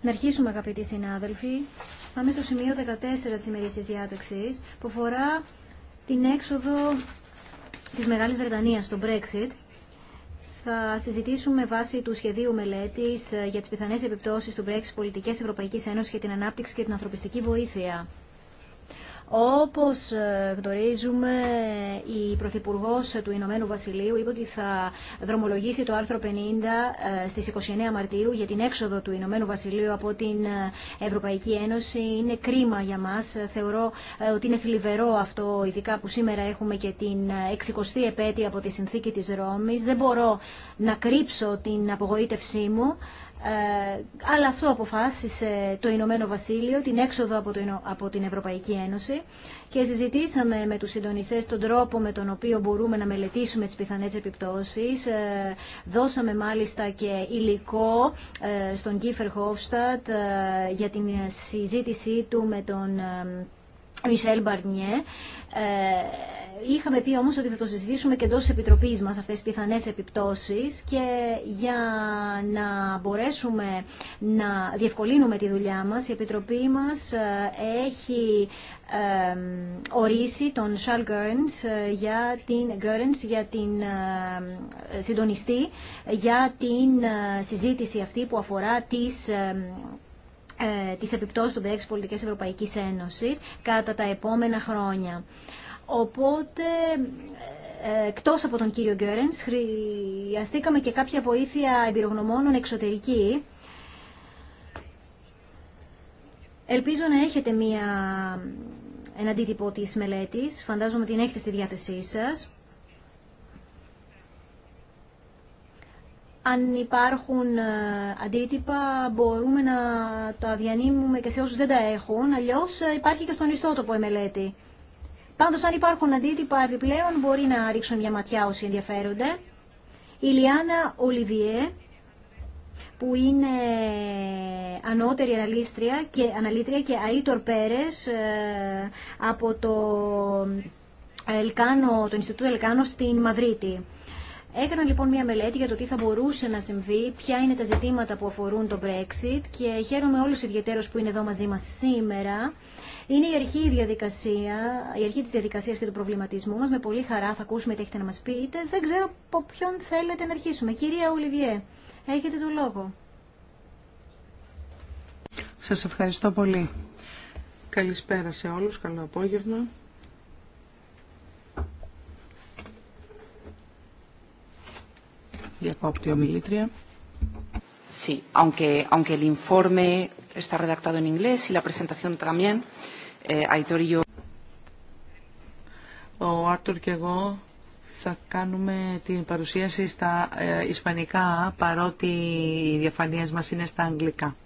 Να αρχίσουμε αγαπητοί συνάδελφοι. Πάμε στο σημείο 14 της ημερήσιας διάταξης που αφορά την έξοδο της Μεγάλης Βρετανίας στο Brexit. Θα συζητήσουμε βάσει του σχεδίου μελέτης ε, για τις πιθανές επιπτώσεις του Brexit πολιτικές Ευρωπαϊκής Ένωσης για την ανάπτυξη και την ανθρωπιστική βοήθεια. Όπως ε, γνωρίζουμε, η Πρωθυπουργό του Ηνωμένου Βασιλείου είπε ότι θα δρομολογήσει το άρθρο 50 ε, στις 29 Μαρτίου για την έξοδο του Ηνωμένου Βασιλείου από την ε, Ευρωπαϊκή Ένωση. Είναι κρίμα για μας. Θεωρώ ότι είναι θλιβερό αυτό, ειδικά που σήμερα έχουμε και την 60η επέτειο από τη Συνθήκη της Ρώμης. Δεν μπορώ να κρύψω την απογοήτευσή μου. Ε, αλλά αυτό αποφάσισε το Ηνωμένο Βασίλειο, την έξοδο από, από την Ευρωπαϊκή Ένωση και συζητήσαμε με τους συντονιστές τον τρόπο με τον οποίο μπορούμε να μελετήσουμε τις πιθανές επιπτώσεις. Ε, δώσαμε μάλιστα και υλικό ε, στον Κίφερ Χόφστατ για την συζήτησή του με τον Μισελ Μπαρνιέ Είχαμε πει όμως ότι θα το συζητήσουμε και εντός της Επιτροπής μας αυτές τις πιθανές επιπτώσεις και για να μπορέσουμε να διευκολύνουμε τη δουλειά μας, η Επιτροπή μας ε, έχει ορίσει τον Σαλ Γκέρνς ε, για την, Gerns, για την ε, συντονιστή για την συζήτηση αυτή που αφορά τις τις επιπτώσεις του Brexit πολιτικές Ευρωπαϊκής Ένωσης κατά τα επόμενα χρόνια. Οπότε, ε, εκτός από τον κύριο Γκέρενς, χρειαστήκαμε και κάποια βοήθεια εμπειρογνωμόνων εξωτερική. Ελπίζω να έχετε μία, ένα αντίτυπο της μελέτης. Φαντάζομαι την έχετε στη διάθεσή σας. αν υπάρχουν ε, αντίτυπα μπορούμε να τα διανύμουμε και σε όσους δεν τα έχουν, αλλιώς ε, υπάρχει και στον ιστότοπο η μελέτη. Πάντω αν υπάρχουν αντίτυπα επιπλέον μπορεί να ρίξουν μια ματιά όσοι ενδιαφέρονται. Η Λιάννα Ολιβιέ που είναι ανώτερη αναλύστρια και, αναλύτρια και Αίτορ Πέρες ε, από το, Ελκάνο, το Ινστιτούτο Ελκάνο στην Μαδρίτη. Έκανα λοιπόν μια μελέτη για το τι θα μπορούσε να συμβεί, ποια είναι τα ζητήματα που αφορούν το Brexit και χαίρομαι όλους ιδιαίτερους που είναι εδώ μαζί μας σήμερα. Είναι η αρχή, η διαδικασία, η αρχή της διαδικασίας και του προβληματισμού μας. Με πολύ χαρά θα ακούσουμε τι έχετε να μας πείτε. Δεν ξέρω από ποιον θέλετε να αρχίσουμε. Κυρία Ολιβιέ, έχετε το λόγο. Σας ευχαριστώ πολύ. Καλησπέρα σε όλους. Καλό απόγευμα. ομιλήτρια. aunque, el informe está redactado en inglés y la presentación también, eh, Aitor y yo... Ο Άρτουρ και εγώ θα κάνουμε την παρουσίαση στα ε, ισπανικά, παρότι οι διαφανίες μας είναι στα αγγλικά.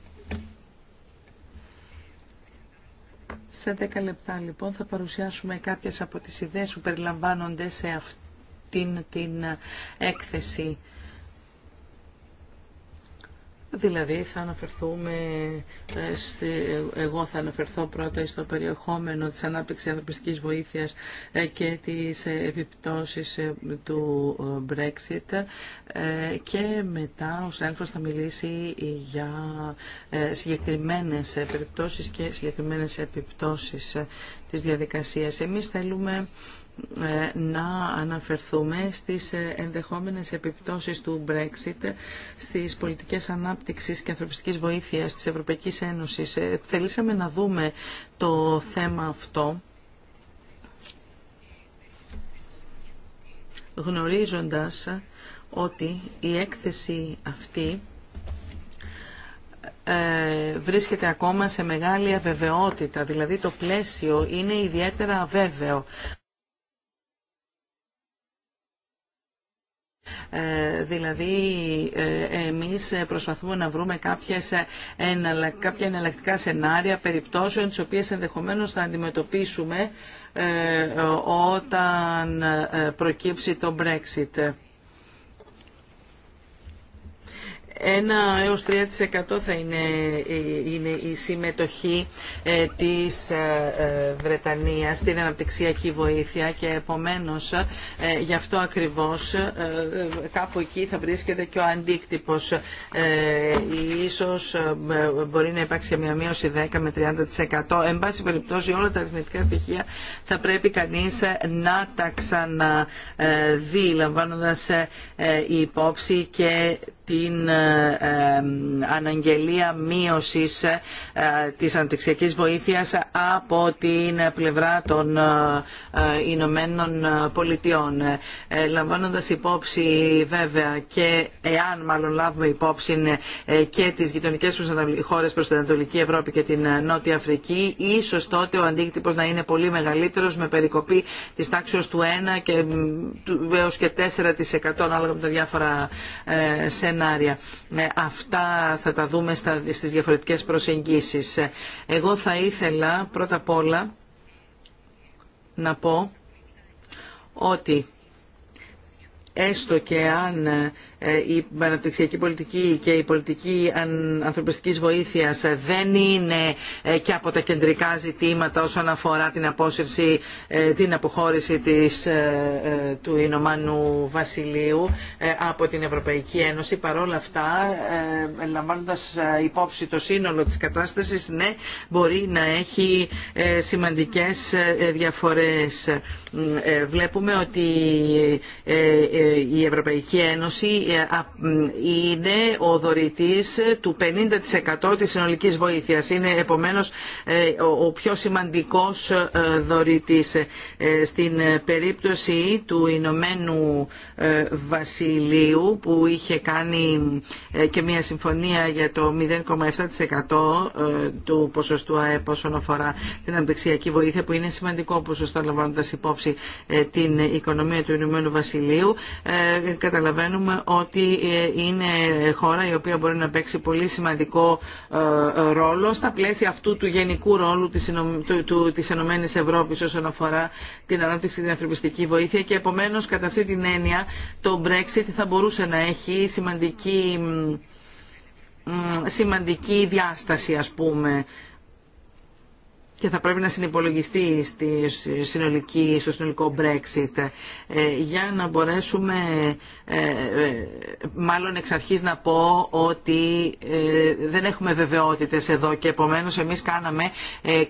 Σε 10 λεπτά λοιπόν θα παρουσιάσουμε κάποιες από τις ιδέες που περιλαμβάνονται σε αυτήν την ε, έκθεση. Δηλαδή θα αναφερθούμε, ε, στη, εγώ θα αναφερθώ πρώτα στο περιεχόμενο της ανάπτυξης ανθρωπιστικής βοήθειας ε, και τις ε, επιπτώσεις του Brexit και μετά ο Σέλφος θα μιλήσει για συγκεκριμένες περιπτώσεις και συγκεκριμένες επιπτώσεις της διαδικασίας. Εμείς θέλουμε ε, να αναφερθούμε στις ε, ενδεχόμενες επιπτώσεις του Brexit στις πολιτικές ανάπτυξης και ανθρωπιστικής βοήθειας της Ευρωπαϊκής Ένωσης. Ε, Θελήσαμε να δούμε το θέμα αυτό γνωρίζοντας ότι η έκθεση αυτή βρίσκεται ακόμα σε μεγάλη αβεβαιότητα, δηλαδή το πλαίσιο είναι ιδιαίτερα αβέβαιο. Ε, δηλαδή ε, εμείς προσπαθούμε να βρούμε κάποια εναλλακτικά σενάρια περιπτώσεων τις οποίες ενδεχομένως θα αντιμετωπίσουμε ε, όταν προκύψει το Brexit. ένα έως 3% θα είναι, ε, είναι η συμμετοχή ε, της ε, Βρετανίας στην αναπτυξιακή βοήθεια και επομένως γι' αυτό ακριβώς κάπου εκεί θα βρίσκεται και ο αντίκτυπος. Ίσως μπορεί να υπάρξει και μια μείωση 10 με 30%. Εν πάση περιπτώσει όλα τα αριθμητικά στοιχεία θα πρέπει κανείς να τα ξαναδεί λαμβάνοντας υπόψη και την ε, αναγγελία μείωσης ε, της αναπτυξιακής βοήθειας από την πλευρά των ε, Ηνωμένων Πολιτειών. Λαμβάνοντας υπόψη βέβαια και εάν μάλλον λάβουμε υπόψη και τις γειτονικές χώρες προς την Ανατολική Ευρώπη και την Νότια Αφρική, ίσως τότε ο αντίκτυπος να είναι πολύ μεγαλύτερος με περικοπή της τάξης του 1 και έως και 4% ανάλογα με τα διάφορα σενάρια σενάρια. Ε, αυτά θα τα δούμε στις διαφορετικές προσεγγίσεις. Ε, εγώ θα ήθελα πρώτα απ' όλα να πω ότι έστω και αν ε, η αναπτυξιακή πολιτική και η πολιτική ανθρωπιστικής βοήθειας δεν είναι ε, και από τα κεντρικά ζητήματα όσον αφορά την απόσυρση, ε, την αποχώρηση της, του Ηνωμένου Βασιλείου από την Ευρωπαϊκή Ένωση. Παρόλα αυτά, λαμβάνοντας υπόψη το σύνολο της κατάστασης, ναι, μπορεί να έχει σημαντικές διαφορές. Βλέπουμε ότι η Ευρωπαϊκή Ένωση ε, είναι ο δωρητής του 50% της συνολικής βοήθειας. Είναι επομένως ε, ο πιο σημαντικός ε, δωρητής. Στην περίπτωση του Ηνωμένου Βασιλείου που είχε κάνει και μια συμφωνία για το 0,7% του ποσοστού ΑΕΠ όσον αφορά την ανταξιακή βοήθεια που είναι σημαντικό ποσοστό λαμβάνοντας υπόψη την οικονομία του Ηνωμένου Βασιλείου καταλαβαίνουμε ότι ε, είναι χώρα η οποία μπορεί να παίξει πολύ σημαντικό ε, ρόλο στα πλαίσια αυτού του γενικού ρόλου της Ενωμένης ΕΕ Ευρώπης όσον αφορά την ανάπτυξη και την ανθρωπιστική βοήθεια και επομένως κατά αυτή την έννοια το Brexit θα μπορούσε να έχει σημαντική σημαντική διάσταση ας πούμε και θα πρέπει να συνυπολογιστεί στη συνολική, στο συνολικό Brexit ε, για να μπορέσουμε ε, ε, μάλλον εξ αρχής να πω ότι δεν έχουμε βεβαιότητες εδώ και επομένως εμείς κάναμε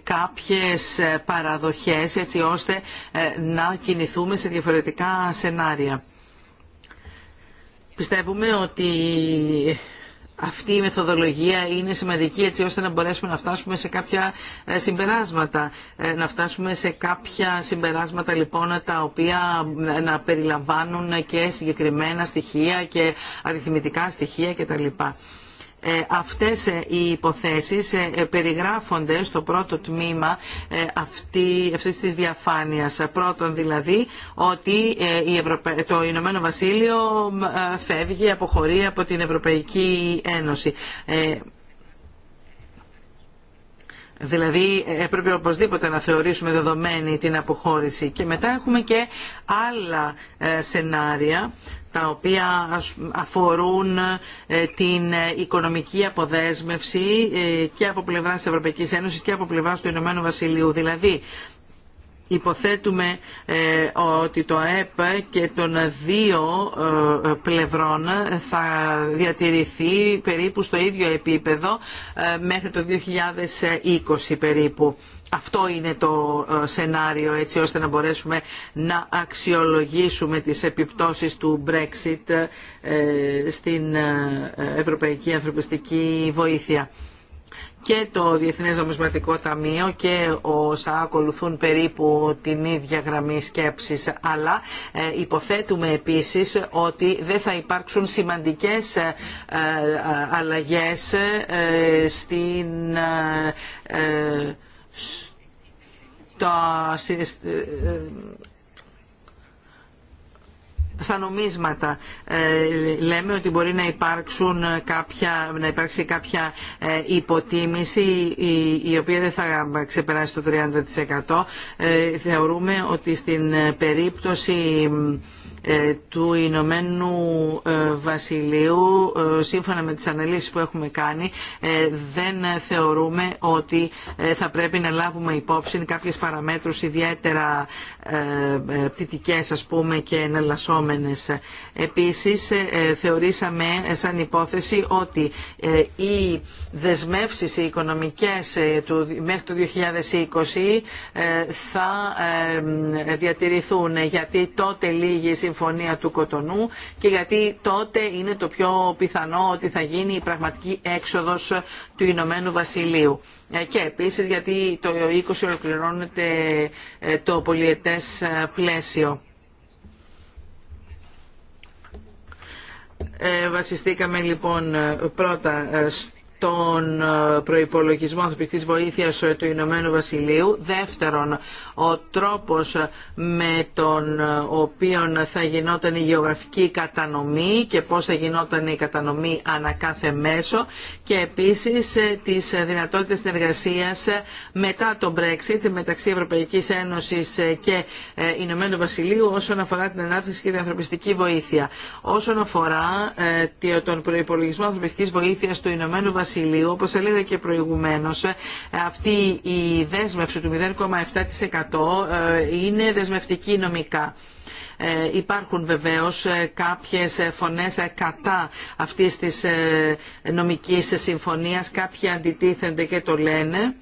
κάποιες παραδοχές έτσι ώστε να κινηθούμε σε διαφορετικά σενάρια. Πιστεύουμε ότι αυτή η μεθοδολογία είναι σημαντική έτσι ώστε να μπορέσουμε να φτάσουμε σε κάποια ε, συμπεράσματα. Ε, να φτάσουμε σε κάποια συμπεράσματα λοιπόν τα οποία ε, να περιλαμβάνουν και συγκεκριμένα στοιχεία και αριθμητικά στοιχεία κτλ. Ε, αυτές ε, οι υποθέσεις ε, περιγράφονται στο πρώτο τμήμα αυτής της διαφάνειας. Πρώτον δηλαδή ότι το Ηνωμένο Βασίλειο φεύγει, αποχωρεί από την Ευρωπαϊκή Ένωση. Δηλαδή έπρεπε οπωσδήποτε να θεωρήσουμε δεδομένη την αποχώρηση. Και μετά έχουμε και άλλα σενάρια τα οποία αφορούν ε, την ε, οικονομική αποδέσμευση ε, και από πλευρά της Ευρωπαϊκής Ένωσης και από πλευρά του Ηνωμένου Βασιλείου. Δηλαδή, Υποθέτουμε ότι το ΑΕΠ και των δύο πλευρών θα διατηρηθεί περίπου στο ίδιο επίπεδο μέχρι το 2020 περίπου. Αυτό είναι το ε, σενάριο έτσι ώστε να μπορέσουμε να αξιολογήσουμε τις επιπτώσεις του Brexit ε, στην ε, Ευρωπαϊκή Ανθρωπιστική Βοήθεια και το Διεθνές Νομισματικό Ταμείο και ο ΣΑ ακολουθούν περίπου την ίδια γραμμή σκέψης αλλά υποθέτουμε επίσης ότι δεν θα υπάρξουν σημαντικές ε, αλλαγές στην στα, ε, στα νομίσματα ε, λέμε ότι μπορεί να, υπάρξουν κάποια, να υπάρξει κάποια ε, υποτίμηση η, οποία δεν θα ξεπεράσει το 30%. θεωρούμε ότι στην περίπτωση ε, του Ηνωμένου ε, Βασιλείου ε, σύμφωνα με τις αναλύσεις που έχουμε κάνει δεν θεωρούμε ότι θα πρέπει να λάβουμε υπόψη κάποιες παραμέτρους ιδιαίτερα πτυτικές ας πούμε και εναλλασσόμενες. Επίσης θεωρήσαμε σαν υπόθεση ότι οι δεσμεύσεις οι οικονομικές μέχρι το 2020 θα διατηρηθούν γιατί τότε λίγη συμφωνία του Κοτονού και γιατί τότε είναι το πιο πιθανό ότι θα γίνει η πραγματική έξοδος του Ηνωμένου Βασιλείου. Ε, και επίσης γιατί το 20 ολοκληρώνεται ε, το πολιετές ε, πλαίσιο. Βασιστήκαμε λοιπόν πρώτα τον ε, προϋπολογισμό ανθρωπιστικής βοήθειας ε, του Ηνωμένου Βασιλείου. Δεύτερον, ο τρόπος ε, με τον οποίο θα γινόταν η γεωγραφική κατανομή και πώς θα γινόταν η κατανομή ανά κάθε μέσο και επίσης τις δυνατότητες συνεργασίας μετά το Brexit μεταξύ Ευρωπαϊκής Ένωσης και Ηνωμένου Βασιλείου όσον αφορά την ανάπτυξη και την ανθρωπιστική βοήθεια. Όσον αφορά τον προϋπολογισμό ανθρωπιστικής βοήθειας του Ηνωμένου Βασιλείου, όπως έλεγα και προηγουμένως, ε, αυτή η δέσμευση του 0,7% ε, είναι δεσμευτική νομικά. Ε, υπάρχουν βεβαίως κάποιες φωνές κατά αυτής της νομικής συμφωνίας, κάποιοι αντιτίθενται και το λένε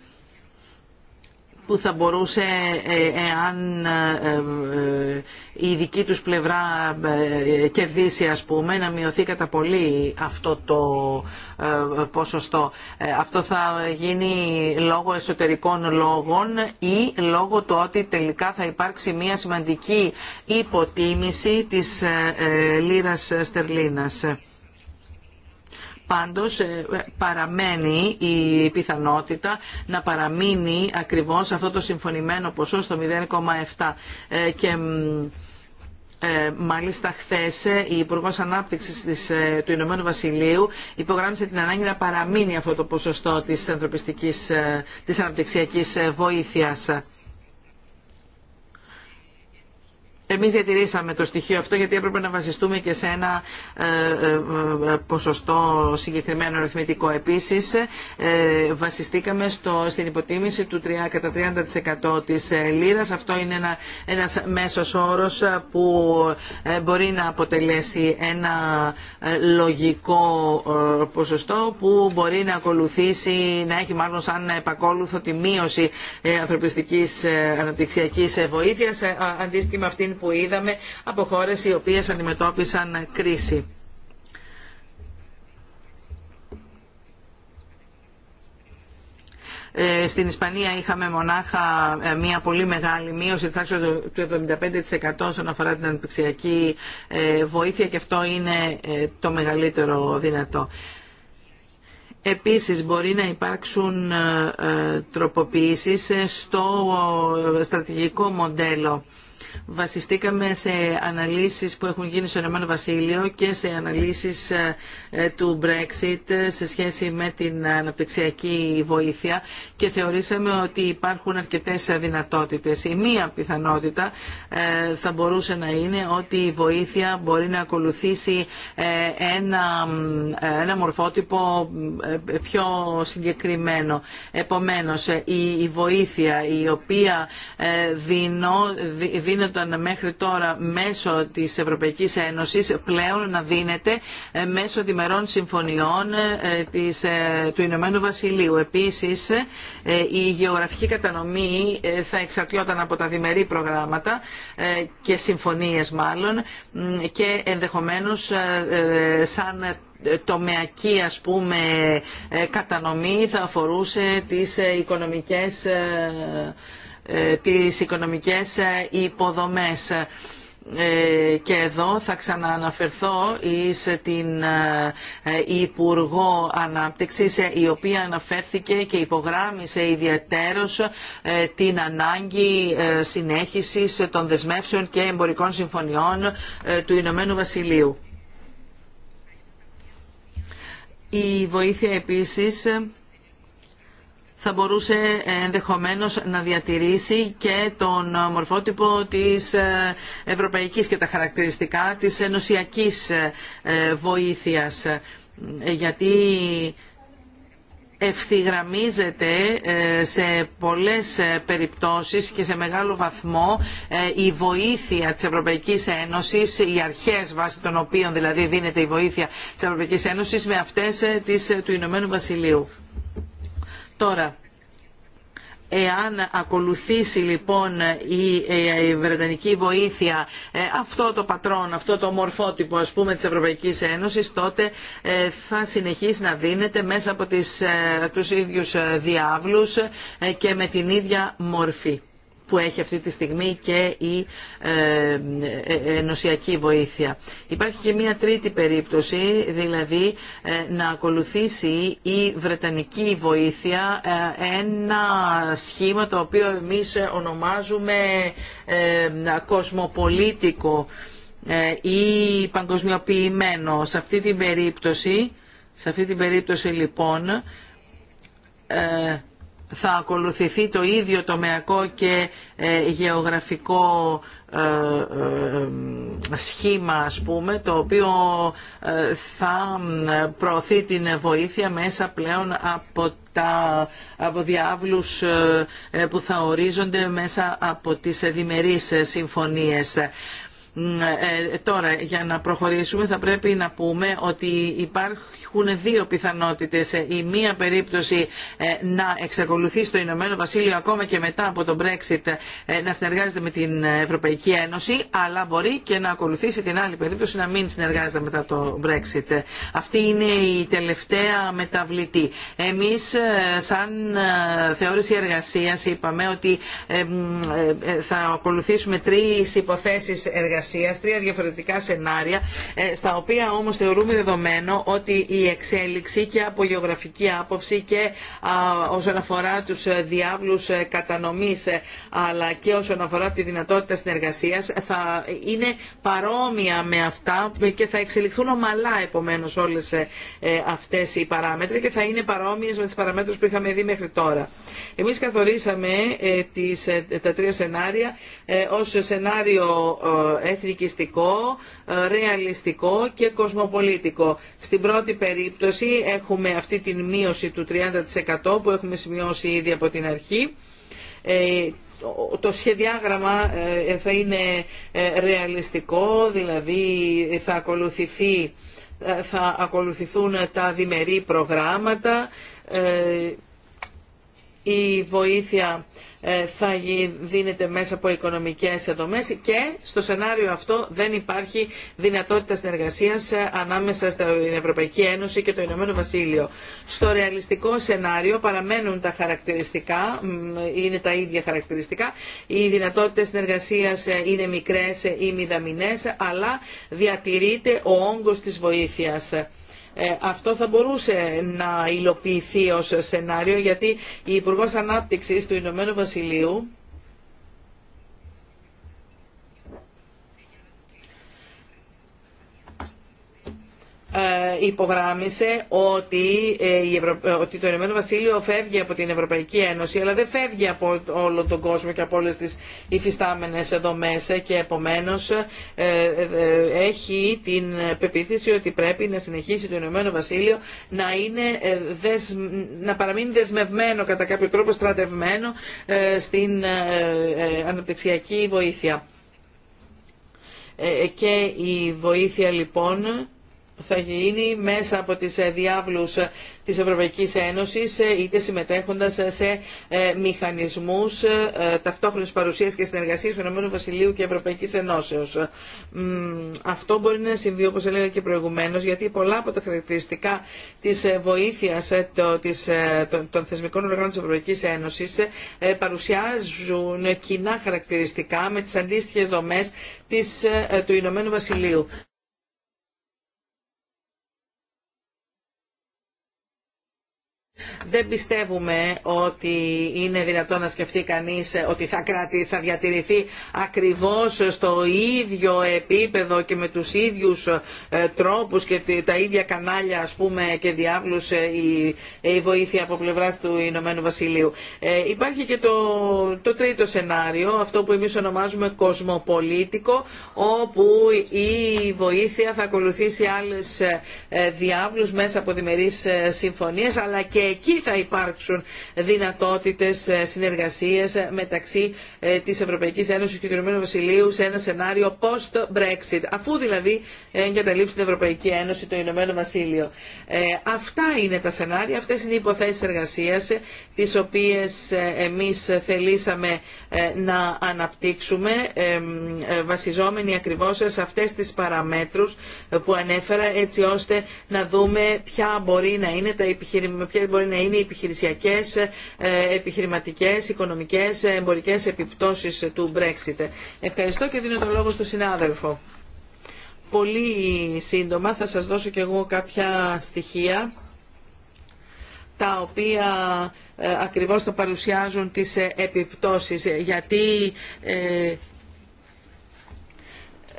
που θα μπορούσε ε, ε, εάν ε, η δική τους πλευρά κερδίσει ας πούμε να μειωθεί κατά πολύ αυτό το ποσοστό. Αυτό θα γίνει λόγω εσωτερικών λόγων ή λόγω του ότι τελικά θα υπάρξει μια σημαντική υποτίμηση της λίρας στερλίνας. Πάντως ε, παραμένει η πιθανότητα να παραμείνει ακριβώς αυτό το συμφωνημένο ποσό στο 0,7 ε, και ε, μάλιστα χθε ε, η Υπουργό Ανάπτυξη του Ηνωμένου Βασιλείου υπογράμμισε την ανάγκη να παραμείνει αυτό το ποσοστό τη ανθρωπιστική, τη αναπτυξιακή βοήθεια. Εμείς διατηρήσαμε το στοιχείο αυτό γιατί έπρεπε να βασιστούμε και σε ένα ε, ε, ε, ποσοστό συγκεκριμένο αριθμητικό. ε, βασιστήκαμε στο, στην υποτίμηση του 3, κατά 30% της λίρας. Αυτό είναι ένα, ένας μέσος όρος που μπορεί να αποτελέσει ένα λογικό ποσοστό που μπορεί να ακολουθήσει, να έχει μάλλον σαν επακόλουθο τη μείωση ανθρωπιστικής αναπτυξιακής βοήθειας αντίστοιχη με αυτήν που είδαμε από χώρες οι οποίες αντιμετώπισαν κρίση. Ε, στην Ισπανία είχαμε μονάχα ε, μια πολύ μεγάλη μείωση του 75% όσον αφορά την αναπτυξιακή ε, βοήθεια και αυτό είναι το μεγαλύτερο δυνατό. Επίσης μπορεί να υπάρξουν τροποποιήσεις στο στρατηγικό μοντέλο βασιστήκαμε σε αναλύσεις που έχουν γίνει στο Ηνωμένο Βασίλειο και σε αναλύσεις ε, ε, του Brexit σε σχέση με την αναπτυξιακή βοήθεια και θεωρήσαμε ότι υπάρχουν αρκετές δυνατότητες. Η μία πιθανότητα ε, θα μπορούσε να είναι ότι η βοήθεια μπορεί να ακολουθήσει ένα, ένα μορφότυπο πιο συγκεκριμένο. Επομένως, η, η βοήθεια η οποία δίνει δίνονταν μέχρι τώρα μέσω της Ευρωπαϊκής Ένωσης πλέον να δίνεται ε, μέσω διμερών συμφωνιών ε, της, ε, του Ηνωμένου Βασιλείου. Επίσης η γεωγραφική κατανομή θα εξαρτιόταν από τα διμερή προγράμματα και συμφωνίες μάλλον και ενδεχομένως σαν τομεακή ας πούμε κατανομή θα αφορούσε τις οικονομικές ε, τις οικονομικές ε, υποδομές ε, και εδώ θα ξανααναφερθώ εις την Υπουργό Ανάπτυξης η οποία αναφέρθηκε και υπογράμμισε ιδιαίτερος την ανάγκη συνέχισης των δεσμεύσεων και εμπορικών συμφωνιών του Ηνωμένου Βασιλείου. Η βοήθεια επίσης θα μπορούσε ε, ενδεχομένως να διατηρήσει και τον μορφότυπο της ε, ευρωπαϊκής και τα χαρακτηριστικά της ενωσιακής ε, βοήθειας. Γιατί ευθυγραμμίζεται σε πολλές περιπτώσεις και σε μεγάλο βαθμό η βοήθεια της Ευρωπαϊκής Ένωσης, οι αρχές βάσει των οποίων δηλαδή δίνεται η βοήθεια της Ευρωπαϊκής Ένωσης με αυτές της, του Ηνωμένου Βασιλείου. Τώρα, εάν ακολουθήσει λοιπόν η βρετανική βοήθεια ε, αυτό το πατρόν, αυτό το μορφότυπο ας πούμε της Ευρωπαϊκής Ένωσης τότε ε, θα συνεχίσει να δίνεται μέσα από τις, ε, τους ίδιους διάβλους και με την ίδια μορφή που έχει αυτή τη στιγμή και η ε, ε, ε, ενωσιακή βοήθεια. Υπάρχει και μια τρίτη περίπτωση, δηλαδή να ακολουθήσει η Βρετανική βοήθεια ένα σχήμα το οποίο εμείς ονομάζουμε κοσμοπολίτικο ή παγκοσμιοποιημένο. Σε αυτή την περίπτωση, σε αυτή την περίπτωση λοιπόν, θα ακολουθηθεί το ίδιο τομεακό και ε, γεωγραφικό ε, ε, σχήμα ας πούμε το οποίο θα προωθεί την βοήθεια μέσα πλέον από τα από διάβλους που θα ορίζονται μέσα από τις διμερείς συμφωνίες. Ε, ε, τώρα, για να προχωρήσουμε θα πρέπει να πούμε ότι υπάρχουν δύο πιθανότητες. Η μία περίπτωση ε, να εξακολουθεί στο Ηνωμένο Βασίλειο ακόμα και μετά από τον Brexit να συνεργάζεται με την Ευρωπαϊκή Ένωση, αλλά μπορεί και να ακολουθήσει την άλλη περίπτωση να μην συνεργάζεται μετά το Brexit. Αυτή είναι η τελευταία μεταβλητή. Εμείς σαν θεώρηση εργασίας είπαμε ότι θα ακολουθήσουμε τρεις υποθέσεις εργασίας τρία διαφορετικά σενάρια, ε, στα οποία όμως θεωρούμε δεδομένο ότι η εξέλιξη και από γεωγραφική άποψη και όσον αφορά του ε, διάβλους ε, κατανομής αλλά και όσον αφορά τη δυνατότητα συνεργασίας θα είναι παρόμοια με αυτά και θα εξελιχθούν ομαλά επομένως όλες αυτές οι παράμετροι και θα είναι παρόμοιε με τι παραμέτρου που είχαμε δει μέχρι τώρα. Εμείς καθορίσαμε τα τρία σενάρια ως σενάριο εθνικιστικό, ε, ρεαλιστικό και κοσμοπολίτικο. Στην πρώτη περίπτωση έχουμε αυτή την μείωση του 30% που έχουμε σημειώσει ήδη από την αρχή ε, το σχεδιάγραμμα ε, θα είναι ρεαλιστικό, δηλαδή θα ακολουθηθεί θα ακολουθηθούν τα διμερεί προγράμματα, η βοήθεια ε, θα δίνεται μέσα από οικονομικές δομές και στο σενάριο αυτό δεν υπάρχει δυνατότητα συνεργασίας ε, ανάμεσα στην Ευρωπαϊκή Ένωση και το Ηνωμένο Βασίλειο. Στο ρεαλιστικό σενάριο παραμένουν τα χαρακτηριστικά, είναι τα ίδια χαρακτηριστικά, οι δυνατότητες συνεργασίας ε, είναι μικρές ή μηδαμινές, αλλά διατηρείται ο όγκος της βοήθειας. Ε, αυτό θα μπορούσε να υλοποιηθεί ως σενάριο γιατί η Υπουργός Ανάπτυξης του Ηνωμένου Βασιλείου Ε, υπογράμισε ε, ε, ότι, το Ηνωμένο Βασίλειο φεύγει από την Ευρωπαϊκή Ένωση αλλά δεν φεύγει από όλο τον κόσμο και από όλες τις υφιστάμενες δομές και επομένως έχει την πεποίθηση ότι πρέπει να συνεχίσει το Ηνωμένο Βασίλειο να, είναι, να παραμείνει δεσμευμένο κατά κάποιο τρόπο στρατευμένο στην αναπτυξιακή βοήθεια. Και η βοήθεια λοιπόν θα γίνει μέσα από τις ε, διάβλους ε, της Ευρωπαϊκής Ένωσης ε, είτε συμμετέχοντας σε μηχανισμούς ταυτόχρονης παρουσίας και συνεργασίας του Ηνωμένου Βασιλείου και Ευρωπαϊκής Ενώσεως. Αυτό μπορεί να συμβεί όπως έλεγα και προηγουμένως γιατί πολλά από τα χαρακτηριστικά της βοήθειας των θεσμικών οργάνων της Ευρωπαϊκής Ένωσης παρουσιάζουν κοινά χαρακτηριστικά με τις αντίστοιχες δομές του Ηνωμένου Βασιλείου. Δεν πιστεύουμε ότι είναι δυνατόν να σκεφτεί κανείς ότι θα, κράτη, θα διατηρηθεί ακριβώς στο ίδιο επίπεδο και με τους ίδιους ε, τρόπους και τα ίδια κανάλια ας πούμε και διάβλους ε, η, η βοήθεια από πλευράς του Ηνωμένου Βασιλείου. Ε, υπάρχει και το, το τρίτο σενάριο, αυτό που εμείς ονομάζουμε κοσμοπολίτικο, όπου η βοήθεια θα ακολουθήσει άλλες διάβλους μέσα από διμερείς συμφωνίες αλλά και εκεί θα υπάρξουν δυνατότητες ε, συνεργασίας ε, μεταξύ ε, της Ευρωπαϊκής Ένωσης και του Ηνωμένου Βασιλείου σε ένα σενάριο post-Brexit, αφού δηλαδή εγκαταλείψει την Ευρωπαϊκή Ένωση το Ηνωμένο Βασίλειο. Αυτά είναι τα σενάρια, αυτές είναι οι υποθέσεις εργασίας, τις οποίες εμείς θελήσαμε να αναπτύξουμε, βασιζόμενοι ακριβώς σε αυτές τις παραμέτρους που ανέφερα, έτσι ώστε να δούμε ποια μπορεί να είναι τα επιχειρημα μπορεί να είναι οι επιχειρησιακές, ε, επιχειρηματικές, οικονομικές, ε, εμπορικές επιπτώσεις του Brexit. Ευχαριστώ και δίνω το λόγο στον συνάδελφο. Πολύ σύντομα θα σας δώσω και εγώ κάποια στοιχεία τα οποία ε, ακριβώς το παρουσιάζουν τις επιπτώσεις γιατί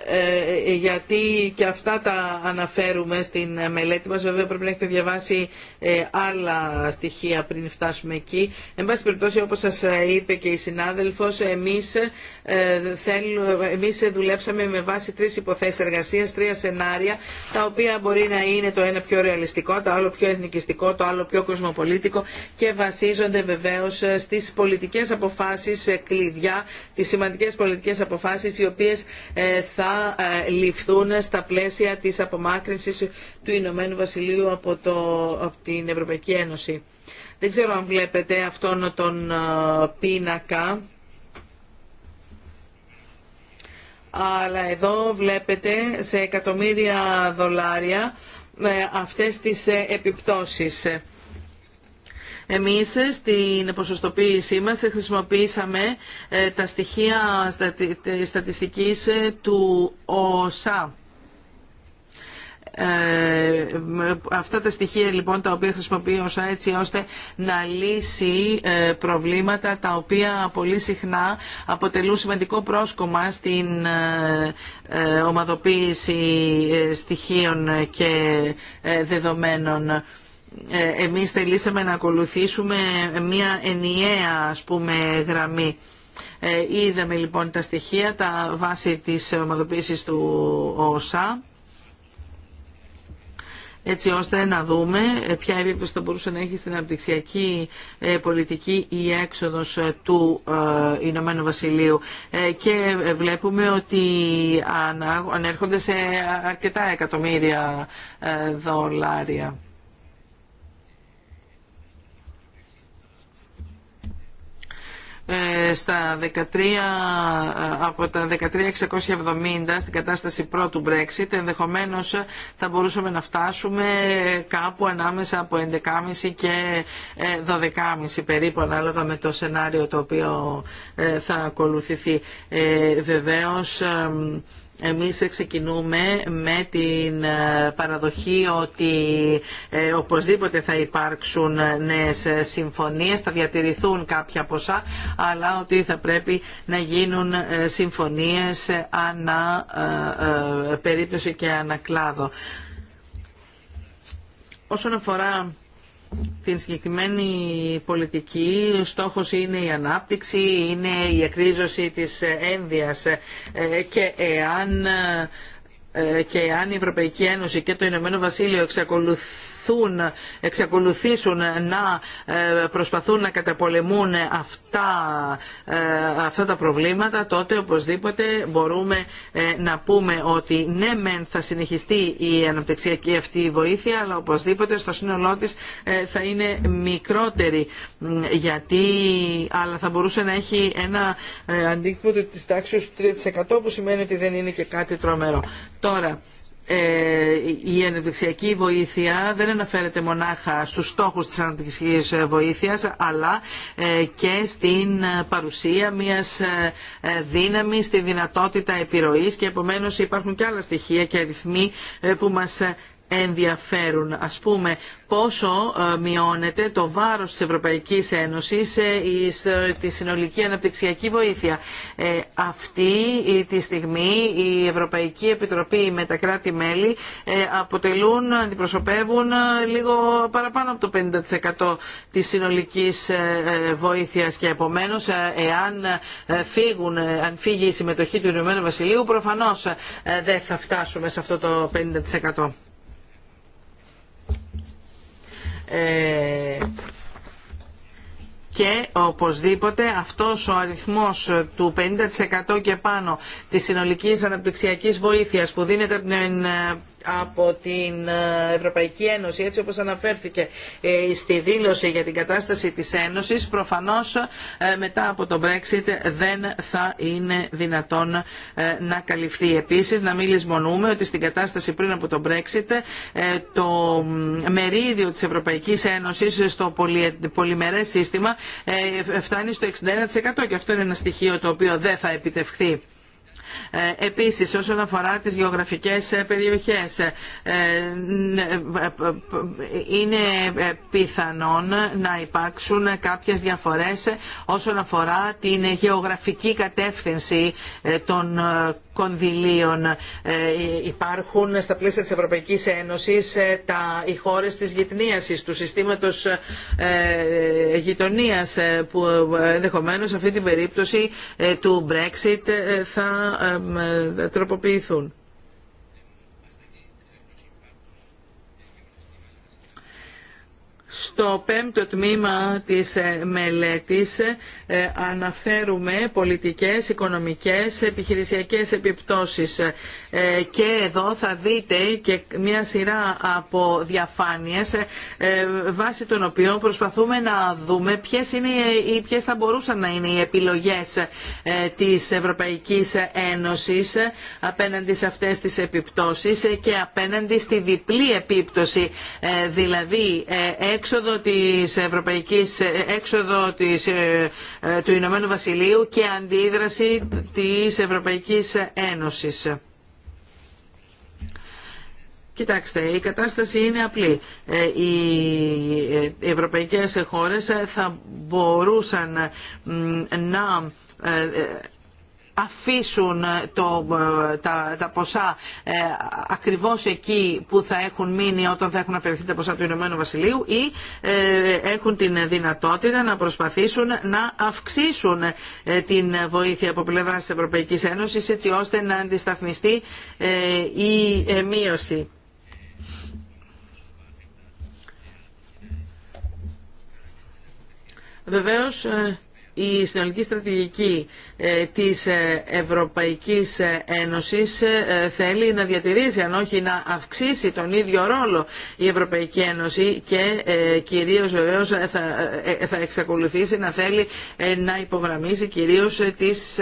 ε, γιατί και αυτά τα αναφέρουμε στην μελέτη μας. Βέβαια πρέπει να έχετε διαβάσει ε, άλλα στοιχεία πριν φτάσουμε εκεί. Εν πάση περιπτώσει, όπως σας ε, είπε και η συνάδελφος, εμείς, εμείς δουλέψαμε με βάση τρεις υποθέσεις εργασίας, τρία σενάρια, τα οποία μπορεί να είναι το ένα πιο ρεαλιστικό, το άλλο πιο εθνικιστικό, το άλλο πιο κοσμοπολίτικο και βασίζονται βεβαίως στις πολιτικές αποφάσεις κλειδιά, τις σημαντικές πολιτικές αποφάσεις οι οποίες θα ε, ληφθούν στα πλαίσια της απομάκρυνσης του Ηνωμένου Βασιλείου από, το, από την Ευρωπαϊκή Ένωση. Δεν ξέρω αν βλέπετε αυτόν τον ε, πίνακα, αλλά εδώ βλέπετε σε εκατομμύρια δολάρια ε, αυτές τις επιπτώσεις. Εμείς ε, στην ποσοστοποίησή μας ε, χρησιμοποίησαμε ε, τα στοιχεία στατιστικής του ΟΣΑ. Ε, αυτά τα στοιχεία λοιπόν τα οποία χρησιμοποιεί όσα έτσι ώστε να λύσει προβλήματα τα οποία πολύ συχνά αποτελούν σημαντικό πρόσκομα στην ομαδοποίηση στοιχείων και δεδομένων. Ε, εμείς θελήσαμε να ακολουθήσουμε μια ενιαία ας πούμε γραμμή. Ε, είδαμε λοιπόν τα στοιχεία, τα βάση της ομαδοποίησης του ΩΣΑ έτσι ώστε να δούμε ε, ποια επίπτωση θα μπορούσε να έχει στην αναπτυξιακή πολιτική η έξοδος του Ηνωμένου Βασιλείου. Και βλέπουμε ότι ανέρχονται σε αρκετά εκατομμύρια δολάρια. Ε, στα 13, ε, από τα 13.670 στην κατάσταση πρώτου Brexit ενδεχομένως θα μπορούσαμε να φτάσουμε κάπου ανάμεσα από 11.30 και 12.30 ε, περίπου ανάλογα με το σενάριο το οποίο θα ακολουθηθεί. Βεβαίως εμείς ξεκινούμε με την ε, παραδοχή ότι ε, οπωσδήποτε θα υπάρξουν νέες ε, συμφωνίες, θα διατηρηθούν κάποια ποσά, αλλά ότι θα πρέπει να γίνουν συμφωνίες ανά περίπτωση και ανακλάδο. Όσον αφορά την συγκεκριμένη πολιτική. Ο στόχος είναι η ανάπτυξη, είναι η εκρίζωση της ένδυας ε, και εάν ε, και αν η Ευρωπαϊκή Ένωση και το Ηνωμένο Βασίλειο εξακολουθούν εξακολουθήσουν να ε, προσπαθούν να καταπολεμούν αυτά, ε, αυτά τα προβλήματα, τότε οπωσδήποτε μπορούμε ε, να πούμε ότι ναι μεν θα συνεχιστεί η αναπτυξιακή αυτή η βοήθεια, αλλά οπωσδήποτε στο σύνολό τη θα είναι μικρότερη, γιατί, αλλά θα μπορούσε να έχει ένα αντίκτυπο της τάξης του 3% που σημαίνει ότι δεν είναι και κάτι τρομερό. Τώρα, ε, η ενδοξιακή βοήθεια δεν αναφέρεται μονάχα στους στόχους της ανεπτυξιακής ε, βοήθειας αλλά ε, και στην παρουσία μιας δύναμης, στη δυνατότητα επιρροής και επομένως υπάρχουν και άλλα στοιχεία και αριθμοί που μας ενδιαφέρουν. Ας πούμε πόσο ε, μειώνεται το βάρος της Ευρωπαϊκής Ένωσης ε, στη συνολική αναπτυξιακή βοήθεια. Ε, αυτή τη στιγμή η Ευρωπαϊκή Επιτροπή με τα κράτη-μέλη αποτελούν, αντιπροσωπεύουν λίγο παραπάνω από το 50% της συνολικής βοήθειας και επομένως εάν φύγουν, αν φύγει η συμμετοχή του Ηνωμένου Βασιλείου προφανώς δεν θα φτάσουμε σε αυτό το 50%. Ε, και οπωσδήποτε αυτός ο αριθμός του 50% και πάνω της συνολικής αναπτυξιακής βοήθειας που δίνεται από την ε, από την ε, Ευρωπαϊκή Ένωση, έτσι όπως αναφέρθηκε ε, στη δήλωση για την κατάσταση της Ένωσης, προφανώς ε, μετά από το Brexit δεν θα είναι δυνατόν να καλυφθεί. Επίσης, να μην λησμονούμε ότι στην κατάσταση πριν από το Brexit το μερίδιο της Ευρωπαϊκής Ένωσης στο πολυμερές σύστημα φτάνει στο 61% και αυτό είναι ένα στοιχείο το οποίο δεν θα επιτευχθεί. Ε, επίσης, όσον αφορά τις γεωγραφικές ε, περιοχές, ε, είναι πιθανόν να υπάρξουν κάποιες διαφορές όσον αφορά την γεωγραφική κατεύθυνση των κονδυλίων. Ε, υπάρχουν στα πλαίσια της Ευρωπαϊκής Ένωσης ε, τα, οι χώρες της γειτνίασης, του συστήματος ε, ε γειτονίας που ενδεχομένως σε αυτή την περίπτωση του Brexit θα τροποποιηθούν. Στο πέμπτο τμήμα της ε, μελέτης ε, αναφέρουμε πολιτικές, οικονομικές, επιχειρησιακές επιπτώσεις ε, και εδώ θα δείτε και μια σειρά από διαφάνειες βάσει των οποίων προσπαθούμε να δούμε ποιες, είναι ή ποιες θα μπορούσαν να είναι οι επιλογές της Ευρωπαϊκής Ένωσης απέναντι σε αυτές τις επιπτώσεις και απέναντι στη διπλή επίπτωση δηλαδή έξοδο της Ευρωπαϊκής, ε, έξοδο ε, ε, του Ηνωμένου Βασιλείου και αντίδραση της Ευρωπαϊκής Ένωσης. Κοιτάξτε, η κατάσταση είναι απλή. Οι ευρωπαϊκές χώρες θα μπορούσαν να αφήσουν ε, το, ε, τα, τα ποσά ε, ακριβώς εκεί που θα έχουν μείνει όταν θα έχουν αφαιρεθεί τα ποσά του Ηνωμένου Βασιλείου ή ε, έχουν την δυνατότητα να προσπαθήσουν να αυξήσουν ε, την βοήθεια από πλευρά της Ευρωπαϊκής Ένωσης έτσι ώστε να αντισταθμιστεί η εχουν την δυνατοτητα να προσπαθησουν να αυξησουν την βοηθεια απο Βεβαίως, η συνολική στρατηγική ε, της ε, Ευρωπαϊκής ε, Ένωσης θέλει να διατηρήσει αν όχι να αυξήσει τον ίδιο ρόλο η Ευρωπαϊκή Ένωση και κυρίως βεβαίως θα εξακολουθήσει να θέλει να υπογραμμίσει κυρίως τις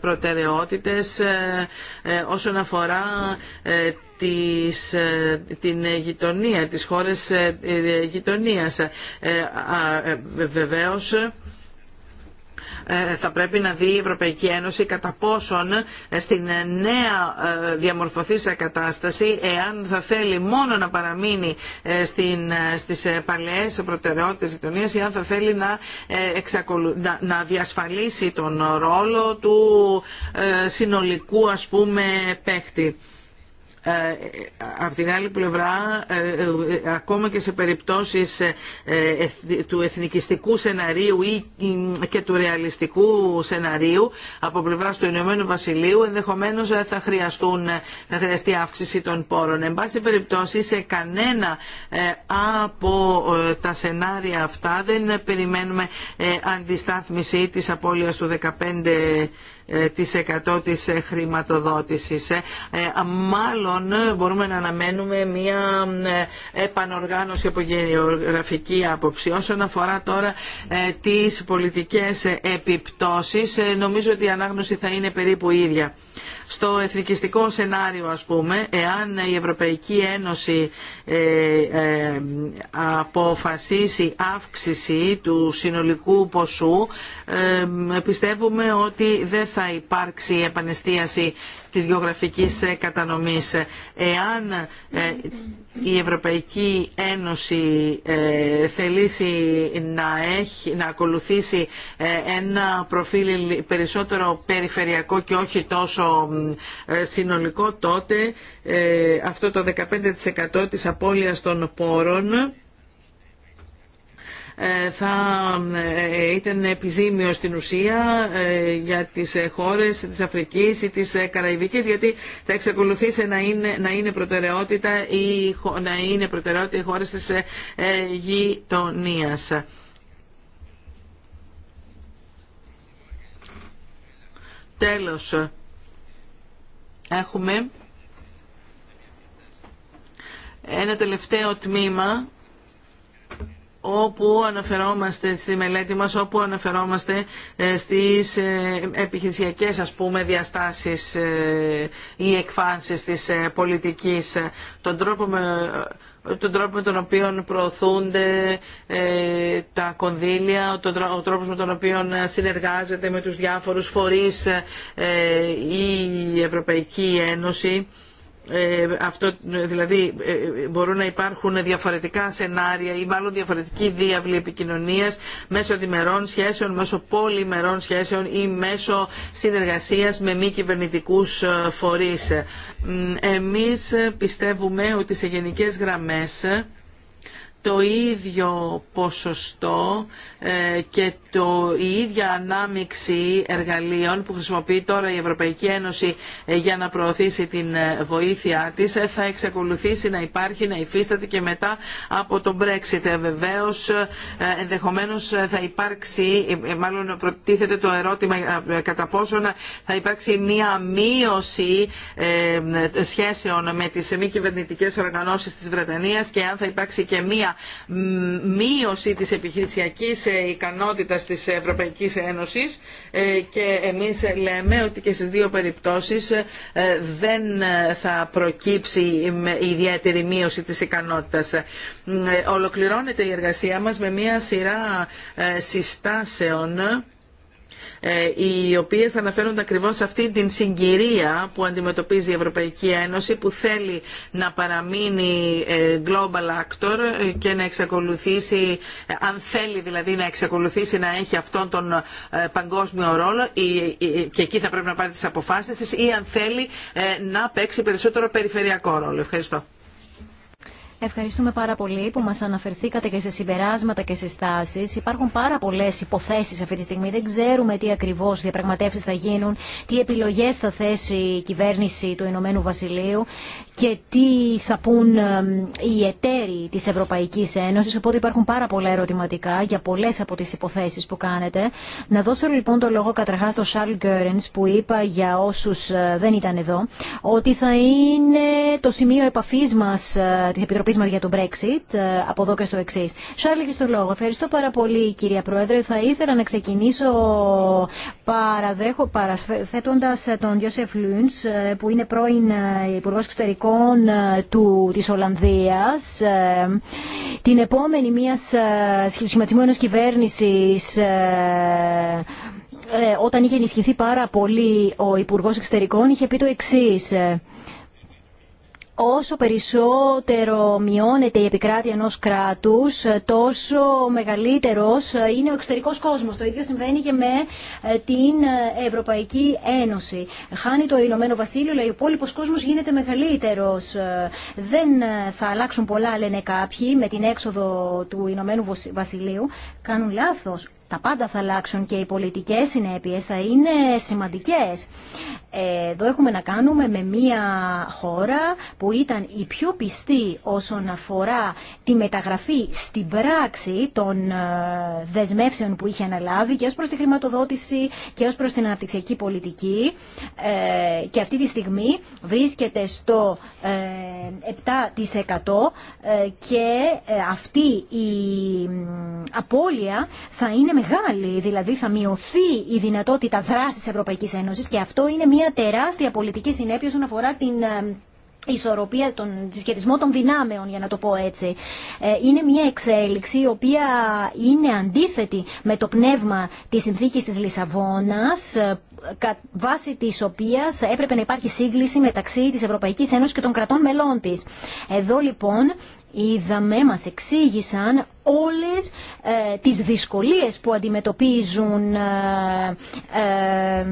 προτεραιότητες όσον αφορά της, την γειτονία, της χώρες γειτονίας. Βεβαίως ε, θα πρέπει να δει η Ευρωπαϊκή Ένωση κατά πόσον ε, στην ε, νέα διαμορφωθήσα κατάσταση, εάν θα θέλει μόνο να παραμείνει στις παλαιές προτεραιότητες γειτονίας ή αν θα θέλει να, να διασφαλίσει τον ρόλο του συνολικού ας πούμε παίχτη. Ε, από την άλλη πλευρά, ε, ε, ακόμα και σε περιπτώσεις του εθνικιστικού σεναρίου ή και του ρεαλιστικού σεναρίου από πλευρά του Ηνωμένου Βασιλείου, ενδεχομένως θα, χρειαστούν, θα χρειαστεί αύξηση των πόρων. Εν πάση περιπτώσει, σε κανένα από τα σενάρια αυτά δεν περιμένουμε αντιστάθμιση της απώλειας του 15 100 της ε, χρηματοδότησης. Ε. Ε, μάλλον μπορούμε να αναμένουμε μια επανοργάνωση από γεωγραφική άποψη. Όσον αφορά τώρα τις πολιτικές επιπτώσεις, νομίζω ότι η ανάγνωση θα είναι περίπου ίδια στο εθνικιστικό σενάριο ας πούμε, εάν η Ευρωπαϊκή Ένωση ε, ε, αποφασίσει αύξηση του συνολικού ποσού, ε, πιστεύουμε ότι δεν θα υπάρξει επανεστίαση της γεωγραφικής ε, κατανομής. Ε, εάν ε, η Ευρωπαϊκή Ένωση θελήσει να, έχει, να ακολουθήσει ένα προφίλ περισσότερο περιφερειακό και όχι τόσο συνολικό τότε αυτό το 15% της απώλειας των πόρων ε, θα ε, ήταν επιζήμιο στην ουσία ε, για τις χώρες της Αφρικής ή της Καραϊβικής γιατί θα εξακολουθήσει να είναι, να είναι προτεραιότητα ή να είναι προτεραιότητα οι χώρες της γειτονίας. Τέλος, έχουμε ένα τελευταίο τμήμα όπου αναφερόμαστε στη μελέτη μας, όπου αναφερόμαστε ε, στις ε, επιχειρησιακές ας πούμε διαστάσεις ε, ή εκφάνσεις της πολιτικής, τον τρόπο με, τον τρόπο με τον οποίο προωθούνται τα κονδύλια, ο τρόπος με τον οποίο συνεργάζεται με τους διάφορους φορείς η Ευρωπαϊκή Ένωση ε, αυτό, δηλαδή ε, μπορούν να υπάρχουν διαφορετικά σενάρια ή μάλλον διαφορετική διάβλη επικοινωνίας μέσω διμερών σχέσεων, μέσω πολυμερών σχέσεων ή μέσω συνεργασίας με μη κυβερνητικού ε, φορείς. Εμείς ε, πιστεύουμε ότι σε γενικές γραμμές το ίδιο ποσοστό ε, και το, η ίδια ανάμειξη εργαλείων που χρησιμοποιεί τώρα η Ευρωπαϊκή Ένωση ε, για να προωθήσει την ε, βοήθειά της θα εξακολουθήσει να υπάρχει, να υφίσταται και μετά από τον Brexit. Βεβαίως ενδεχομένως θα υπάρξει, μάλλον προτίθεται το ερώτημα κατά πόσο θα υπάρξει μία μείωση σχέσεων με τις μη κυβερνητικέ οργανώσεις της Βρετανίας και αν θα υπάρξει και μία μείωση της επιχειρησιακής ε, ικανότητας της Ευρωπαϊκής Ένωσης ε, και εμείς λέμε ότι και στις δύο περιπτώσεις ε, δεν θα προκύψει ιδιαίτερη μείωση της ικανότητας. Ολοκληρώνεται η εργασία μας με μία σειρά συστάσεων ε, οι οποίες αναφέρονται ακριβώς σε αυτή την συγκυρία που αντιμετωπίζει η Ευρωπαϊκή Ένωση που θέλει να παραμείνει ε, global actor ε, και να εξακολουθήσει, αν θέλει δηλαδή να εξακολουθήσει να έχει αυτόν τον παγκόσμιο ρόλο και εκεί θα πρέπει να πάρει τις αποφάσεις της ή αν θέλει να παίξει περισσότερο περιφερειακό ρόλο. Ευχαριστώ. Ευχαριστούμε πάρα πολύ που μας αναφερθήκατε και σε συμπεράσματα και σε στάσεις. Υπάρχουν πάρα πολλές υποθέσεις αυτή τη στιγμή. Δεν ξέρουμε τι ακριβώς διαπραγματεύσεις θα γίνουν, τι επιλογές θα θέσει η κυβέρνηση του Ηνωμένου Βασιλείου και τι θα πούν ε, οι εταίροι της Ευρωπαϊκής Ένωσης, οπότε υπάρχουν πάρα πολλά ερωτηματικά για πολλές από τις υποθέσεις που κάνετε. Να δώσω λοιπόν το λόγο καταρχάς στον Σαρλ Γκέρενς που είπα για όσους ε, δεν ήταν εδώ, ότι θα είναι το σημείο επαφής μας, ε, τη επιτροπή μας για το Brexit, από εδώ και στο εξή. Σαρλ, έχεις το λόγο. Ευχαριστώ πάρα πολύ κυρία Πρόεδρε. Θα ήθελα να ξεκινήσω παραθέτοντα τον Γιώσεφ Λούντς, που είναι πρώην Υπουργός Εξωτερικών λοιπόν ε, του, της Ολλανδίας ε, την επόμενη μιας ε, σχηματισμού ενός κυβέρνησης όταν είχε ενισχυθεί πάρα πολύ ο Υπουργός Εξωτερικών είχε πει το εξής όσο περισσότερο μειώνεται η επικράτεια ενός κράτους, τόσο μεγαλύτερος είναι ο εξωτερικός κόσμος. Το ίδιο συμβαίνει και με ε, την ε, Ευρωπαϊκή Ένωση. Χάνει το Ηνωμένο Βασίλειο, αλλά ο υπόλοιπο κόσμος γίνεται μεγαλύτερος. Ε, δεν θα αλλάξουν πολλά, λένε κάποιοι, με την έξοδο του Ηνωμένου Βασιλείου. Κάνουν λάθος τα πάντα θα αλλάξουν και οι πολιτικές συνέπειες θα είναι σημαντικές. Εδώ έχουμε να κάνουμε με μια χώρα που ήταν η πιο πιστή όσον αφορά τη μεταγραφή στην πράξη των ε, δεσμεύσεων που είχε αναλάβει και ως προς τη χρηματοδότηση και ως προς την αναπτυξιακή πολιτική ε, και αυτή τη στιγμή βρίσκεται στο 7% ε, και αυτή η απώλεια θα είναι μεγάλη, δηλαδή θα μειωθεί η δυνατότητα δράσης Ευρωπαϊκής Ένωσης και αυτό είναι μια τεράστια πολιτική συνέπεια όσον αφορά την ε, ισορροπία, τον συσχετισμό των δυνάμεων, για να το πω έτσι. Ε, είναι μια εξέλιξη η οποία είναι αντίθετη με το πνεύμα της συνθήκης της Λισαβόνας, ε, βάσει της οποίας έπρεπε να υπάρχει σύγκληση μεταξύ της Ευρωπαϊκής Ένωσης και των κρατών μελών της. Εδώ λοιπόν είδαμε, μας εξήγησαν όλες ε, τις δυσκολίες που αντιμετωπίζουν ε, ε,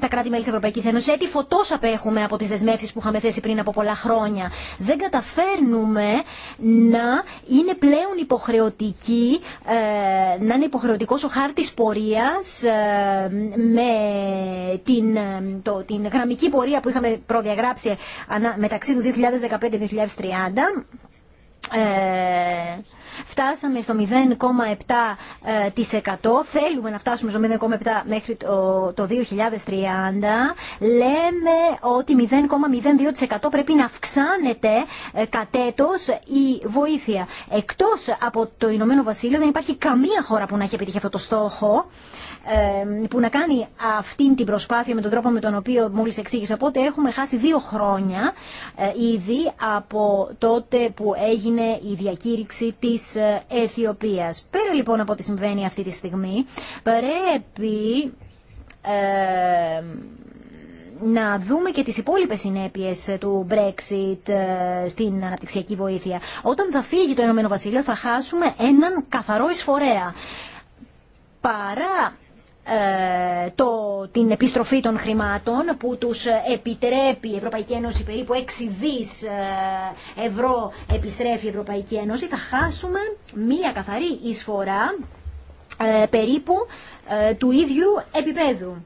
τα κράτη-μέλη τη Ευρωπαϊκή Ένωση, έτσι φωτός απέχουμε από τις δεσμεύσεις που είχαμε θέσει πριν από πολλά χρόνια. Δεν καταφέρνουμε να είναι πλέον υποχρεωτική, ε, να είναι υποχρεωτικό ο χάρτη πορεία με την, το, την γραμμική πορεία που είχαμε προδιαγράψει μεταξύ του 2015-2030 ε, Φτάσαμε στο 0,7%. Ε, θέλουμε να φτάσουμε στο 0,7% μέχρι το 2030. Λέμε ότι 0,02% πρέπει να αυξάνεται ε, κατέτος η βοήθεια. Εκτός από το Ηνωμένο Βασίλειο δεν υπάρχει καμία χώρα που να έχει επιτύχει αυτό το στόχο ε, που να κάνει αυτή την προσπάθεια με τον τρόπο με τον οποίο μόλις εξήγησα. Οπότε έχουμε χάσει δύο χρόνια ήδη από τότε που έγινε η διακήρυξη της της ε, Αιθιοπίας. Πέρα λοιπόν από ό,τι συμβαίνει αυτή τη στιγμή, πρέπει ε, να δούμε και τις υπόλοιπες συνέπειες του Brexit ε, στην αναπτυξιακή βοήθεια. Όταν θα φύγει το Ηνωμένο Βασίλειο θα χάσουμε έναν καθαρό εισφορέα. Παρά ε, το, την επιστροφή των χρημάτων που τους επιτρέπει η Ευρωπαϊκή Ένωση περίπου 6 δις ε, ευρώ επιστρέφει η Ευρωπαϊκή Ένωση θα χάσουμε μία καθαρή εισφορά ε, περίπου του ίδιου επίπεδου.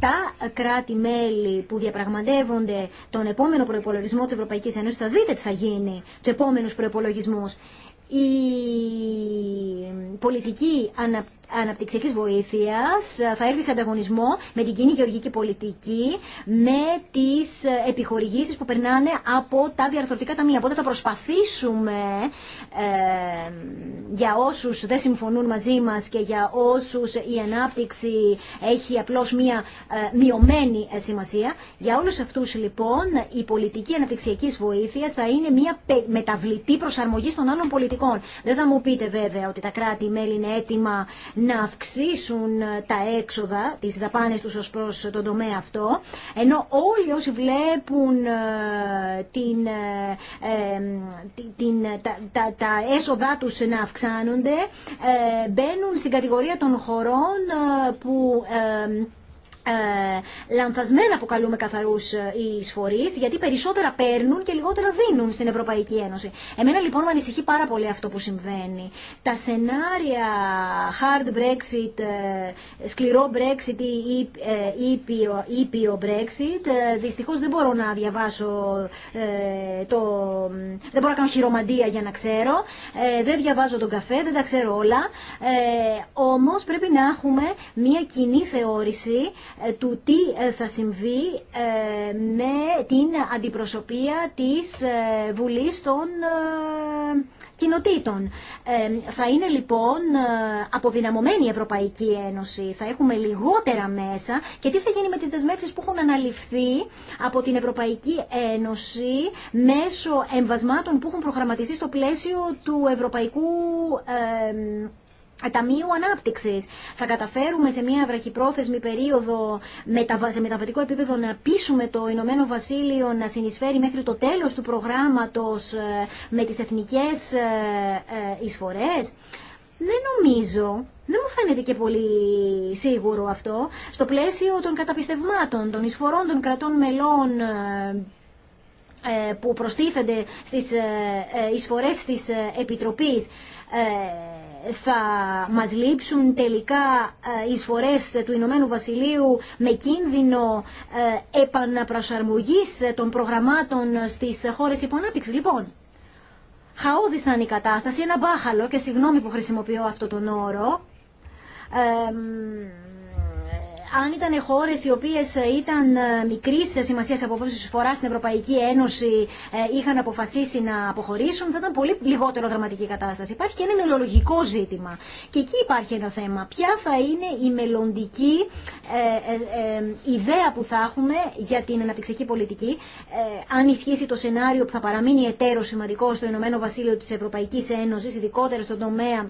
Τα κράτη-μέλη που διαπραγματεύονται τον επόμενο προϋπολογισμό της Ευρωπαϊκής Ένωσης θα δείτε τι θα γίνει του επόμενους προϋπολογισμούς. Η πολιτική ανα αναπτυξιακής βοήθειας ε, θα έρθει σε ανταγωνισμό με την κοινή γεωργική πολιτική, με τις ε, επιχορηγήσεις που περνάνε από τα διαρθρωτικά ταμεία. Οπότε θα προσπαθήσουμε ε, για όσους δεν συμφωνούν μαζί μας και για όσους η ανάπτυξη έχει απλώς μία ε, μειωμένη ε, σημασία. Για όλους αυτούς λοιπόν η πολιτική αναπτυξιακη βοηθεια θα είναι μία μεταβλητή προσαρμογή των άλλων πολιτικών. Δεν θα μου πείτε βέβαια ότι τα κράτη-μέλη είναι έτοιμα να αυξήσουν τα έξοδα, τις δαπάνε τους ως προς τον τομέα αυτό, ενώ όλοι όσοι βλέπουν ε, ε, την, τα, τα, τα έσοδά τους να αυξάνονται, ε, μπαίνουν στην κατηγορία των χωρών που ε, λανθασμένα που καλούμε καθαρούς ε, εισφορείς, γιατί περισσότερα παίρνουν και λιγότερα δίνουν στην Ευρωπαϊκή Ένωση. Εμένα λοιπόν με ανησυχεί πάρα πολύ αυτό που συμβαίνει. Τα σενάρια hard Brexit, ε, σκληρό Brexit ή ήπιο, Brexit, δυστυχώς δεν μπορώ να διαβάσω το... δεν μπορώ να κάνω χειρομαντία για να ξέρω, δεν διαβάζω τον καφέ, δεν τα ξέρω όλα, όμως πρέπει να έχουμε μια κοινή θεώρηση ε, του τι ε, θα συμβεί ε, με την αντιπροσωπεία της Βουλής των Κοινοτήτων. Θα είναι λοιπόν αποδυναμωμένη η Ευρωπαϊκή Ένωση, θα έχουμε λιγότερα μέσα και τι θα γίνει με τις δεσμεύσεις που έχουν αναλυφθεί από την Ευρωπαϊκή Ένωση μέσω εμβασμάτων που έχουν προγραμματιστεί στο πλαίσιο του Ευρωπαϊκού Ταμείου Ανάπτυξη. Θα καταφέρουμε σε μια βραχυπρόθεσμη περίοδο σε μεταβατικό επίπεδο να πείσουμε το Ηνωμένο Βασίλειο να συνεισφέρει μέχρι το τέλο του προγράμματο ε, με τι εθνικέ ε, ε, εισφορέ. Δεν νομίζω, δεν μου φαίνεται και πολύ σίγουρο αυτό, στο πλαίσιο των καταπιστευμάτων, των εισφορών των κρατών μελών που προστίθενται στις εισφορές της Επιτροπής θα μας λείψουν τελικά οι ε, εισφορές του Ηνωμένου Βασιλείου με κίνδυνο ε, επαναπροσαρμογής ε, των προγραμμάτων στις χώρες υπονάπτυξης. Λοιπόν, χαόδης θα είναι η κατάσταση, ένα μπάχαλο και συγγνώμη που χρησιμοποιώ αυτό τον όρο, αν ήταν χώρε οι οποίε ήταν ε, μικρή σημασία από απόψη φορά στην Ευρωπαϊκή Ένωση, ε, είχαν αποφασίσει να αποχωρήσουν, θα ήταν πολύ λιγότερο δραματική κατάσταση. Υπάρχει και ένα νεολογικό ζήτημα. Και εκεί υπάρχει ένα θέμα. Ποια θα είναι η μελλοντική ε, ε ιδέα που θα έχουμε για την αναπτυξιακή πολιτική, αν ισχύσει το σενάριο που θα παραμείνει εταίρο σημαντικό στο Ηνωμένο Βασίλειο τη Ευρωπαϊκή Ένωση, ειδικότερα στον τομέα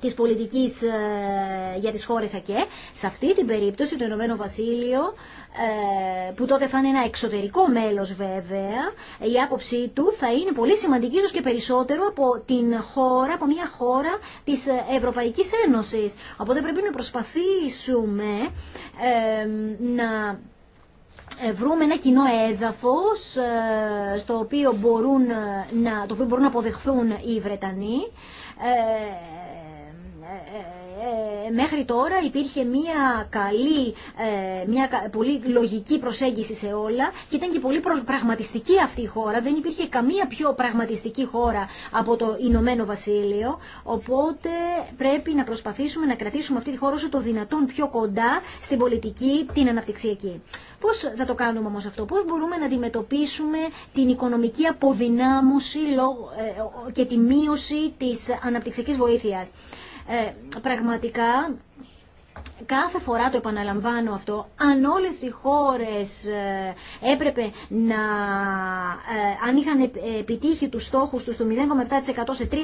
της πολιτικής ε, για τις χώρες ΑΚΕ. Σε αυτή την περίπτωση το Ηνωμένο Βασίλειο ε, που τότε θα είναι ένα εξωτερικό μέλος βέβαια, η άποψή του θα είναι πολύ σημαντική ίσω και περισσότερο από την χώρα, από μια χώρα της ε, Ευρωπαϊκής Ένωσης. Οπότε πρέπει να προσπαθήσουμε ε, να βρούμε ένα κοινό έδαφος στο οποίο μπορούν να, το οποίο μπορούν να αποδεχθούν οι Βρετανοί. Ε, μέχρι τώρα υπήρχε μια καλή, ε, μια πολύ λογική προσέγγιση σε όλα και ήταν και πολύ πραγματιστική αυτή η χώρα. Δεν υπήρχε καμία πιο πραγματιστική χώρα από το Ηνωμένο Βασίλειο. Οπότε πρέπει να προσπαθήσουμε να κρατήσουμε αυτή τη χώρα όσο το δυνατόν πιο κοντά στην πολιτική, την αναπτυξιακή. Πώ θα το κάνουμε όμω αυτό, πώ μπορούμε να αντιμετωπίσουμε την οικονομική αποδυνάμωση ε, και τη μείωση τη αναπτυξιακή βοήθεια. Ε, πραγματικά Κάθε φορά το επαναλαμβάνω αυτό, αν όλες οι χώρες ε, έπρεπε να, ε, αν είχαν ε, επιτύχει τους στόχους τους του 0,7% σε 3-4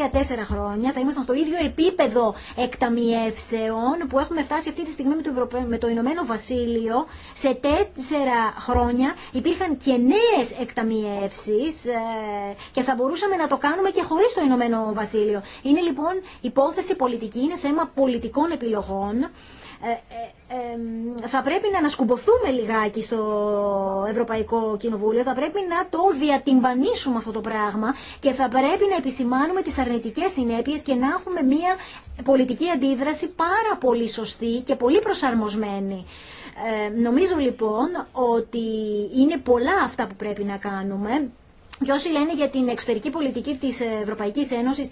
χρόνια, θα ήμασταν στο ίδιο επίπεδο εκταμιεύσεων που έχουμε φτάσει αυτή τη στιγμή με το, Ευρωπα... με το Ηνωμένο Βασίλειο. Σε τέσσερα χρόνια υπήρχαν και νέε εκταμιεύσεις και θα μπορούσαμε να το κάνουμε και χωρίς το Ηνωμένο Βασίλειο. Είναι λοιπόν υπόθεση πολιτική, είναι θέμα πολιτικών επιλογών. Ε, ε, θα πρέπει να ανασκουμποθούμε λιγάκι στο Ευρωπαϊκό Κοινοβούλιο, θα πρέπει να το διατυμπανίσουμε αυτό το πράγμα και θα πρέπει να επισημάνουμε τις αρνητικές συνέπειες και να έχουμε μια πολιτική αντίδραση πάρα πολύ σωστή και πολύ προσαρμοσμένη. Ε, νομίζω λοιπόν ότι είναι πολλά αυτά που πρέπει να κάνουμε και όσοι λένε για την εξωτερική πολιτική τη Ευρωπαϊκή Ένωση,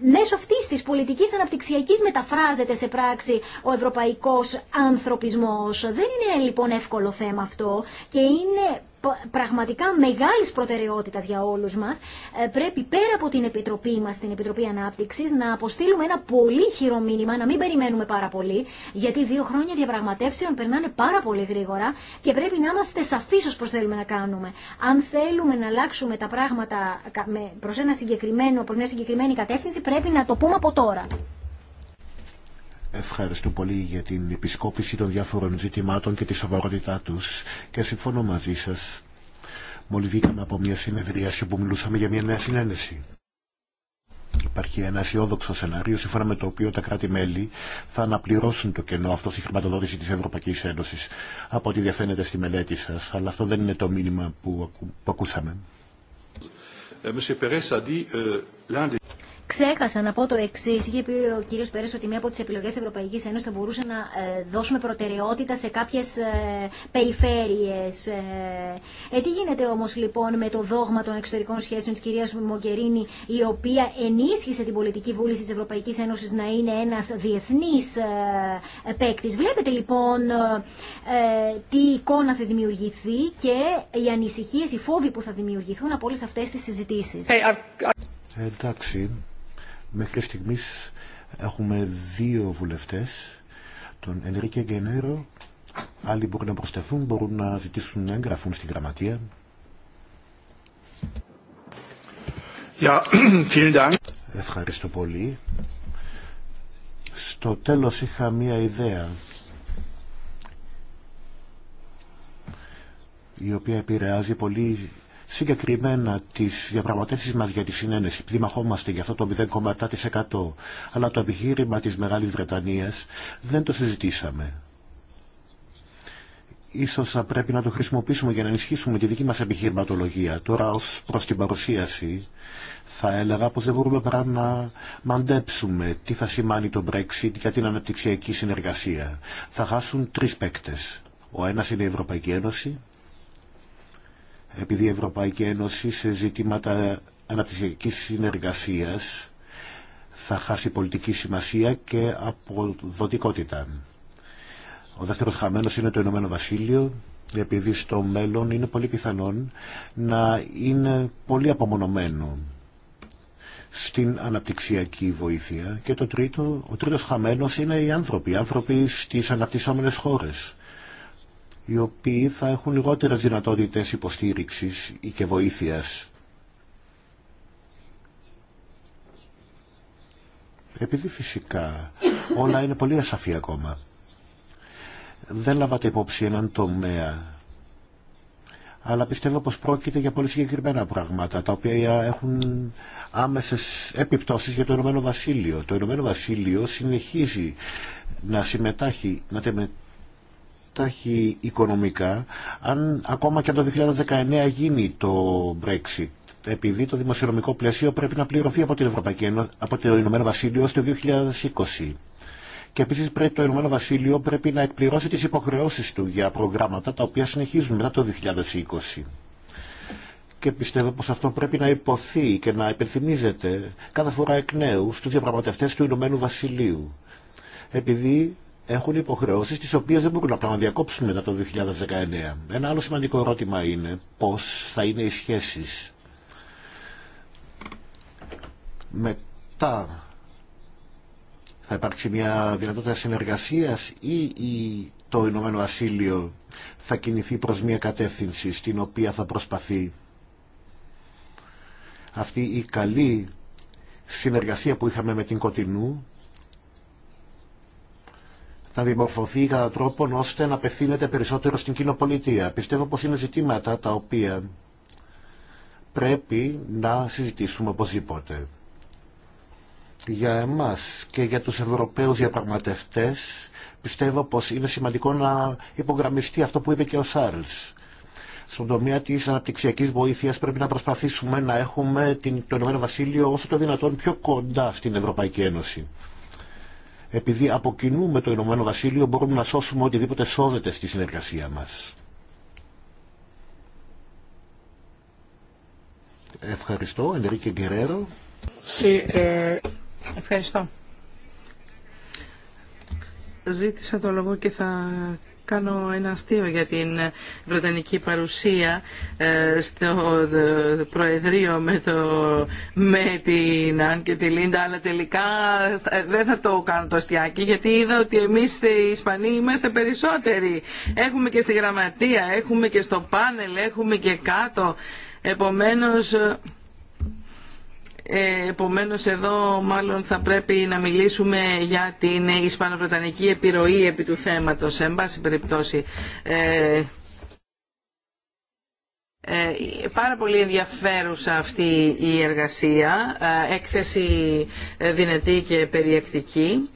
μέσω αυτή τη πολιτική αναπτυξιακή μεταφράζεται σε πράξη ο ευρωπαϊκό ανθρωπισμό. Δεν είναι λοιπόν εύκολο θέμα αυτό και είναι πραγματικά μεγάλη προτεραιότητας για όλους μας, ε, πρέπει πέρα από την Επιτροπή μας, την Επιτροπή Ανάπτυξης, να αποστείλουμε ένα πολύ χειρό μήνυμα, να μην περιμένουμε πάρα πολύ, γιατί δύο χρόνια διαπραγματεύσεων περνάνε πάρα πολύ γρήγορα και πρέπει να είμαστε σαφείς ως θέλουμε να κάνουμε. Αν θέλουμε να αλλάξουμε τα πράγματα προ ένα συγκεκριμένο, μια συγκεκριμένη κατεύθυνση, πρέπει να το πούμε από τώρα. Ευχαριστώ πολύ για την επισκόπηση των διάφορων ζητημάτων και τη σοβαρότητά του και συμφωνώ μαζί σα μόλι βγήκαμε από μια συνεδρίαση που μιλούσαμε για μια νέα συνένεση. Υπάρχει ένα αισιόδοξο σενάριο σύμφωνα με το οποίο τα κράτη-μέλη θα αναπληρώσουν το κενό αυτό στη χρηματοδότηση τη Ευρωπαϊκή Ένωση από ό,τι διαφαίνεται στη μελέτη σα. Αλλά αυτό δεν είναι το μήνυμα που, ακου... που ακούσαμε. Ε, Ξέχασα να πω το εξή. Είχε πει ο κύριο Πέρε ότι μία από τι επιλογέ τη Ευρωπαϊκή Ένωση θα μπορούσε να ε, δώσουμε προτεραιότητα σε κάποιε περιφέρειε. Ε, ε, τι γίνεται όμω λοιπόν με το δόγμα των εξωτερικών σχέσεων τη κυρία Μογκερίνη, η οποία ενίσχυσε την πολιτική βούληση τη Ευρωπαϊκή Ένωση να είναι ένα διεθνή ε, παίκτη. Βλέπετε λοιπόν ε, τι εικόνα θα δημιουργηθεί και οι ανησυχίε, οι φόβοι που θα δημιουργηθούν από όλε αυτέ τι συζητήσει. Εντάξει, Μέχρι στιγμής έχουμε δύο βουλευτές, τον Ενρίκε Γκενέρο, άλλοι μπορούν να προσταθούν, μπορούν να ζητήσουν να εγγραφούν στην γραμματεία. Ευχαριστώ πολύ. Στο τέλος είχα μία ιδέα η οποία επηρεάζει πολύ συγκεκριμένα τι διαπραγματεύσει μα για τη συνένεση. Δημαχόμαστε για αυτό το 0,7% αλλά το επιχείρημα τη μεγάλη Βρετανία δεν το συζητήσαμε. Ίσως θα πρέπει να το χρησιμοποιήσουμε για να ενισχύσουμε τη δική μας επιχειρηματολογία. Τώρα ως προς την παρουσίαση θα έλεγα πως δεν μπορούμε παρά να μαντέψουμε τι θα σημάνει το Brexit για την αναπτυξιακή συνεργασία. Θα χάσουν τρεις παίκτες. Ο ένας είναι η Ευρωπαϊκή Ένωση, επειδή η Ευρωπαϊκή Ένωση σε ζητήματα αναπτυξιακής συνεργασίας θα χάσει πολιτική σημασία και αποδοτικότητα. Ο δεύτερος χαμένος είναι το Ηνωμένο Βασίλειο, επειδή στο μέλλον είναι πολύ πιθανόν να είναι πολύ απομονωμένο στην αναπτυξιακή βοήθεια και το τρίτο, ο τρίτος χαμένος είναι οι άνθρωποι, οι άνθρωποι στις αναπτυσσόμενες χώρες οι οποίοι θα έχουν λιγότερες δυνατότητες υποστήριξης ή και βοήθειας. Επειδή φυσικά όλα είναι πολύ ασαφή ακόμα. Δεν λάβατε υπόψη έναν τομέα αλλά πιστεύω πως πρόκειται για πολύ συγκεκριμένα πράγματα, τα οποία έχουν άμεσες επιπτώσεις για το Ηνωμένο Βασίλειο. Το Ηνωμένο Βασίλειο συνεχίζει να συμμετάχει, να έχει οικονομικά αν ακόμα και αν το 2019 γίνει το Brexit επειδή το δημοσιονομικό πλαίσιο πρέπει να πληρωθεί από την Ευρωπαϊκή από το Ηνωμένο Βασίλειο στο 2020. Και επίσης πρέπει το Ηνωμένο Βασίλειο πρέπει να εκπληρώσει τις υποχρεώσεις του για προγράμματα τα οποία συνεχίζουν μετά το 2020. Και πιστεύω πως αυτό πρέπει να υποθεί και να υπενθυμίζεται κάθε φορά εκ νέου στους διαπραγματευτές του Ηνωμένου Βασιλείου. Επειδή έχουν υποχρεώσεις τις οποίες δεν μπορούν να διακόψουν μετά το 2019. Ένα άλλο σημαντικό ερώτημα είναι πώς θα είναι οι σχέσεις μετά θα υπάρξει μια δυνατότητα συνεργασίας ή, το Ηνωμένο Ασύλιο θα κινηθεί προς μια κατεύθυνση στην οποία θα προσπαθεί αυτή η καλή συνεργασία που είχαμε με την Κοτινού θα δημορφωθεί κατά τρόπον ώστε να απευθύνεται περισσότερο στην κοινοπολιτεία. Πιστεύω πως είναι ζητήματα τα οποία πρέπει να συζητήσουμε οπωσδήποτε. Για εμάς και για τους Ευρωπαίους διαπραγματευτές πιστεύω πως είναι σημαντικό να υπογραμμιστεί αυτό που είπε και ο Σάρλς. Στον τομέα της αναπτυξιακής βοήθειας πρέπει να προσπαθήσουμε να έχουμε το ΕΒ όσο το δυνατόν πιο κοντά στην Ευρωπαϊκή Ένωση επειδή από κοινού με το Ηνωμένο Βασίλειο μπορούμε να σώσουμε οτιδήποτε σώζεται στη συνεργασία μας. Ευχαριστώ. Γκερέρο. Ε, ευχαριστώ. Ζήτησα το λόγο και θα κάνω ένα αστείο για την ε, Βρετανική παρουσία ε, στο ε, Προεδρείο με, το, με την Αν και τη Λίντα, αλλά τελικά δεν θα το κάνω το αστιάκι, γιατί είδα ότι εμείς οι Ισπανοί είμαστε περισσότεροι. Έχουμε και στη γραμματεία, έχουμε και στο πάνελ, έχουμε και κάτω. Επομένως, ε, επομένως εδώ μάλλον θα πρέπει να μιλήσουμε για την ισπανοβρετανική επιρροή επί του θέματος. Εν πάση περιπτώσει, ε, ε, πάρα πολύ ενδιαφέρουσα αυτή η εργασία, έκθεση δυνατή και περιεκτική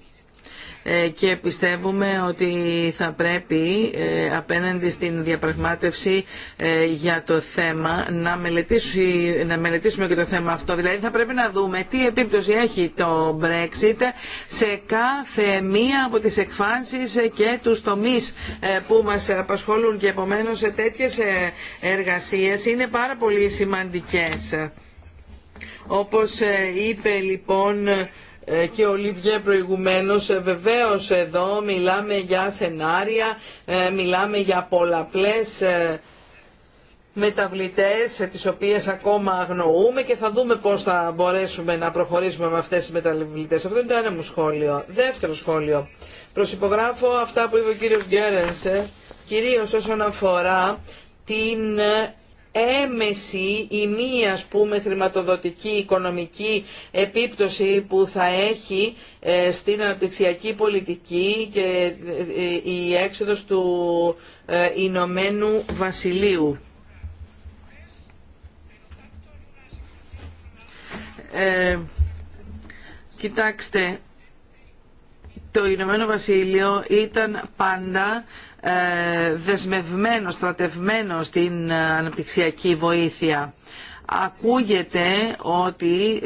ε, και πιστεύουμε ότι θα πρέπει ε, απέναντι στην διαπραγμάτευση ε, για το θέμα να, μελετήσουμε και το θέμα αυτό. Δηλαδή θα πρέπει να δούμε τι επίπτωση έχει το Brexit σε κάθε μία από τις εκφάνσεις και τους τομείς που μας απασχολούν και επομένως σε τέτοιες εργασίες είναι πάρα πολύ σημαντικές. Όπως είπε λοιπόν ε, και ο Λιβιέ προηγουμένως ε, βεβαίως εδώ μιλάμε για σενάρια, ε, μιλάμε για πολλαπλές μεταβλητές τις οποίες ακόμα αγνοούμε και θα δούμε πώς θα μπορέσουμε να προχωρήσουμε με αυτές τις μεταβλητές. Αυτό είναι το ένα μου σχόλιο. Δεύτερο σχόλιο. Προσυπογράφω αυτά που είπε ο κύριος Γκέρενσε, κυρίως όσον αφορά την έμεση ή μία ας πούμε χρηματοδοτική οικονομική επίπτωση που θα έχει ε, στην αναπτυξιακή πολιτική και ε, ε, η έξοδος του Ηνωμένου Βασιλείου. κοιτάξτε, το Ηνωμένο Βασίλειο ήταν πάντα ε, δεσμευμένο, στρατευμένο στην ε, αναπτυξιακή βοήθεια. Ακούγεται ότι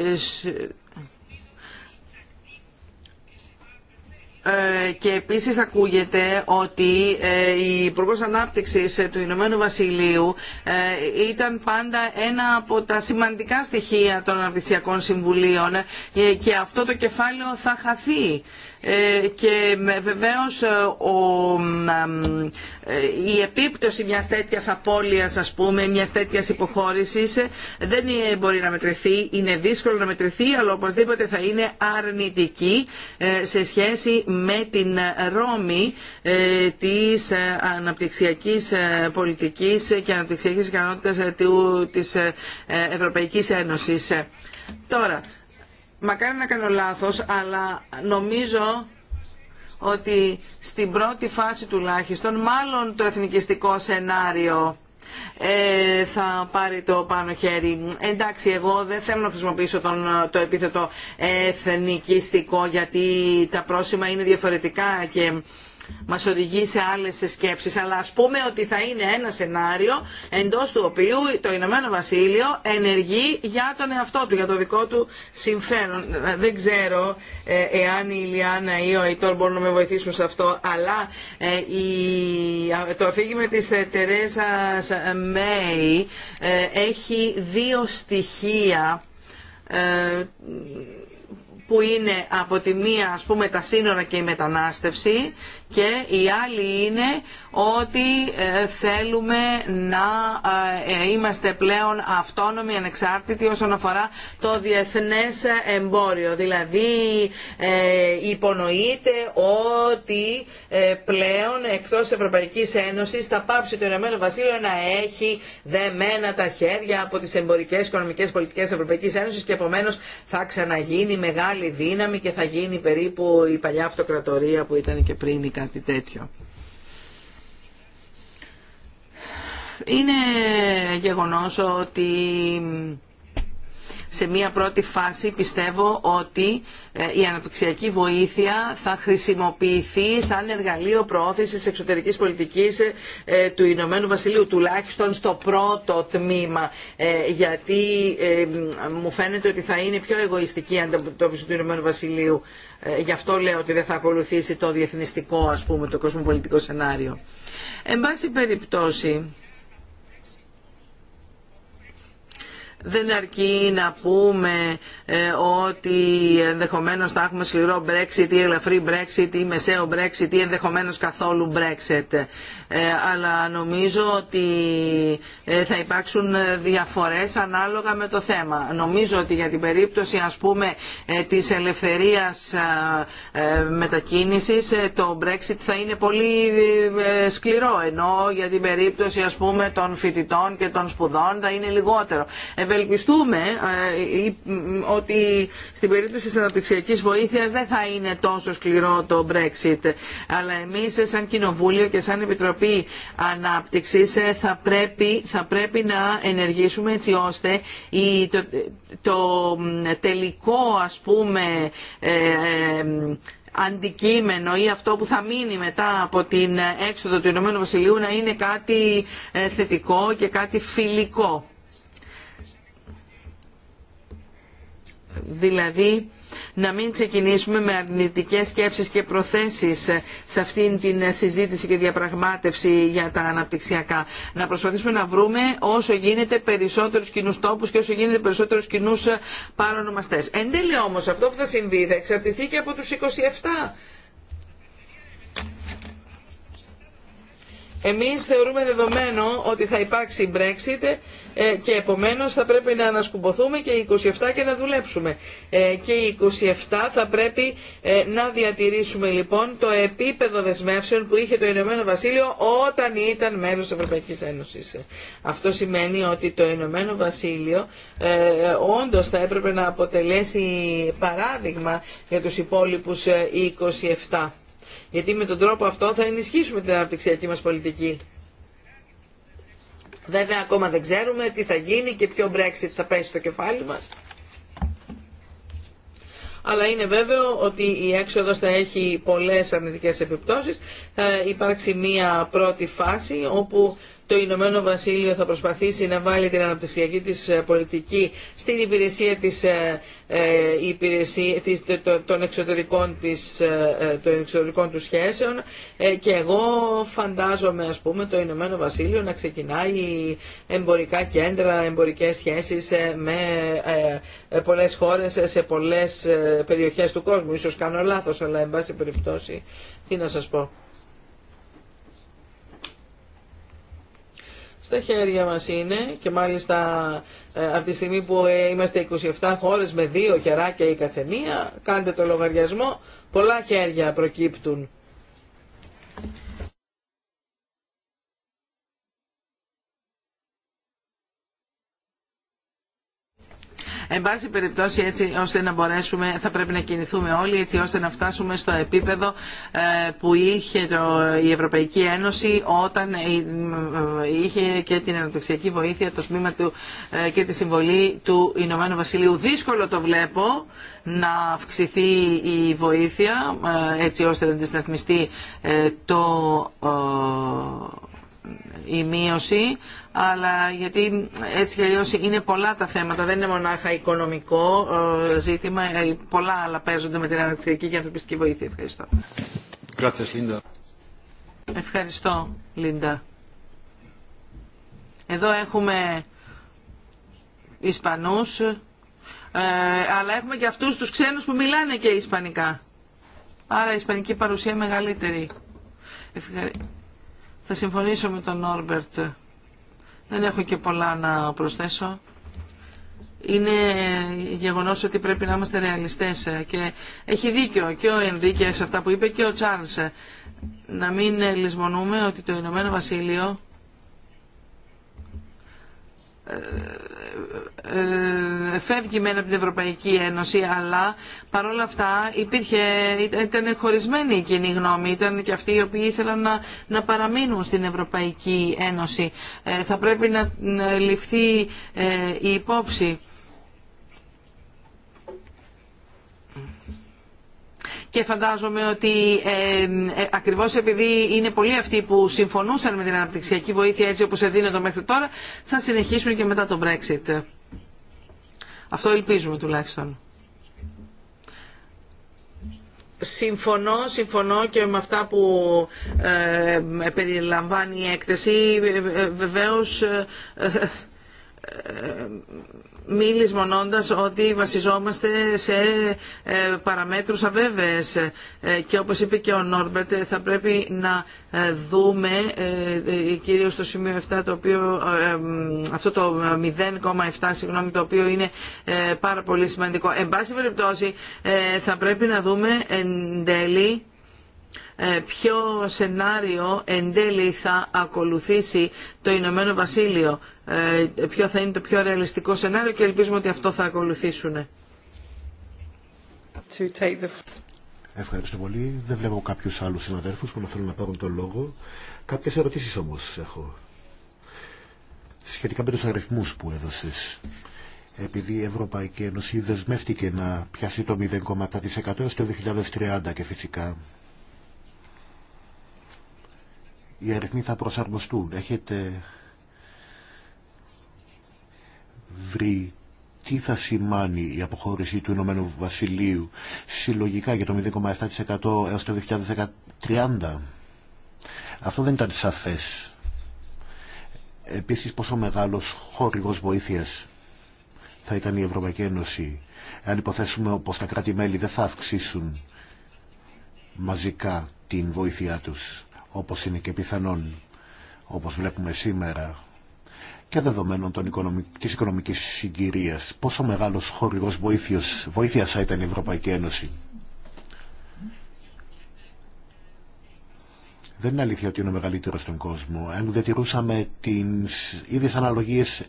ε, και επίσης ακούγεται ότι η Υπουργό Ανάπτυξη του Ηνωμένου Βασιλείου ήταν πάντα ένα από τα σημαντικά στοιχεία των αναπτυξιακών συμβουλίων και αυτό το κεφάλαιο θα χαθεί. Ε, και βεβαίως ε, ο, ε, η επίπτωση μιας τέτοια απώλεια, ας πούμε, μιας τέτοιας υποχώρησης δεν μπορεί να μετρηθεί, είναι δύσκολο να μετρηθεί αλλά οπωσδήποτε θα είναι αρνητική σε σχέση με την ρόμη της αναπτυξιακής πολιτικής και αναπτυξιακής ικανότητα της Ευρωπαϊκής Ένωσης. Τώρα, μακάρι να κάνω λάθος, αλλά νομίζω ότι στην πρώτη φάση τουλάχιστον, μάλλον το εθνικιστικό σενάριο ε, θα πάρει το πάνω χέρι. Εντάξει, εγώ δεν θέλω να χρησιμοποιήσω τον, το επίθετο εθνικιστικό γιατί τα πρόσημα είναι διαφορετικά και μας οδηγεί σε άλλες σκέψεις. Αλλά ας πούμε ότι θα είναι ένα σενάριο εντός του οποίου το Ηνωμένο Βασίλειο ενεργεί για τον εαυτό του, για το δικό του συμφέρον. Δεν ξέρω ε, εάν η Ιλιάνα ή ο Αϊτόρ μπορούν να με βοηθήσουν σε αυτό, αλλά ε, το αφήγημα της ε, Τερέζα Μέη έχει δύο στοιχεία που είναι από τη μία ας πούμε τα σύνορα και η μετανάστευση και η άλλη είναι ότι ε, θέλουμε να ε, ε, είμαστε πλέον αυτόνομοι, ανεξάρτητοι όσον αφορά το διεθνές εμπόριο. Δηλαδή υπονοείται ότι πλέον εκτός της Ευρωπαϊκής Ένωσης θα πάψει το Ηνωμένο Βασίλειο να έχει δεμένα τα χέρια από τις εμπορικές οικονομικές πολιτικές της Ευρωπαϊκής Ένωσης και επομένως θα ξαναγίνει μεγάλη δύναμη και θα γίνει περίπου η παλιά αυτοκρατορία που ήταν και πριν κάτι τέτοιο. Είναι γεγονός ότι σε μία πρώτη φάση πιστεύω ότι ε, η αναπτυξιακή βοήθεια θα χρησιμοποιηθεί σαν εργαλείο προώθησης εξωτερικής πολιτικής ε, του Ηνωμένου Βασιλείου, τουλάχιστον στο πρώτο τμήμα, ε, γιατί μου φαίνεται ότι θα είναι πιο εγωιστική η αντιμετώπιση του Ηνωμένου Βασιλείου. Γι' αυτό λέω ότι δεν θα ακολουθήσει το διεθνιστικό, ας πούμε, το κοσμοπολιτικό σενάριο. Εν πάση περιπτώσει, Δεν αρκεί να πούμε ε, ότι ενδεχομένως θα έχουμε σκληρό Brexit ή ελαφρύ Brexit ή μεσαίο Brexit ή ενδεχομένως καθόλου Brexit. Ε, αλλά νομίζω ότι ε, θα υπάρξουν διαφορές ανάλογα με το θέμα. Νομίζω ότι για την περίπτωση ας πούμε ε, της ελευθερίας μετακίνησης το Brexit θα είναι πολύ σκληρό ενώ για την περίπτωση ας πούμε των φοιτητών και των σπουδών θα είναι λιγότερο. Ευελπιστούμε ότι στην περίπτωση της αναπτυξιακής βοήθειας δεν θα είναι τόσο σκληρό το Brexit αλλά εμείς σαν Κοινοβούλιο και σαν Επιτροπή Επιτροπή Ανάπτυξης ε, θα πρέπει, θα πρέπει να ενεργήσουμε έτσι ώστε η, το, τελικό ας πούμε ε, ε, αντικείμενο ή αυτό που θα μείνει μετά από την έξοδο του Ηνωμένου Βασιλείου να είναι κάτι θετικό και κάτι φιλικό. δηλαδή να μην ξεκινήσουμε με αρνητικές σκέψεις και προθέσεις σε αυτήν την συζήτηση και διαπραγμάτευση για τα αναπτυξιακά. Να προσπαθήσουμε να βρούμε όσο γίνεται περισσότερους κοινού τόπους και όσο γίνεται περισσότερους κοινού παρονομαστές. Εν τέλει όμως αυτό που θα συμβεί θα εξαρτηθεί και από τους 27 Εμείς θεωρούμε δεδομένο ότι θα υπάρξει Brexit ε, και επομένως θα πρέπει να ανασκουμποθούμε και οι 27 και να δουλέψουμε. Ε, και οι 27 θα πρέπει ε, να διατηρήσουμε λοιπόν το επίπεδο δεσμεύσεων που είχε το Ηνωμένο Βασίλειο όταν ήταν μέλος της Ευρωπαϊκής Ένωσης. Αυτό σημαίνει ότι το Ηνωμένο Βασίλειο όντως θα έπρεπε να αποτελέσει παράδειγμα για τους υπόλοιπους 27 γιατί με τον τρόπο αυτό θα ενισχύσουμε την αναπτυξιακή μας πολιτική. Βέβαια ακόμα δεν ξέρουμε τι θα γίνει και ποιο Brexit θα πέσει στο κεφάλι μας. Αλλά είναι βέβαιο ότι η έξοδος θα έχει πολλές αρνητικές επιπτώσεις. Θα υπάρξει μία πρώτη φάση όπου το Ηνωμένο Βασίλειο θα προσπαθήσει να βάλει την αναπτυξιακή της ε, πολιτική στην υπηρεσία, της, ε, ε, υπηρεσία των, εξωτερικών της, των εξωτερικών του σχέσεων και εγώ φαντάζομαι ας πούμε το Ηνωμένο Βασίλειο να ξεκινάει εμπορικά κέντρα, εμπορικές σχέσεις με πολλές χώρες σε πολλές περιοχές του κόσμου. Ίσως κάνω λάθος αλλά εν πάση περιπτώσει τι να σας πω. στα χέρια μας είναι και μάλιστα ε, από τη στιγμή που ε, είμαστε 27 χώρες με δύο χεράκια η καθεμία, κάντε το λογαριασμό, πολλά χέρια προκύπτουν. Εν πάση περιπτώσει έτσι ώστε να μπορέσουμε, θα πρέπει να κινηθούμε όλοι έτσι ώστε να φτάσουμε στο επίπεδο ε, που είχε η Ευρωπαϊκή Ένωση όταν ε, ε, είχε και την αναπτυξιακή βοήθεια, το τμήμα του και τη συμβολή του Ηνωμένου Βασιλείου. Δύσκολο το βλέπω να αυξηθεί η βοήθεια έτσι ώστε να αντισταθμιστεί το η μείωση, αλλά γιατί έτσι και είναι πολλά τα θέματα, δεν είναι μονάχα οικονομικό ε, ζήτημα, ε, πολλά άλλα παίζονται με την αναπτυξιακή και ανθρωπιστική βοήθεια. Ευχαριστώ. Ευχαριστώ, Λίντα. Εδώ έχουμε Ισπανούς, ε, αλλά έχουμε και αυτούς τους ξένους που μιλάνε και Ισπανικά. Άρα η Ισπανική παρουσία μεγαλύτερη. Ευχαριστώ. Θα συμφωνήσω με τον Όρμπερτ. Δεν έχω και πολλά να προσθέσω. Είναι γεγονός ότι πρέπει να είμαστε ρεαλιστές και έχει δίκιο και ο Ενρίκε σε αυτά που είπε και ο Τσάρλς. Να μην λησμονούμε ότι το Ηνωμένο Βασίλειο ε, ε, φεύγει μεν από την Ευρωπαϊκή Ένωση, αλλά παρόλα αυτά υπήρχε, ήταν χωρισμένη η κοινή γνώμη. Ήταν και αυτοί οι οποίοι ήθελαν να, να παραμείνουν στην Ευρωπαϊκή Ένωση. Ε, θα πρέπει να ληφθεί ε, η υπόψη και φαντάζομαι ότι ε, ε, ακριβώς επειδή είναι πολλοί αυτοί που συμφωνούσαν με την αναπτυξιακή βοήθεια έτσι όπως εδίνεται μέχρι τώρα, θα συνεχίσουν και μετά τον Brexit. Αυτό ελπίζουμε τουλάχιστον. Συμφωνώ, συμφωνώ και με αυτά που ε, ε, περιλαμβάνει η έκθεση. Βεβαίως, μη λησμονώντας ότι βασιζόμαστε σε ε, παραμέτρους αβέβαιες ε, και όπως είπε και ο Νόρμπερτ ε, θα πρέπει να δούμε κυρίως το σημείο 7 το οποίο, αυτό το 0,7 συγγνώμη το οποίο είναι πάρα πολύ σημαντικό. Εν πάση περιπτώσει θα πρέπει να δούμε εν τέλει ε, ποιο σενάριο εν τέλει θα ακολουθήσει το Ηνωμένο Βασίλειο, ε, ποιο θα είναι το πιο ρεαλιστικό σενάριο και ελπίζουμε ότι αυτό θα ακολουθήσουν. Ευχαριστώ πολύ. Δεν βλέπω κάποιους άλλους συναδέρφους που να θέλουν να πάρουν τον λόγο. Κάποιες ερωτήσεις όμως έχω. Σχετικά με τους αριθμούς που έδωσες. Επειδή η Ευρωπαϊκή Ένωση δεσμεύτηκε να πιάσει το 0,7% έως το 2030 και φυσικά οι αριθμοί θα προσαρμοστούν. Έχετε βρει τι θα σημάνει η αποχώρηση του Ηνωμένου Βασιλείου συλλογικά για το 0,7% έως το 2030. Αυτό δεν ήταν σαφές. Επίσης πόσο μεγάλος χορηγός βοήθειας θα ήταν η Ευρωπαϊκή Ένωση αν υποθέσουμε πως τα κράτη-μέλη δεν θα αυξήσουν μαζικά την βοήθειά τους όπως είναι και πιθανόν, όπως βλέπουμε σήμερα, και δεδομένων των οικονομικ... της οικονομικής συγκυρίας. Πόσο μεγάλος χορηγός βοήθειας, βοήθειας θα ήταν η Ευρωπαϊκή Ένωση. Δεν είναι αλήθεια ότι είναι ο μεγαλύτερος στον κόσμο. Αν δεν τηρούσαμε τις ίδιες αναλογίες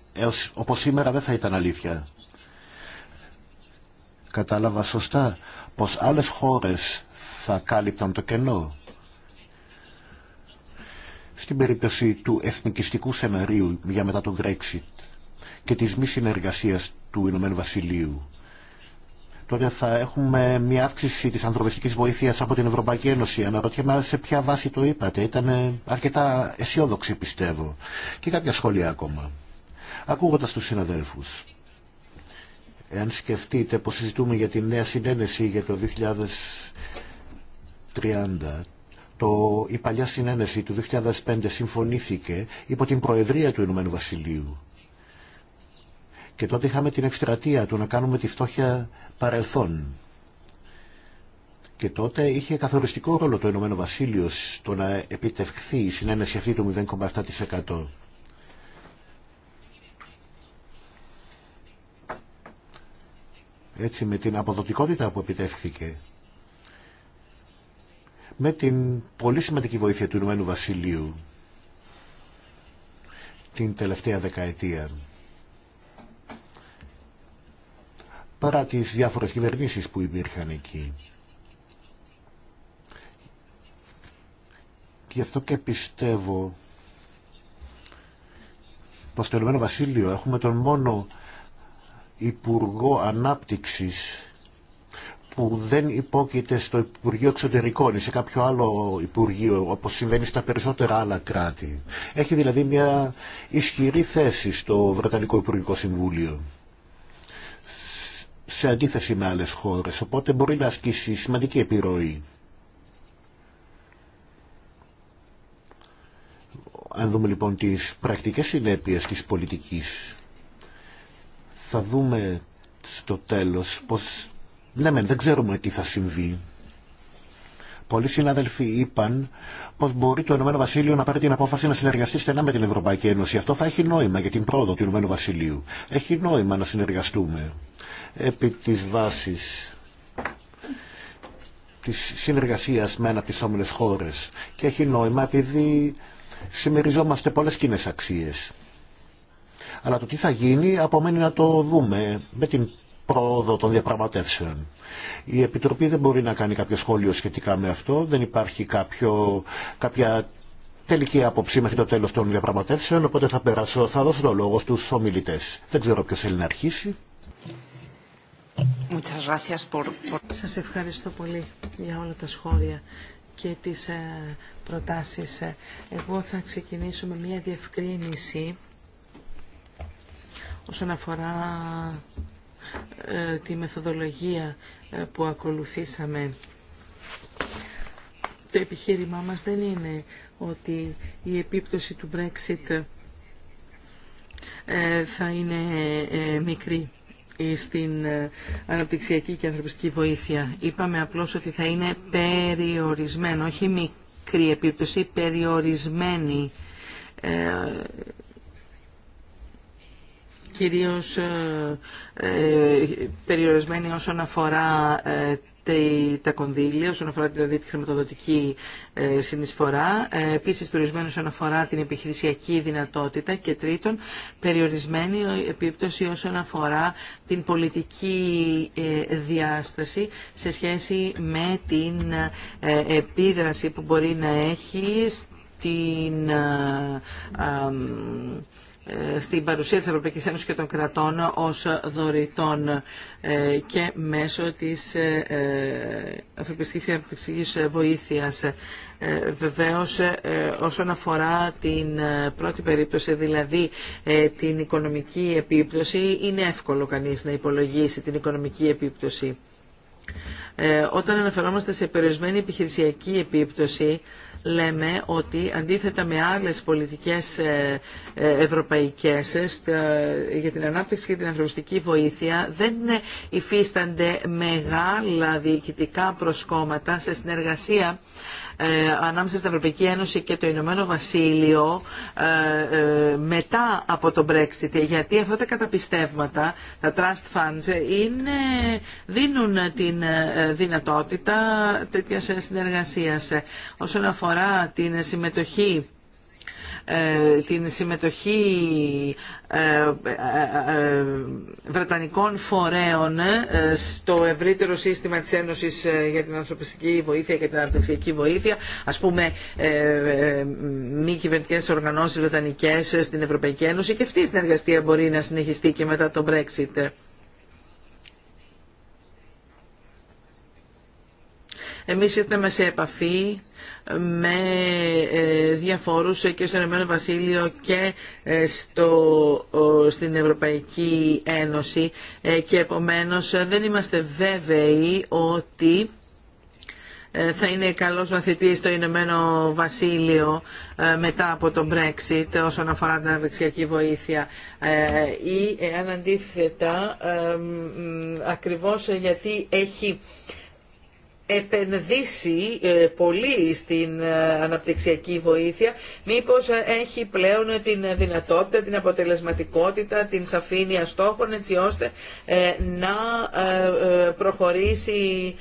όπως σήμερα δεν θα ήταν αλήθεια. Κατάλαβα σωστά πως άλλες χώρες θα κάλυπταν το κενό στην περίπτωση του εθνικιστικού σεναρίου για μετά τον Brexit και της μη συνεργασίας του Ηνωμένου Βασιλείου τότε θα έχουμε μια αύξηση της ανθρωπιστικής βοήθειας από την Ευρωπαϊκή Ένωση. Αναρωτιέμαι σε ποια βάση το είπατε. Ήταν αρκετά αισιόδοξη πιστεύω. Και κάποια σχόλια ακόμα. Ακούγοντας τους συναδέλφους. Εάν σκεφτείτε πως συζητούμε για τη νέα συνένεση για το 2030, το, η παλιά συνένεση του 2005 συμφωνήθηκε υπό την Προεδρία του Ηνωμένου Βασιλείου. Και τότε είχαμε την εκστρατεία του να κάνουμε τη φτώχεια παρελθόν. Και τότε είχε καθοριστικό ρόλο το Ηνωμένο Βασίλειο στο να επιτευχθεί η συνένεση αυτή του 0,7%. Έτσι με την αποδοτικότητα που επιτεύχθηκε με την πολύ σημαντική βοήθεια του Ηνωμένου Βασιλείου την τελευταία δεκαετία. Παρά τις διάφορες κυβερνήσεις που υπήρχαν εκεί. γι' αυτό και πιστεύω πως στο Ηνωμένο Βασίλειο έχουμε τον μόνο Υπουργό Ανάπτυξης που δεν υπόκειται στο Υπουργείο Εξωτερικών ή σε κάποιο άλλο Υπουργείο, όπως συμβαίνει στα περισσότερα άλλα κράτη. Έχει δηλαδή μια ισχυρή θέση στο Βρετανικό Υπουργικό Συμβούλιο σε αντίθεση με άλλες χώρες, οπότε μπορεί να ασκήσει σημαντική επιρροή. Αν δούμε λοιπόν τις πρακτικές συνέπειες της πολιτικής, θα δούμε στο τέλος πως ναι, ναι, δεν ξέρουμε τι θα συμβεί. Πολλοί συναδελφοί είπαν πω μπορεί το Ηνωμένο Βασίλειο να πάρει την απόφαση να συνεργαστεί στενά με την Ευρωπαϊκή Ένωση. Αυτό θα έχει νόημα για την πρόοδο του Ηνωμένου Βασιλείου. Έχει νόημα να συνεργαστούμε επί τη βάση τη συνεργασία με αναπτυσσόμενε χώρε. Και έχει νόημα επειδή συμμεριζόμαστε πολλέ κοινέ αξίε. Αλλά το τι θα γίνει απομένει να το δούμε με την πρόοδο των διαπραγματεύσεων. Η Επιτροπή δεν μπορεί να κάνει κάποιο σχόλιο σχετικά με αυτό. Δεν υπάρχει κάποιο, κάποια τελική άποψη μέχρι το τέλος των διαπραγματεύσεων, οπότε θα, περάσω, θα δώσω το λόγο στους ομιλητές. Δεν ξέρω ποιος θέλει να αρχίσει. Σας ευχαριστώ πολύ για όλα τα σχόλια και τις ε, προτάσεις. Ε, εγώ θα ξεκινήσω με μια διευκρίνηση όσον αφορά ε, τη μεθοδολογία ε, που ακολουθήσαμε. Το επιχείρημά μας δεν είναι ότι η επίπτωση του Brexit ε, θα είναι μικρή στην αναπτυξιακή και ανθρωπιστική βοήθεια. Είπαμε απλώς ότι θα είναι περιορισμένο, όχι μικρή επίπτωση, περιορισμένη κυρίως ε, ε, περιορισμένη όσον αφορά ε, τα κονδύλια όσον αφορά δηλαδή, τη χρηματοδοτική συνεισφορά, επίσης περιορισμένη όσον αφορά την επιχειρησιακή δυνατότητα και τρίτον περιορισμένη επίπτωση όσον αφορά την πολιτική διάσταση σε σχέση με την επίδραση που μπορεί να έχει στην ε, στην παρουσία της Ευρωπαϊκής Ένωσης και των κρατών ως δωρητών ε, και μέσω της ε, ανθρωπιστικής βοήθειας. Βεβαίως, όσον αφορά την πρώτη περίπτωση, δηλαδή την οικονομική επίπτωση, είναι εύκολο κανείς να υπολογίσει την οικονομική επίπτωση. Όταν αναφερόμαστε σε περιορισμένη επιχειρησιακή επίπτωση, λέμε ότι αντίθετα με άλλες πολιτικές ε, ε, ευρωπαϊκές ε, για την ανάπτυξη και την ανθρωπιστική βοήθεια δεν υφίστανται μεγάλα διοικητικά προσκόμματα σε συνεργασία ε, ανάμεσα στην Ευρωπαϊκή Ένωση και το Ηνωμένο Βασίλειο ε, ε, μετά από το Brexit. Γιατί αυτά τα καταπιστεύματα, τα trust funds, είναι, δίνουν την δυνατότητα τέτοια συνεργασία. Όσον αφορά την συμμετοχή ε, την συμμετοχή ε, ε, βρετανικών φορέων στο ευρύτερο σύστημα της Ένωσης για την ανθρωπιστική βοήθεια και την αναπτυξιακή βοήθεια, ας πούμε μη κυβερνητικές οργανώσεις βρετανικές στην Ευρωπαϊκή Ένωση και αυτή η συνεργασία μπορεί να συνεχιστεί και μετά το Brexit. Εμείς ήρθαμε σε επαφή με ε, διαφόρους και στο Ηνωμένο Βασίλειο και ε, στο, στην Ευρωπαϊκή Ένωση ε, και επομένως δεν είμαστε βέβαιοι ότι θα είναι καλός μαθητής στο Ηνωμένο Βασίλειο μετά από τον Brexit όσον αφορά την αδεξιακή βοήθεια ή αν αντίθετα ακριβώς γιατί έχει επενδύσει ε, πολύ στην ε, αναπτυξιακή βοήθεια, μήπως ε, έχει πλέον την δυνατότητα, την αποτελεσματικότητα, την σαφήνεια στόχων έτσι ώστε να προχωρήσει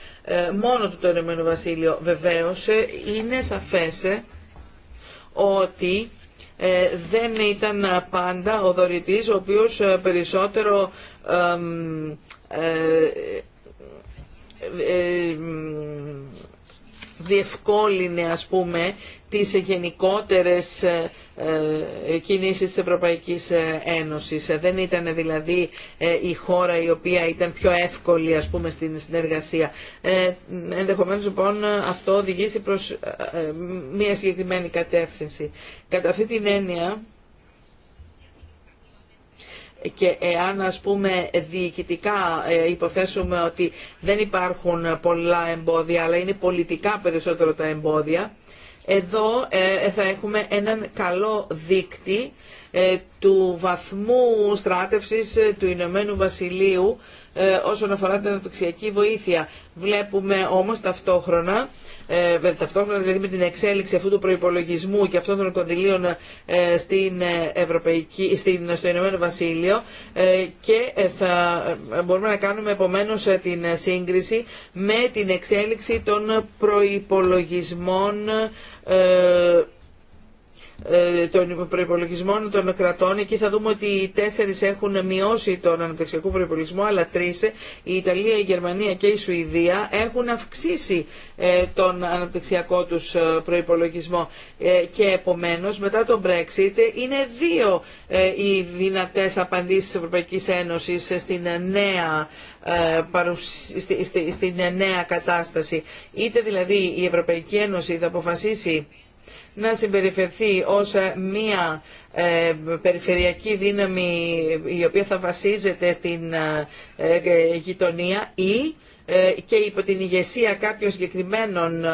μόνο του το Ηνωμένο Βασίλειο. Βεβαίως είναι σαφές ότι δεν ήταν πάντα ο δωρητής ο οποίος περισσότερο ε, ε, διευκόλυνε ας πούμε τις γενικότερες ε, κινήσεις της Ευρωπαϊκής Ένωσης. Δεν ήταν δηλαδή η χώρα η οποία ήταν πιο εύκολη ας πούμε στην συνεργασία. Ε, ενδεχομένως λοιπόν αυτό οδηγήσει προς μια συγκεκριμένη κατεύθυνση. Κατά αυτή την έννοια και εάν ας πούμε διοικητικά ε, υποθέσουμε ότι δεν υπάρχουν πολλά εμπόδια αλλά είναι πολιτικά περισσότερο τα εμπόδια, εδώ ε, θα έχουμε έναν καλό δείκτη ε, του βαθμού στράτευσης ε, του Ηνωμένου Βασιλείου ε, όσον αφορά την αναπτυξιακή βοήθεια. Βλέπουμε όμως ταυτόχρονα, ταυτόχρονα δηλαδή με την εξέλιξη αυτού του προϋπολογισμού και αυτών των κονδυλίων στην Ευρωπαϊκή, στην, στο Ηνωμένο Βασίλειο και θα μπορούμε να κάνουμε επομένως την σύγκριση με την εξέλιξη των προϋπολογισμών ε, των προπολογισμών των κρατών. Εκεί θα δούμε ότι οι τέσσερις έχουν μειώσει τον αναπτυξιακό προπολογισμό, αλλά τρει, η Ιταλία, η Γερμανία και η Σουηδία, έχουν αυξήσει ε, τον αναπτυξιακό τους ε, προϋπολογισμό. Και επομένως, μετά τον Brexit, είναι δύο οι δυνατές απαντήσεις της Ευρωπαϊκής Ένωσης στην νέα στην νέα κατάσταση. Είτε δηλαδή η Ευρωπαϊκή Ένωση θα αποφασίσει να συμπεριφερθεί ως ε, μία ε, περιφερειακή δύναμη η οποία θα βασίζεται στην ε, γειτονία ή και υπό την ηγεσία κάποιων συγκεκριμένων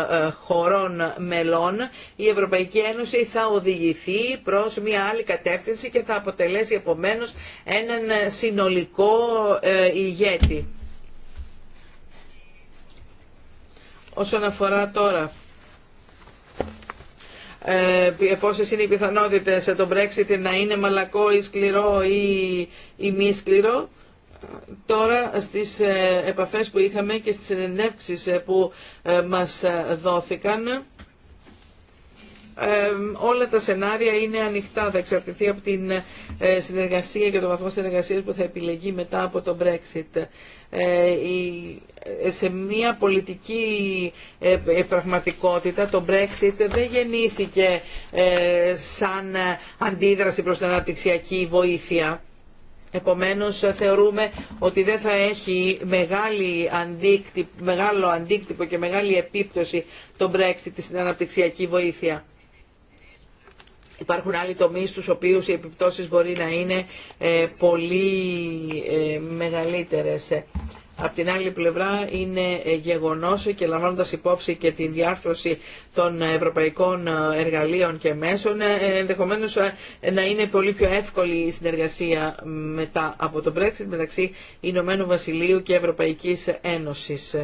χωρών μελών η Ευρωπαϊκή Ένωση θα οδηγηθεί προς μια άλλη κατεύθυνση και θα αποτελέσει επομένως έναν συνολικό ηγέτη. Όσον αφορά τώρα ε, πόσες είναι οι πιθανότητες το Brexit να είναι μαλακό ή σκληρό ή, ή μη σκληρό. Τώρα στις ε, επαφές που είχαμε και στις συνεντεύξεις ε, που ε, μας δόθηκαν, όλα τα σενάρια είναι ανοιχτά, θα εξαρτηθεί από την συνεργασία και το βαθμό συνεργασίας που θα επιλεγεί μετά από το Brexit σε μια πολιτική ε, ε, πραγματικότητα το Brexit δεν γεννήθηκε ε, σαν αντίδραση προς την αναπτυξιακή βοήθεια. Επομένως θεωρούμε ότι δεν θα έχει μεγάλη μεγάλο αντίκτυπο και μεγάλη επίπτωση το Brexit στην αναπτυξιακή βοήθεια. Υπάρχουν άλλοι τομείς στους οποίους οι επιπτώσεις μπορεί να είναι πολύ μεγαλύτερες. Απ' την άλλη πλευρά είναι ε, γεγονός και λαμβάνοντας υπόψη και την διάρθρωση των ε, ευρωπαϊκών ε, εργαλείων και μέσων, ενδεχομένως να είναι πολύ πιο εύκολη η συνεργασία μετά από το Brexit μεταξύ Ηνωμένου Βασιλείου και Ευρωπαϊκής Ένωσης.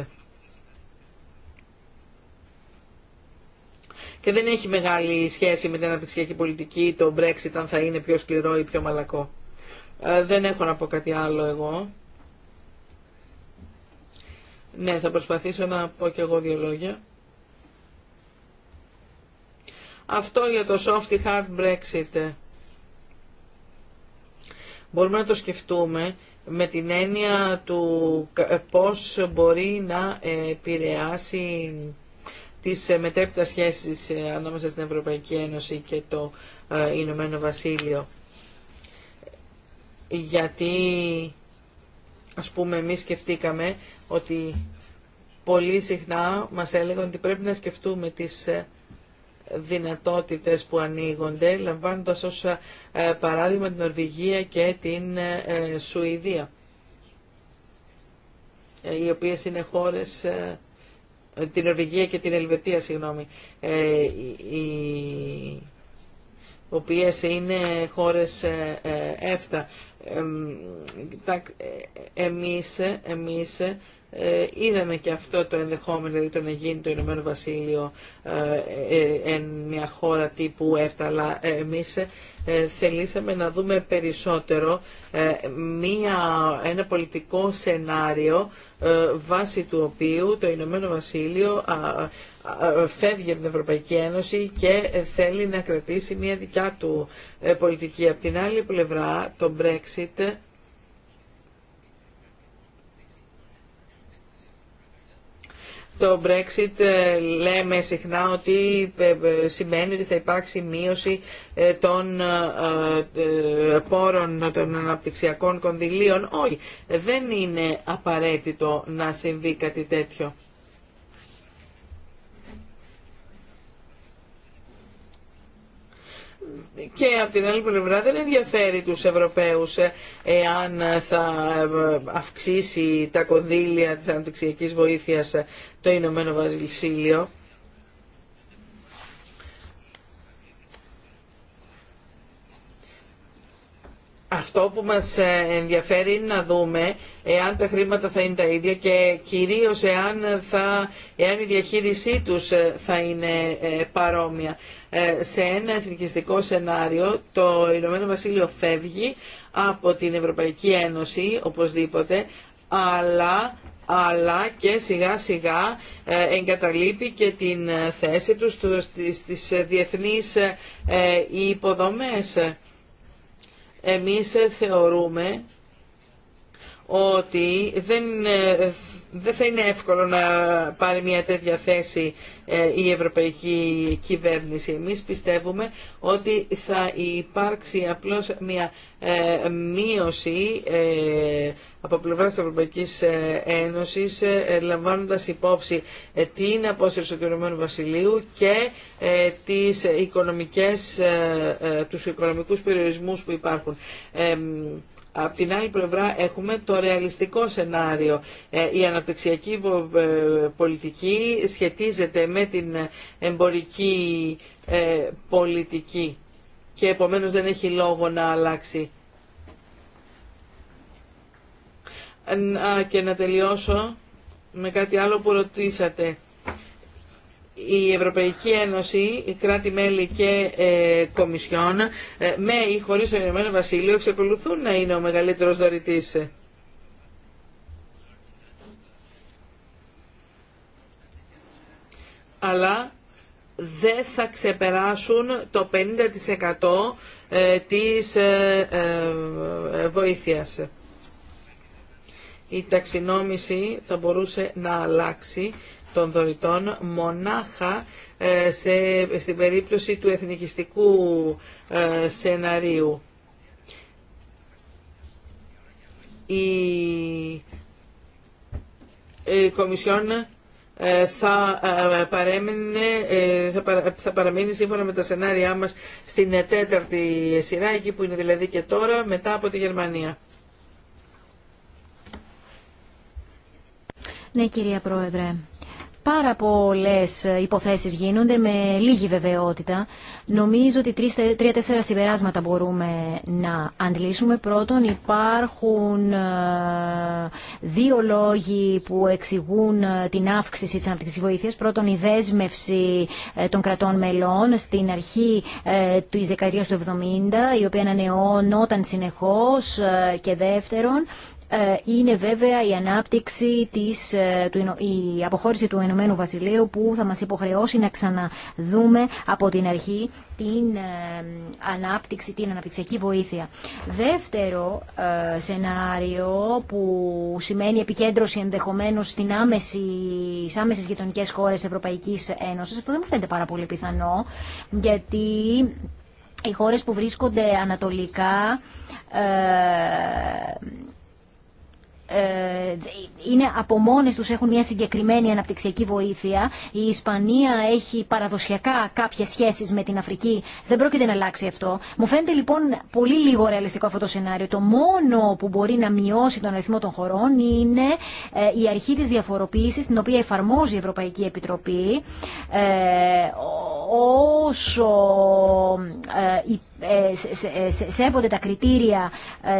Και δεν έχει μεγάλη σχέση με την αναπτυξιακή πολιτική το Brexit αν θα είναι πιο σκληρό ή πιο μαλακό. Δεν έχω να πω κάτι άλλο εγώ. Ναι, θα προσπαθήσω να πω και εγώ δύο λόγια. Αυτό για το soft hard Brexit. Μπορούμε να το σκεφτούμε με την έννοια του πώς μπορεί να επηρεάσει τις μετέπειτα σχέσεις ανάμεσα στην Ευρωπαϊκή Ένωση και το ε, Ηνωμένο Βασίλειο. Γιατί, ας πούμε, εμείς σκεφτήκαμε ότι πολύ συχνά μας έλεγαν ότι πρέπει να σκεφτούμε τις ε, δυνατότητες που ανοίγονται, λαμβάνοντας ως ε, παράδειγμα την Ορβηγία και την ε, Σουηδία, οι οποίες είναι χώρες την Ορβηγία και την Ελβετία, συγγνώμη, οι οποίες είναι χώρες έφτα. Ε, ε, εμείς, ε, είδαμε και αυτό το ενδεχόμενο, δηλαδή το να γίνει το Ηνωμένο Βασίλειο ε, ε, εν μια χώρα τύπου έφταλα αλλά εμείς θελήσαμε να δούμε περισσότερο μια, ένα πολιτικό σενάριο βάσει του οποίου το Ηνωμένο Βασίλειο φεύγει από την Ευρωπαϊκή Ένωση και θέλει να κρατήσει μια δικιά του πολιτική. Από την άλλη πλευρά, το Brexit Το Brexit ε, λέμε συχνά ότι ε, ε, σημαίνει ότι θα υπάρξει μείωση των πόρων των αναπτυξιακών κονδυλίων. Όχι, δεν είναι απαραίτητο να συμβεί κάτι τέτοιο. και από την άλλη πλευρά δεν ενδιαφέρει τους Ευρωπαίους ε, εάν θα ε, αυξήσει τα κονδύλια της αναπτυξιακής βοήθειας ε, το Ηνωμένο Βασίλειο. αυτό που μας ε, ενδιαφέρει είναι να δούμε εάν τα χρήματα θα είναι τα ίδια και κυρίως εάν, θα, η διαχείρισή τους ε, θα είναι ε, παρόμοια. Σε ένα εθνικιστικό σενάριο το Ηνωμένο Βασίλειο φεύγει από την Ευρωπαϊκή Ένωση οπωσδήποτε, αλλά αλλά και σιγά σιγά εγκαταλείπει και την θέση του στις διεθνείς υποδομές. Εμείς θεωρούμε ότι δεν ε, δεν θα είναι εύκολο να πάρει μια τέτοια θέση ε, η ευρωπαϊκή κυβέρνηση. Εμείς πιστεύουμε ότι θα υπάρξει απλώς μια ε, μείωση ε, από πλευρά της Ευρωπαϊκής Ένωσης λαμβάνοντας υπόψη την απόσυρση του Ηνωμένου Βασιλείου και τις οικονομικές, τους οικονομικούς περιορισμούς που υπάρχουν. Απ' την άλλη πλευρά έχουμε το ρεαλιστικό σενάριο. Ε, η αναπτυξιακή ε, πολιτική σχετίζεται με την εμπορική ε, πολιτική και επομένως δεν έχει λόγο να αλλάξει. Και να τελειώσω με κάτι άλλο που ρωτήσατε η Ευρωπαϊκή Ένωση, οι κράτη-μέλη και ε, κομισιόν, ε, με ή χωρίς το Ηνωμένο Βασίλειο, εξακολουθούν να είναι ο μεγαλύτερος δωρητής. Αλλά δεν θα ξεπεράσουν το 50% ε, της ε, βοήθειας. Η ταξινόμηση θα μπορούσε να αλλάξει των δωρητών μονάχα ε, σε, στην περίπτωση του εθνικιστικού ε, σεναρίου. Η, Κομισιόν ε, θα θα παραμείνει σύμφωνα με τα σενάριά μας στην τέταρτη σειρά, εκεί που είναι δηλαδή και τώρα, μετά από τη Γερμανία. Ναι, κυρία Πρόεδρε. Πάρα πολλέ υποθέσεις γίνονται με λίγη βεβαιότητα. Νομίζω ότι τρία-τέσσερα συμπεράσματα μπορούμε να αντλήσουμε. Πρώτον, υπάρχουν ε, δύο λόγοι που εξηγούν ε, την αύξηση τη αναπτυξιακή βοήθεια. Πρώτον, η δέσμευση ε, των κρατών μελών στην αρχή τη δεκαετία του 70, η οποία ανανεώνονταν συνεχώς. Και δεύτερον, ε, είναι βέβαια η ανάπτυξη της, ε, η αποχώρηση του Ηνωμένου Βασιλείου που θα μας υποχρεώσει να ξαναδούμε από την αρχή την ε, ανάπτυξη, την αναπτυξιακή βοήθεια. Δεύτερο σενάριο που σημαίνει επικέντρωση ενδεχομένως στην άμεση, στις άμεσες γειτονικές χώρες Ευρωπαϊκής Ένωσης, αυτό δεν μου φαίνεται πάρα πολύ πιθανό, γιατί οι χώρες που βρίσκονται ανατολικά ε, είναι από μόνες τους έχουν μια συγκεκριμένη αναπτυξιακή βοήθεια. Η Ισπανία έχει παραδοσιακά κάποιες σχέσεις με την Αφρική. Δεν πρόκειται να αλλάξει αυτό. Μου φαίνεται λοιπόν πολύ λίγο ρεαλιστικό αυτό το σενάριο. Το μόνο που μπορεί να μειώσει τον αριθμό των χωρών είναι ε, η αρχή της διαφοροποίησης την οποία εφαρμόζει η Ευρωπαϊκή Επιτροπή ε, όσο ε, ε, ε, σέβονται τα κριτήρια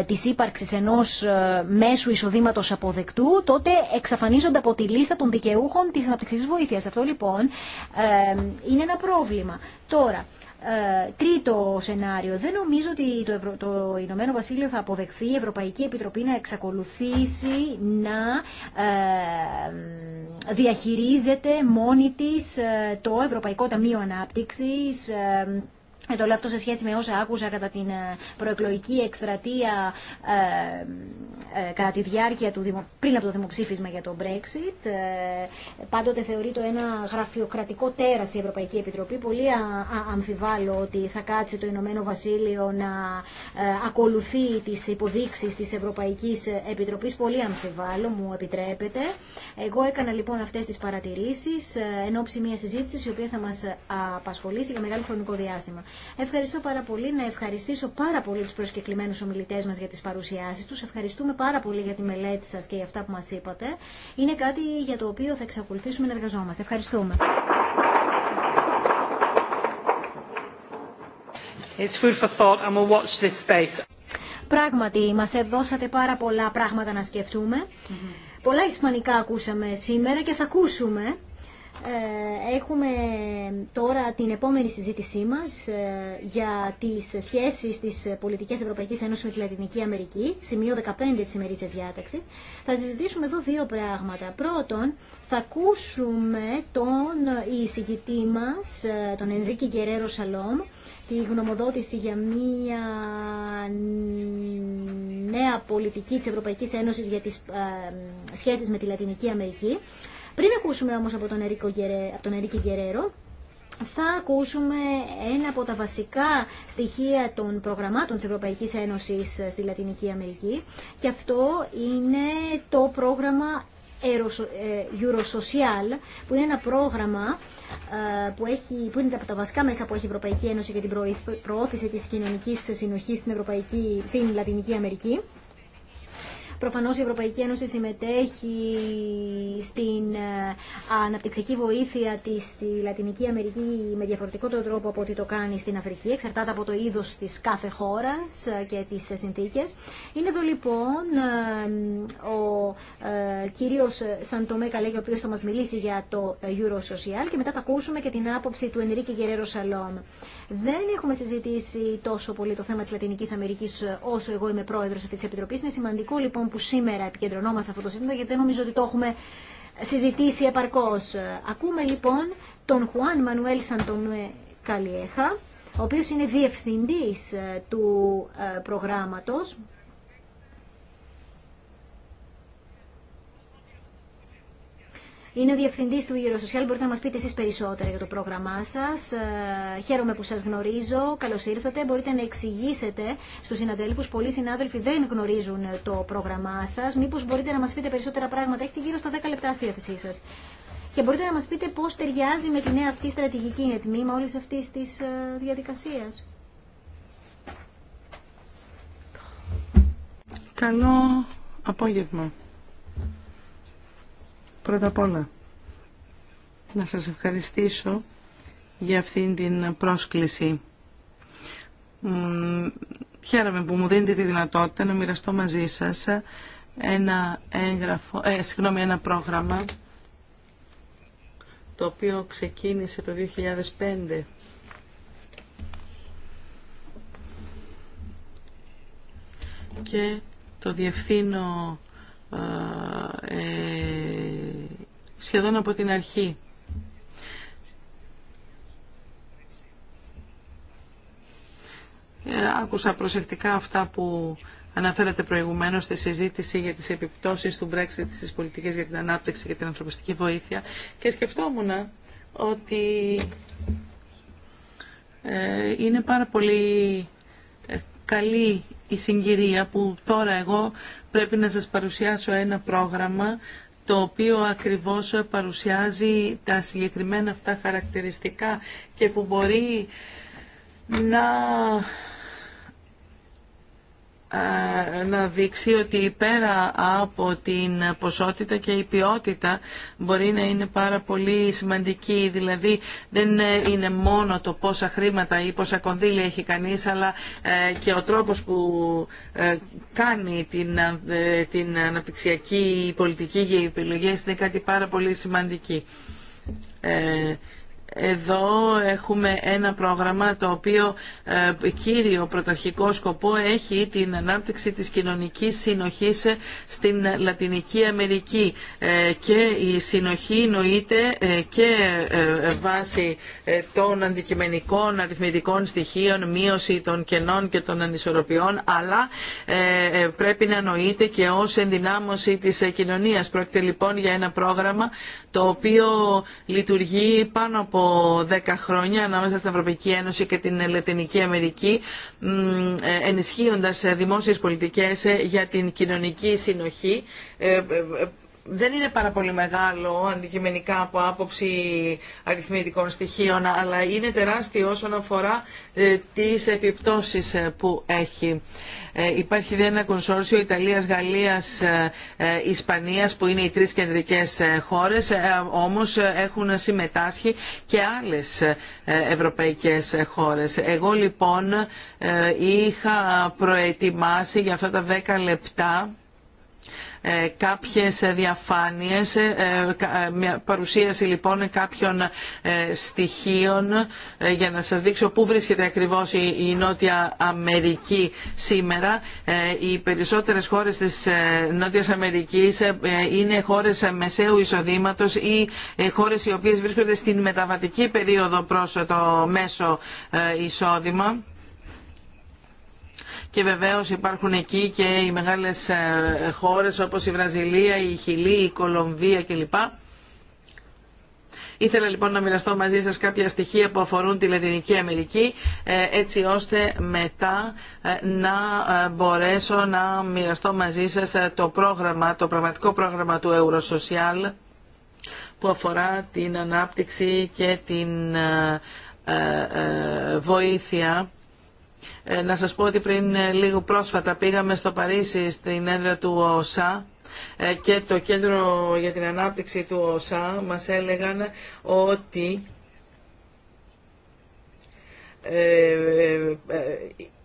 της ύπαρξης ενός μέσου εισοδήματος αποδεκτού, τότε εξαφανίζονται από τη λίστα των δικαιούχων της αναπτυξής βοήθειας. Αυτό λοιπόν είναι ένα πρόβλημα. Τώρα, ε, τρίτο σενάριο. Δεν νομίζω ότι το, Ευρω... το Ηνωμένο Βασίλειο θα αποδεχθεί η Ευρωπαϊκή Επιτροπή να εξακολουθήσει να ε, διαχειρίζεται μόνη της ε, το Ευρωπαϊκό Ταμείο Ανάπτυξης ε, το λέω αυτό σε σχέση με όσα άκουσα κατά την ε, προεκλογική εκστρατεία ε, ε, κατά τη διάρκεια του, πριν από το δημοψήφισμα για το Brexit. πάντοτε θεωρεί το ένα γραφειοκρατικό τέρας η Ευρωπαϊκή Επιτροπή. Πολύ α, αμφιβάλλω ότι θα κάτσει το Ηνωμένο Βασίλειο να ακολουθεί τις υποδείξεις της Ευρωπαϊκής Επιτροπής. Πολύ αμφιβάλλω, μου επιτρέπετε. Εγώ έκανα λοιπόν αυτές τις παρατηρήσεις εν ώψη μια συζήτηση η οποία θα μας απασχολήσει για μεγάλο χρονικό διάστημα. Ευχαριστώ πάρα πολύ. Να ευχαριστήσω πάρα πολύ του προσκεκλημένους ομιλητές μας για τις παρουσιάσεις τους. Ευχαριστούμε πάρα πολύ για τη μελέτη σας και για αυτά που μας είπατε. Είναι κάτι για το οποίο θα εξακολουθήσουμε να εργαζόμαστε. Ευχαριστούμε. It's food for thought and we'll watch this space. Πράγματι, μας έδωσατε πάρα πολλά πράγματα να σκεφτούμε. Mm-hmm. Πολλά ισπανικά ακούσαμε σήμερα και θα ακούσουμε ε, έχουμε τώρα την επόμενη συζήτησή μας ε, για τις σχέσεις της πολιτικής Ευρωπαϊκής Ένωσης με τη Λατινική Αμερική, σημείο 15 της ημερήσιας διάταξης. Θα συζητήσουμε εδώ δύο πράγματα. Πρώτον, θα ακούσουμε τον εισηγητή μας, ε, τον Ενρίκη Γκερέρο Σαλόμ, τη γνωμοδότηση για μια νέα πολιτική της Ευρωπαϊκής Ένωσης για τις σχέσεις με τη Λατινική Αμερική. Πριν ακούσουμε όμως από τον Ερίκο από τον Ερίκη Γκερέρο, θα ακούσουμε ένα από τα βασικά στοιχεία των προγραμμάτων της Ευρωπαϊκής Ένωσης ε, στη Λατινική Αμερική και αυτό είναι το πρόγραμμα ε, Eurosocial, που είναι ένα πρόγραμμα ε, που, έχει, που είναι από τα βασικά μέσα που έχει η Ευρωπαϊκή Ένωση για την προώθηση της κοινωνικής συνοχής στην, στην Λατινική Αμερική. Προφανώς η Ευρωπαϊκή Ένωση συμμετέχει στην ε, αναπτυξιακή βοήθεια της στη Λατινική Αμερική με διαφορετικό τρόπο από ό,τι το κάνει στην Αφρική. Εξαρτάται από το είδος της κάθε χώρας ε, και τις συνθήκες. Είναι εδώ λοιπόν ε, ο κύριος Σαντομέ Καλέγη, ο οποίος θα μας μιλήσει για το Eurosocial και μετά θα ακούσουμε και την άποψη του Ενρίκη Γερέρο Σαλόμ. Δεν έχουμε συζητήσει τόσο πολύ το θέμα της Λατινικής Αμερικής όσο εγώ είμαι πρόεδρος αυτής της Επιτροπής. Είναι σημαντικό λοιπόν που σήμερα επικεντρωνόμαστε αυτό το σύντομα γιατί δεν νομίζω ότι το έχουμε συζητήσει επαρκώς. Ακούμε λοιπόν τον Χουάν Μανουέλ Σαντομέ Καλιέχα, ο οποίος είναι διευθυντής ε, του ε, προγράμματος είναι ο διευθυντής του Eurosocial. Μπορείτε να μα πείτε εσεί περισσότερα για το πρόγραμμά σας. Ε, χαίρομαι που σα γνωρίζω. Καλώ ήρθατε. Μπορείτε να εξηγήσετε στου συναδέλφους. Πολλοί συνάδελφοι δεν γνωρίζουν το πρόγραμμά σα. Μήπω μπορείτε να μα πείτε περισσότερα πράγματα. Έχετε γύρω στα 10 λεπτά στη διάθεσή σα. Και μπορείτε να μα πείτε πώ ταιριάζει με τη νέα αυτή στρατηγική είναι τμήμα όλη αυτή τη ε, διαδικασία. Καλό απόγευμα. Πρώτα απ' όλα, να σας ευχαριστήσω για αυτήν την πρόσκληση. Χαίρομαι που μου δίνετε τη δυνατότητα να μοιραστώ μαζί σας ένα, ε, συγγνώμη, ένα πρόγραμμα το οποίο ξεκίνησε το 2005. Και το διευθύνω ε, σχεδόν από την αρχή. Ε, άκουσα προσεκτικά αυτά που αναφέρατε προηγουμένως στη συζήτηση για τις επιπτώσεις του Brexit στις πολιτικές για την ανάπτυξη και την ανθρωπιστική βοήθεια και σκεφτόμουν ότι ε, είναι πάρα πολύ καλή η συγκυρία που τώρα εγώ πρέπει να σας παρουσιάσω ένα πρόγραμμα το οποίο ακριβώς παρουσιάζει τα συγκεκριμένα αυτά χαρακτηριστικά και που μπορεί να ε, να δείξει ότι πέρα από την ποσότητα και η ποιότητα μπορεί να είναι πάρα πολύ σημαντική. Δηλαδή δεν είναι μόνο το πόσα χρήματα ή πόσα κονδύλια έχει κανείς αλλά ε, και ο τρόπος που ε, κάνει την, την αναπτυξιακή πολιτική για οι επιλογές είναι κάτι πάρα πολύ σημαντική. Εδώ έχουμε ένα πρόγραμμα το οποίο ε, κύριο πρωτοχικό σκοπό έχει την ανάπτυξη της κοινωνικής συνοχής στην Λατινική Αμερική ε, και η συνοχή νοείται ε, και βάσει των αντικειμενικών αριθμητικών στοιχείων, μείωση των κενών και των ανισορροπιών, αλλά πρέπει να νοείται και ως ενδυνάμωση της κοινωνίας. Πρόκειται λοιπόν για ένα πρόγραμμα το οποίο λειτουργεί πάνω από από 10 χρόνια ανάμεσα στην Ευρωπαϊκή Ένωση και την Λατινική Αμερική ε, ενισχύοντας ε, δημόσιες πολιτικές ε, για την κοινωνική συνοχή δεν είναι πάρα πολύ μεγάλο αντικειμενικά από άποψη αριθμητικών στοιχείων, αλλά είναι τεράστιο όσον αφορά ε, τις επιπτώσεις ε, που έχει. Ε, υπάρχει ένα κονσόρσιο Ιταλίας, Γαλλίας, Ισπανίας που είναι οι τρεις κεντρικές χώρες, όμως έχουν συμμετάσχει και άλλες ευρωπαϊκές χώρες. Εγώ λοιπόν είχα προετοιμάσει για αυτά τα 10 λεπτά ε, κάποιες διαφάνειες, ε, ε, παρουσίαση λοιπόν κάποιων στοιχείων για να σας δείξω πού βρίσκεται ακριβώς η Νότια Αμερική σήμερα. Οι περισσότερες χώρες της Νότιας Αμερικής είναι χώρες μεσαίου εισοδήματος ή χώρες οι οποίες βρίσκονται στην μεταβατική περίοδο προς το μέσο εισόδημα και βεβαίως υπάρχουν εκεί και οι μεγάλες ε, χώρες όπως η Βραζιλία, η Χιλή, η Κολομβία κλπ. Ήθελα λοιπόν να μοιραστώ μαζί σας κάποια στοιχεία που αφορούν τη Λατινική Αμερική ε, έτσι ώστε μετά ε, να μπορέσω να μοιραστώ μαζί σας το πρόγραμμα, το πραγματικό πρόγραμμα του Eurosocial που αφορά την ανάπτυξη και την βοήθεια ε, να σας πω ότι πριν ε, λίγο πρόσφατα πήγαμε στο Παρίσι στην έδρα του ΟΣΑ ε, και το Κέντρο για την Ανάπτυξη του ΟΣΑ μας έλεγαν ότι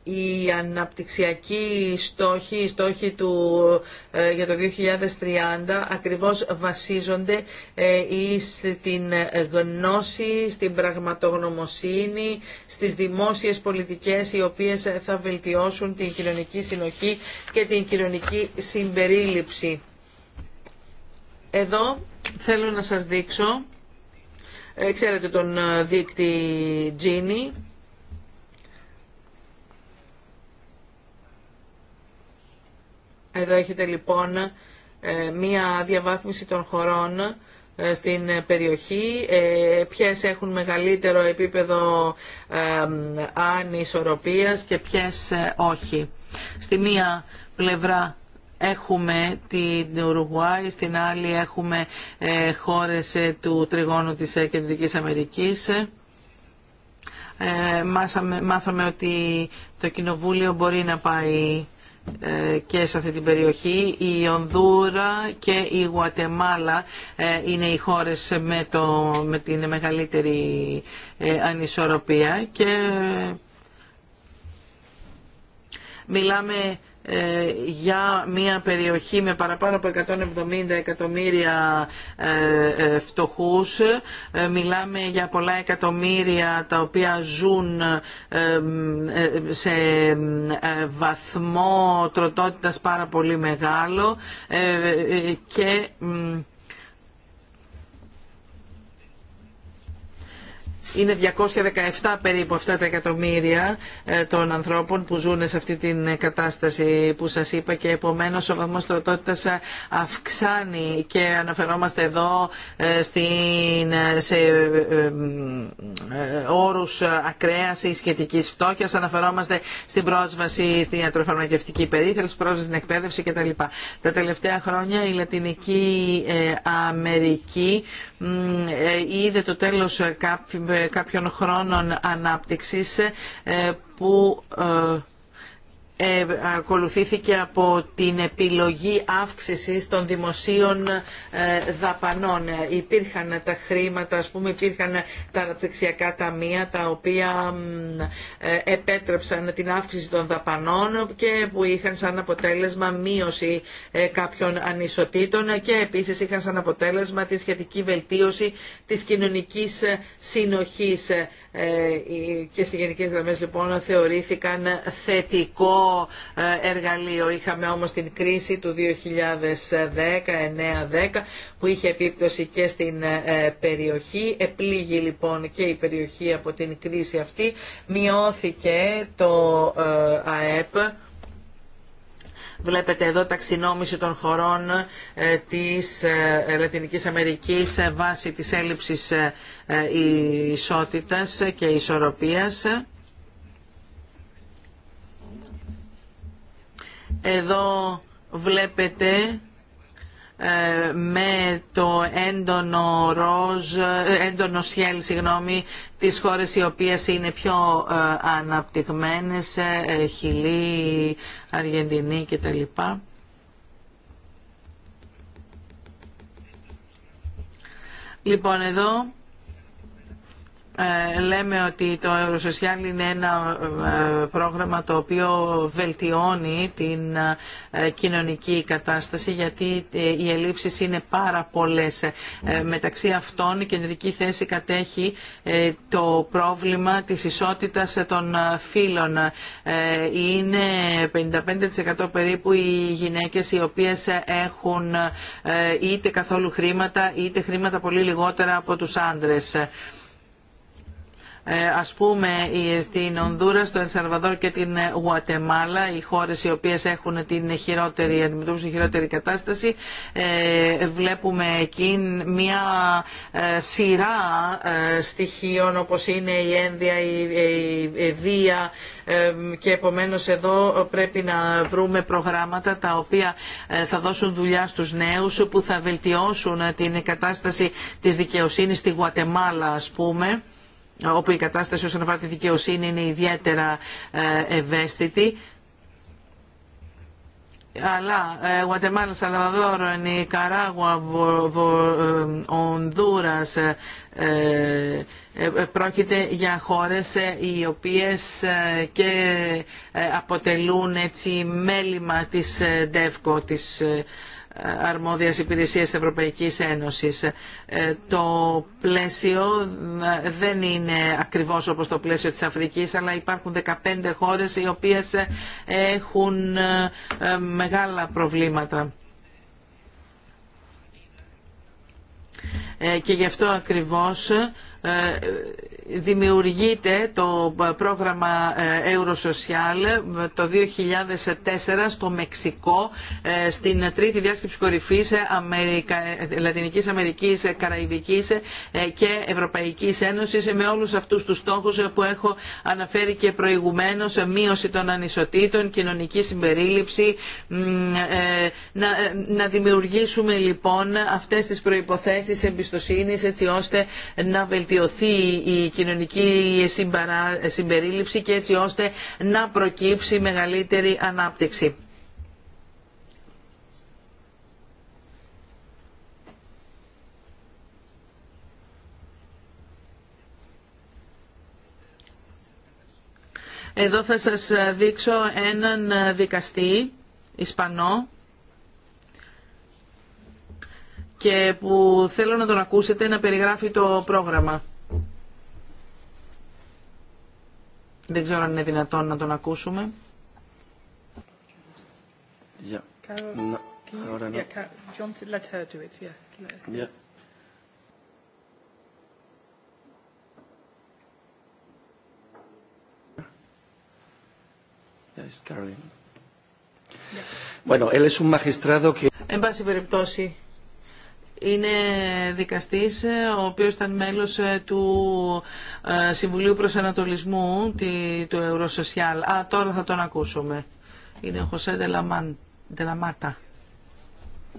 οι αναπτυξιακοί στόχοι, οι στόχοι του, ε, για το 2030 ακριβώς βασίζονται ε, στην γνώση, στην πραγματογνωμοσύνη, στις δημόσιες πολιτικές οι οποίες θα βελτιώσουν την κοινωνική συνοχή και την κοινωνική συμπερίληψη. Εδώ θέλω να σας δείξω, ε, ξέρετε τον ε, δείκτη Gini, Εδώ έχετε λοιπόν ε, μία διαβάθμιση των χωρών ε, στην περιοχή, ε, ποιες έχουν μεγαλύτερο επίπεδο ανισορροπίας και ποιες όχι. Στη μία πλευρά έχουμε την Ουρουγουάη, στην άλλη έχουμε χώρες του τριγώνου της Κεντρικής Αμερικής. Μάθαμε ότι το Κοινοβούλιο μπορεί να πάει ε, και σε αυτή την περιοχή. Η Ονδούρα και η Γουατεμάλα ε, είναι οι χώρες με, το, με την μεγαλύτερη ε, ανισορροπία και μιλάμε ε, για μια περιοχή με παραπάνω από 170 εκατομμύρια ε, ε, φτωχούς. Μιλάμε για πολλά εκατομμύρια τα οποία ζουν σε βαθμό τροτότητας πάρα πολύ μεγάλο και Είναι 217 περίπου αυτά τα εκατομμύρια ε, των ανθρώπων που ζουν σε αυτή την κατάσταση που σας είπα και επομένως ο βαθμός τροτότητας αυξάνει και αναφερόμαστε εδώ ε, στην, ε, σε όρους ακραίας ή σχετικής φτώχειας, αναφερόμαστε στην πρόσβαση στην ιατροφαρμακευτική περίθαλψη, πρόσβαση στην εκπαίδευση κτλ. Τα τελευταία χρόνια η Λατινική Αμερική ε, είδε το τέλος ε, ε, κάποιων χρόνων ανάπτυξης που ε, ακολουθήθηκε από την επιλογή αύξησης των δημοσίων ε, δαπανών. Ε, υπήρχαν τα χρήματα, ας πούμε, υπήρχαν τα αναπτυξιακά ταμεία τα οποία επέτρεψαν την αύξηση των δαπανών και που είχαν σαν αποτέλεσμα μείωση κάποιων ανισοτήτων και επίσης είχαν σαν αποτέλεσμα τη σχετική βελτίωση της κοινωνικής συνοχής. Ε, και σε γενικές γραμμές λοιπόν θεωρήθηκαν θετικό ε, εργαλείο. Είχαμε όμως την κρίση του 2010-2010 που είχε επίπτωση και στην ε, περιοχή. Επλήγει λοιπόν και η περιοχή από την κρίση αυτή. Μειώθηκε το ΑΕΠ Βλέπετε εδώ ταξινόμηση των χωρών ε, της ε, Λατινικής Αμερικής ε, βάσει της έλλειψης ισότητας και ισορροπίας. Εδώ βλέπετε ε, με το έντονο, ροζ, ε, έντονο σχέλ συγγνώμη, τις χώρες οι οποίες είναι πιο ε, αναπτυγμένες, Χιλή, Αργεντινή κτλ. Λοιπόν, εδώ ε, λέμε ότι το Ευρωσοσιάλ είναι ένα ε, πρόγραμμα το οποίο βελτιώνει την ε, κοινωνική κατάσταση γιατί οι ελλείψεις είναι πάρα πολλές. Μεταξύ αυτών η κεντρική θέση κατέχει το πρόβλημα της ισότητας των φύλων. Είναι 55% περίπου οι γυναίκες οι οποίες έχουν είτε καθόλου χρήματα είτε χρήματα πολύ λιγότερα από τους άντρες. Ε, ας πούμε στην Ονδούρα, στο Ελσαρβαδόρ και την ε, Γουατεμάλα, οι χώρες οι οποίες έχουν την χειρότερη, χειρότερη κατάσταση, ε, βλέπουμε εκεί μια σειρά στοιχείων όπως είναι η ένδια, η βία και επομένως εδώ πρέπει να βρούμε προγράμματα τα οποία θα δώσουν δουλειά στους νέους που θα βελτιώσουν την κατάσταση της δικαιοσύνης στη Γουατεμάλα ας πούμε όπου η κατάσταση όσον αφορά τη δικαιοσύνη είναι ιδιαίτερα ε, ευαίσθητη. Αλλά ε, Γουατεμάλα, Σαλβαδόρ, Νικαράγουα, ε, Ονδούρα πρόκειται για χώρες οι οποίες και αποτελούν έτσι μέλημα της ΔΕΦΚΟ, της αρμόδιας υπηρεσίας Ευρωπαϊκής Ένωσης. Ε, το πλαίσιο ε, δεν είναι ακριβώς όπως το πλαίσιο της Αφρικής, αλλά υπάρχουν 15 χώρες οι οποίες ε, έχουν μεγάλα προβλήματα. Και γι' αυτό ακριβώς δημιουργείται το πρόγραμμα ε, Eurosocial το 2004 στο Μεξικό ε, στην τρίτη διάσκεψη κορυφής ε, Αμερικα... Λατινικής Αμερικής, Καραϊβικής και Ευρωπαϊκής Ένωσης με όλους αυτούς τους στόχους που έχω αναφέρει και προηγουμένως μείωση των ανισοτήτων, κοινωνική συμπερίληψη να, να δημιουργήσουμε λοιπόν αυτές τις προϋποθέσεις εμπιστοσύνης έτσι ώστε να βελτιωθεί η κοινωνική συμπερίληψη και έτσι ώστε να προκύψει μεγαλύτερη ανάπτυξη. Εδώ θα σας δείξω έναν δικαστή Ισπανό και που θέλω να τον ακούσετε να περιγράφει το πρόγραμμα. Δεν ξέρω αν είναι δυνατόν να τον ακούσουμε. Yeah. No. Yeah, John said let her do it. Yeah. Yeah. Yes, Caroline. Yeah. Bueno, él es un magistrado que... En base περιπτώσει, είναι δικαστής ο οποίος ήταν μέλος του Συμβουλίου Προσανατολισμού του Eurosocial. Α, τώρα θα τον ακούσουμε. Είναι ο la Mata.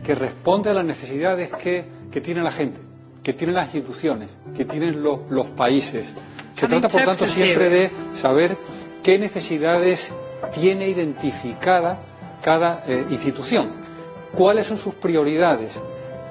Que responde a las necesidades que, que tiene la gente, que tienen las instituciones, que tienen los, los países. Se trata, por tanto, siempre de saber qué necesidades tiene identificada cada institución, cuáles son sus prioridades,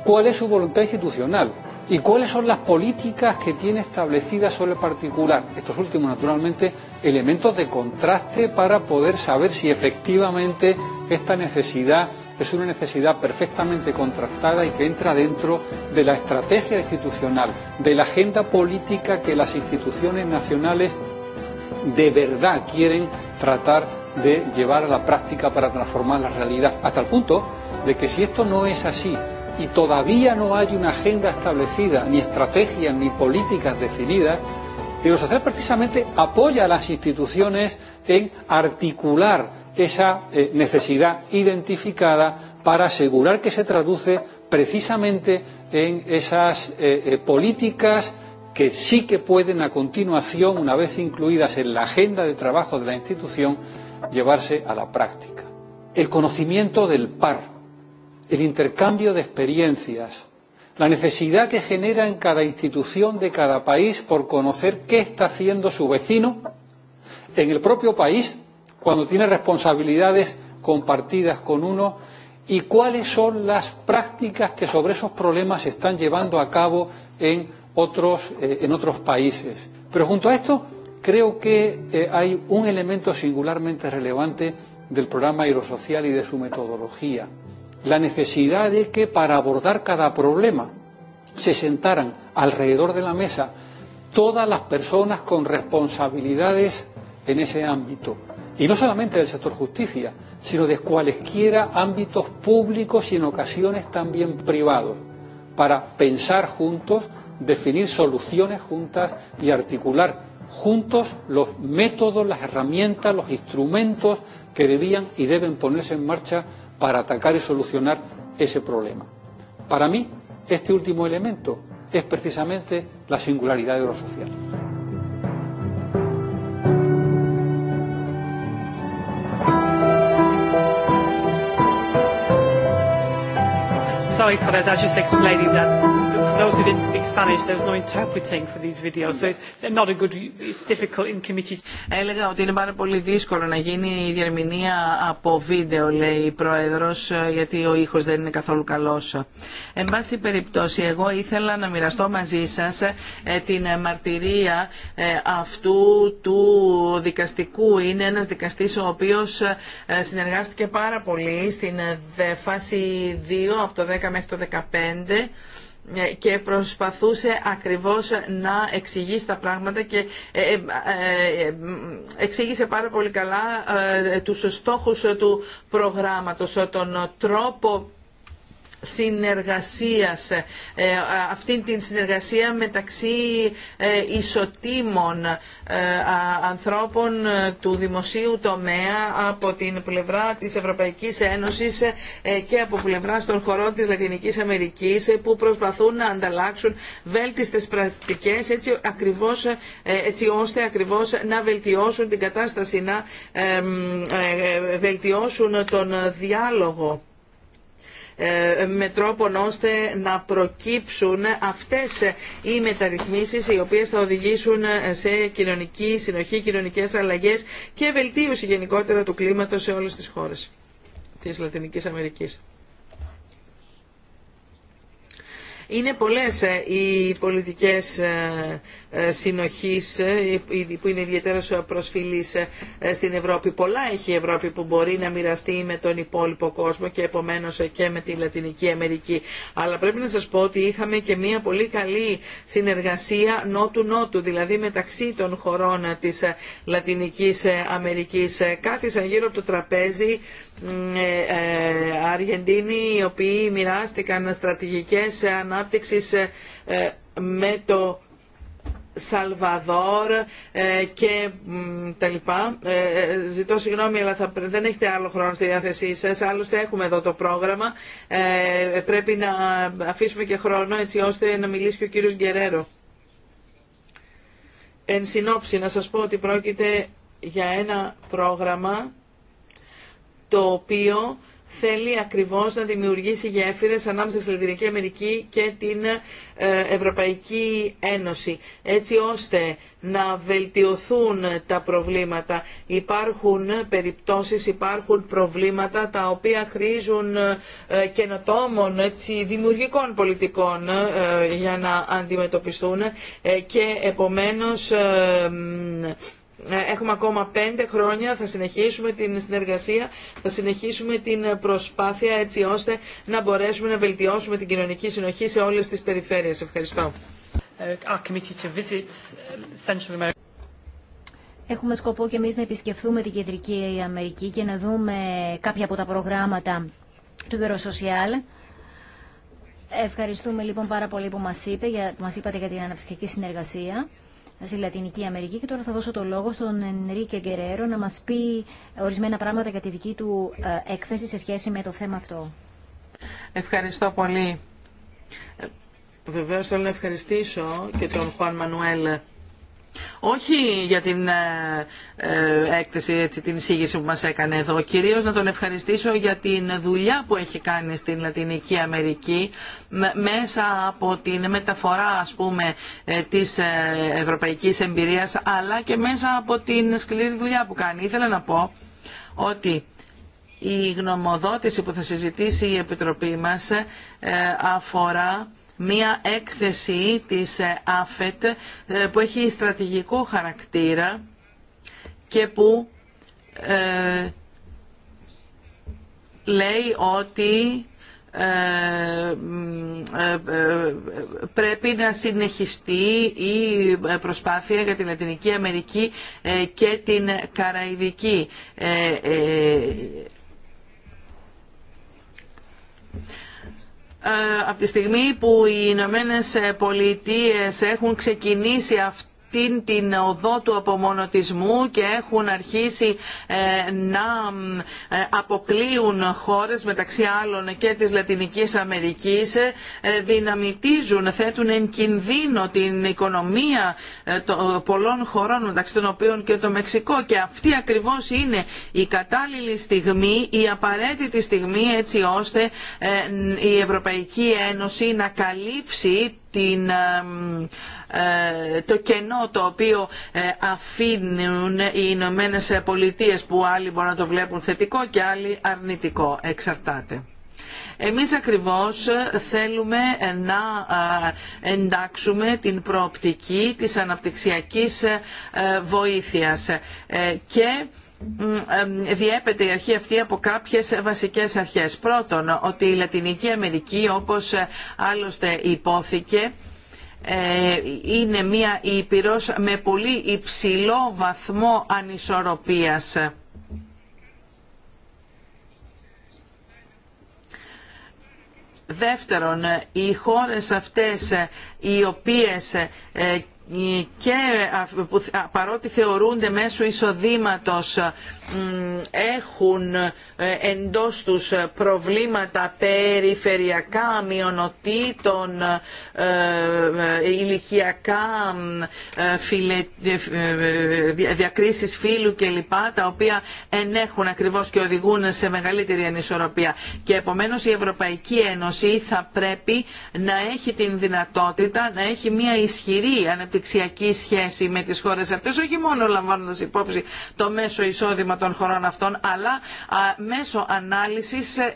cuál es su voluntad institucional y cuáles son las políticas que tiene establecidas sobre el particular. Estos últimos, naturalmente, elementos de contraste para poder saber si efectivamente esta necesidad es una necesidad perfectamente contrastada y que entra dentro de la estrategia institucional, de la agenda política que las instituciones nacionales de verdad quieren tratar de llevar a la práctica para transformar la realidad, hasta el punto de que si esto no es así, y todavía no hay una agenda establecida, ni estrategias, ni políticas definidas, Eurosocial precisamente apoya a las instituciones en articular esa necesidad identificada para asegurar que se traduce precisamente en esas políticas que sí que pueden a continuación, una vez incluidas en la agenda de trabajo de la institución, llevarse a la práctica. El conocimiento del par el intercambio de experiencias, la necesidad que genera en cada institución de cada país por conocer qué está haciendo su vecino en el propio país cuando tiene responsabilidades compartidas con uno y cuáles son las prácticas que sobre esos problemas se están llevando a cabo en otros en otros países. Pero junto a esto creo que hay un elemento singularmente relevante del programa aerosocial y de su metodología la necesidad de que para abordar cada problema se sentaran alrededor de la mesa todas las personas con responsabilidades en ese ámbito. Y no solamente del sector justicia, sino de cualesquiera ámbitos públicos y en ocasiones también privados, para pensar juntos, definir soluciones juntas y articular juntos los métodos, las herramientas, los instrumentos que debían y deben ponerse en marcha para atacar y solucionar ese problema. Para mí, este último elemento es precisamente la singularidad de lo social. Sorry for that, I was just explaining that for those who didn't speak Spanish, there no interpreting for these videos, so not a good, it's difficult in committee. Έλεγα ότι είναι πάρα πολύ δύσκολο να γίνει η διερμηνία από βίντεο, λέει η Πρόεδρος, γιατί ο ήχος δεν είναι καθόλου καλός. Εν πάση περιπτώσει, εγώ ήθελα να μοιραστώ μαζί σας ε, την μαρτυρία ε, αυτού του δικαστικού. Είναι ένας δικαστής ο οποίος ε, συνεργάστηκε πάρα πολύ στην φάση 2 από το 10 μέχρι το 15 ε, και προσπαθούσε ακριβώς να εξηγήσει τα πράγματα και ε, ε, εξήγησε πάρα πολύ καλά τους στόχους του προγράμματος, τον τρόπο συνεργασίας, ε, ε, αυτήν την συνεργασία μεταξύ ε, ισοτήμων ανθρώπων του δημοσίου τομέα από την πλευρά της Ευρωπαϊκής Ένωσης και από πλευρά των χωρών της Λατινικής Αμερικής που προσπαθούν να ανταλλάξουν βέλτιστες πρακτικές έτσι, ακριβώς, έτσι ώστε ακριβώς να βελτιώσουν την κατάσταση, να βελτιώσουν τον διάλογο ε, με τρόπο ώστε να προκύψουν αυτές οι μεταρρυθμίσεις οι οποίες θα οδηγήσουν σε κοινωνική συνοχή, κοινωνικές αλλαγές και βελτίωση γενικότερα του κλίματος σε όλες τις χώρες της Λατινικής Αμερικής. Είναι πολλές ε, οι πολιτικές ε, ε, συνοχής ε, που είναι ιδιαίτερα προσφυλής ε, στην Ευρώπη. Πολλά έχει η Ευρώπη που μπορεί να μοιραστεί με τον υπόλοιπο κόσμο και επομένως και με τη Λατινική Αμερική. Αλλά πρέπει να σας πω ότι είχαμε και μια πολύ καλή συνεργασία νότου-νότου, δηλαδή μεταξύ των χωρών της Λατινικής Αμερικής. Κάθισαν γύρω από το τραπέζι Αργεντίνοι οι οποίοι μοιράστηκαν στρατηγικές ανάπτυξης με το Σαλβαδόρ ε, και τα λοιπά. Ε, ε, ζητώ συγγνώμη, αλλά θα, δεν έχετε άλλο χρόνο στη διάθεσή σας. Άλλωστε έχουμε εδώ το πρόγραμμα. Πρέπει να αφήσουμε και χρόνο έτσι ώστε να μιλήσει και ο κύριος Γκερέρο. Εν συνόψη, να σας πω ότι πρόκειται για ένα πρόγραμμα το οποίο θέλει ακριβώς να δημιουργήσει γέφυρε ανάμεσα στη Λατινική Αμερική και την ε, Ευρωπαϊκή Ένωση, έτσι ώστε να βελτιωθούν τα προβλήματα. Υπάρχουν περιπτώσεις, υπάρχουν προβλήματα τα οποία χρήζουν ε, καινοτόμων, έτσι, δημιουργικών πολιτικών ε, για να αντιμετωπιστούν και επομένως ε, έχουμε ακόμα πέντε χρόνια, θα συνεχίσουμε την συνεργασία, θα συνεχίσουμε την προσπάθεια έτσι ώστε να μπορέσουμε να βελτιώσουμε την κοινωνική συνοχή σε όλες τις περιφέρειες. Ευχαριστώ. Ε, uh, έχουμε σκοπό και εμείς να επισκεφθούμε την Κεντρική Αμερική και να δούμε κάποια από τα προγράμματα του Eurosocial. Ευχαριστούμε λοιπόν πάρα πολύ που μας, είπε, που μας είπατε για την αναψυχική συνεργασία στη Λατινική Αμερική και τώρα θα δώσω το λόγο στον Ενρίκε Γκερέρο να μας πει ορισμένα πράγματα για τη δική του ε, έκθεση σε σχέση με το θέμα αυτό. Ευχαριστώ πολύ. Ε, βεβαίως θέλω να ευχαριστήσω και τον Χουάν Μανουέλ όχι για την ε, ε, έκθεση, την εισήγηση που μας έκανε εδώ, κυρίως να τον ευχαριστήσω για την δουλειά που έχει κάνει στην Λατινική Αμερική μέσα από την μεταφορά, ας πούμε, ε, της ευρωπαϊκής εμπειρίας, αλλά και μέσα από την σκληρή δουλειά που κάνει. Ήθελα να πω ότι η γνωμοδότηση που θα συζητήσει η Επιτροπή μας αφορά μία έκθεση της ε, ΑΦΕΤ ε, που έχει στρατηγικό χαρακτήρα και που ε, λέει ότι ε, πρέπει να συνεχιστεί η προσπάθεια για την Λατινική Αμερική και την Καραϊβική. Ε, από τη στιγμή που οι Ηνωμένε Πολιτείε έχουν ξεκινήσει αυτό την οδό του απομονωτισμού και έχουν αρχίσει ε, να ε, αποκλείουν χώρες μεταξύ άλλων και της Λατινικής Αμερικής ε, δυναμητίζουν, θέτουν εν κινδύνο την οικονομία το πολλών χωρών μεταξύ των οποίων και το Μεξικό και αυτή ακριβώς είναι η κατάλληλη στιγμή, η απαραίτητη στιγμή έτσι ώστε η Ευρωπαϊκή Ένωση να καλύψει την ε, το κενό το οποίο ε, αφήνουν οι Ηνωμένε Πολιτείε που άλλοι μπορούν να το βλέπουν θετικό και άλλοι αρνητικό. Εξαρτάται. Εμείς ακριβώς θέλουμε να ε, εντάξουμε την προοπτική της αναπτυξιακής βοήθειας και διέπεται η αρχή αυτή από κάποιες βασικές αρχές. Πρώτον, ότι η Λατινική Αμερική, όπως άλλωστε υπόθηκε, ε, είναι μία ήπειρος με πολύ υψηλό βαθμό ανισορροπίας. Δεύτερον, οι χώρες αυτές οι οποίες ε, και παρότι θεωρούνται μέσω εισοδήματος έχουν ε, εντός τους προβλήματα περιφερειακά, μειονοτήτων, ε, ε, ηλικιακά, φιλε, διακρίσεις φύλου κλπ. τα οποία ενέχουν ακριβώς και οδηγούν σε μεγαλύτερη ανισορροπία. Και επομένως η Ευρωπαϊκή Ένωση θα πρέπει να έχει την δυνατότητα να έχει μια ισχυρή αναπτυξιακή σχέση με τις χώρες αυτές, όχι μόνο λαμβάνοντας υπόψη το μέσο εισόδημα των χωρών αυτών, αλλά μέσω ανάλυσης ε,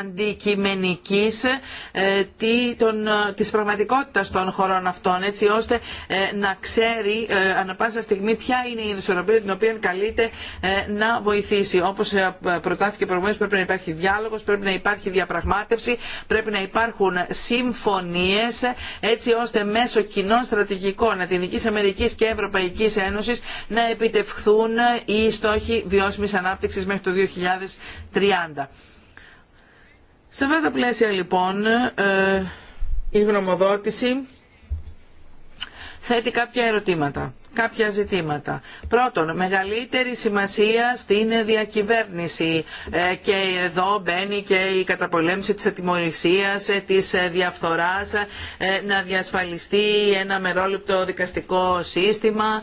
αντικειμενικής ε, ε, της πραγματικότητας των χωρών αυτών, έτσι ώστε να ξέρει ανα πάσα στιγμή ποια είναι η ισορροπία την οποία καλείται να βοηθήσει. Όπως προτάθηκε προηγουμένως πρέπει να υπάρχει διάλογος, πρέπει να υπάρχει διαπραγμάτευση, πρέπει να υπάρχουν συμφωνίες έτσι ώστε μέσω κοινών στρατηγικών χωρών λοιπόν Αμερικής και Ευρωπαϊκής Ένωσης να επιτευχθούν οι στόχοι βιώσιμης ανάπτυξης μέχρι το 2030. Σε αυτά τα πλαίσια λοιπόν ε, η γνωμοδότηση θέτει κάποια ερωτήματα κάποια ζητήματα. Πρώτον, μεγαλύτερη σημασία στην διακυβέρνηση ε, και εδώ μπαίνει και η καταπολέμηση της ατιμορρησίας, ε, της ε, διαφθοράς, να διασφαλιστεί ένα μερόληπτο δικαστικό σύστημα,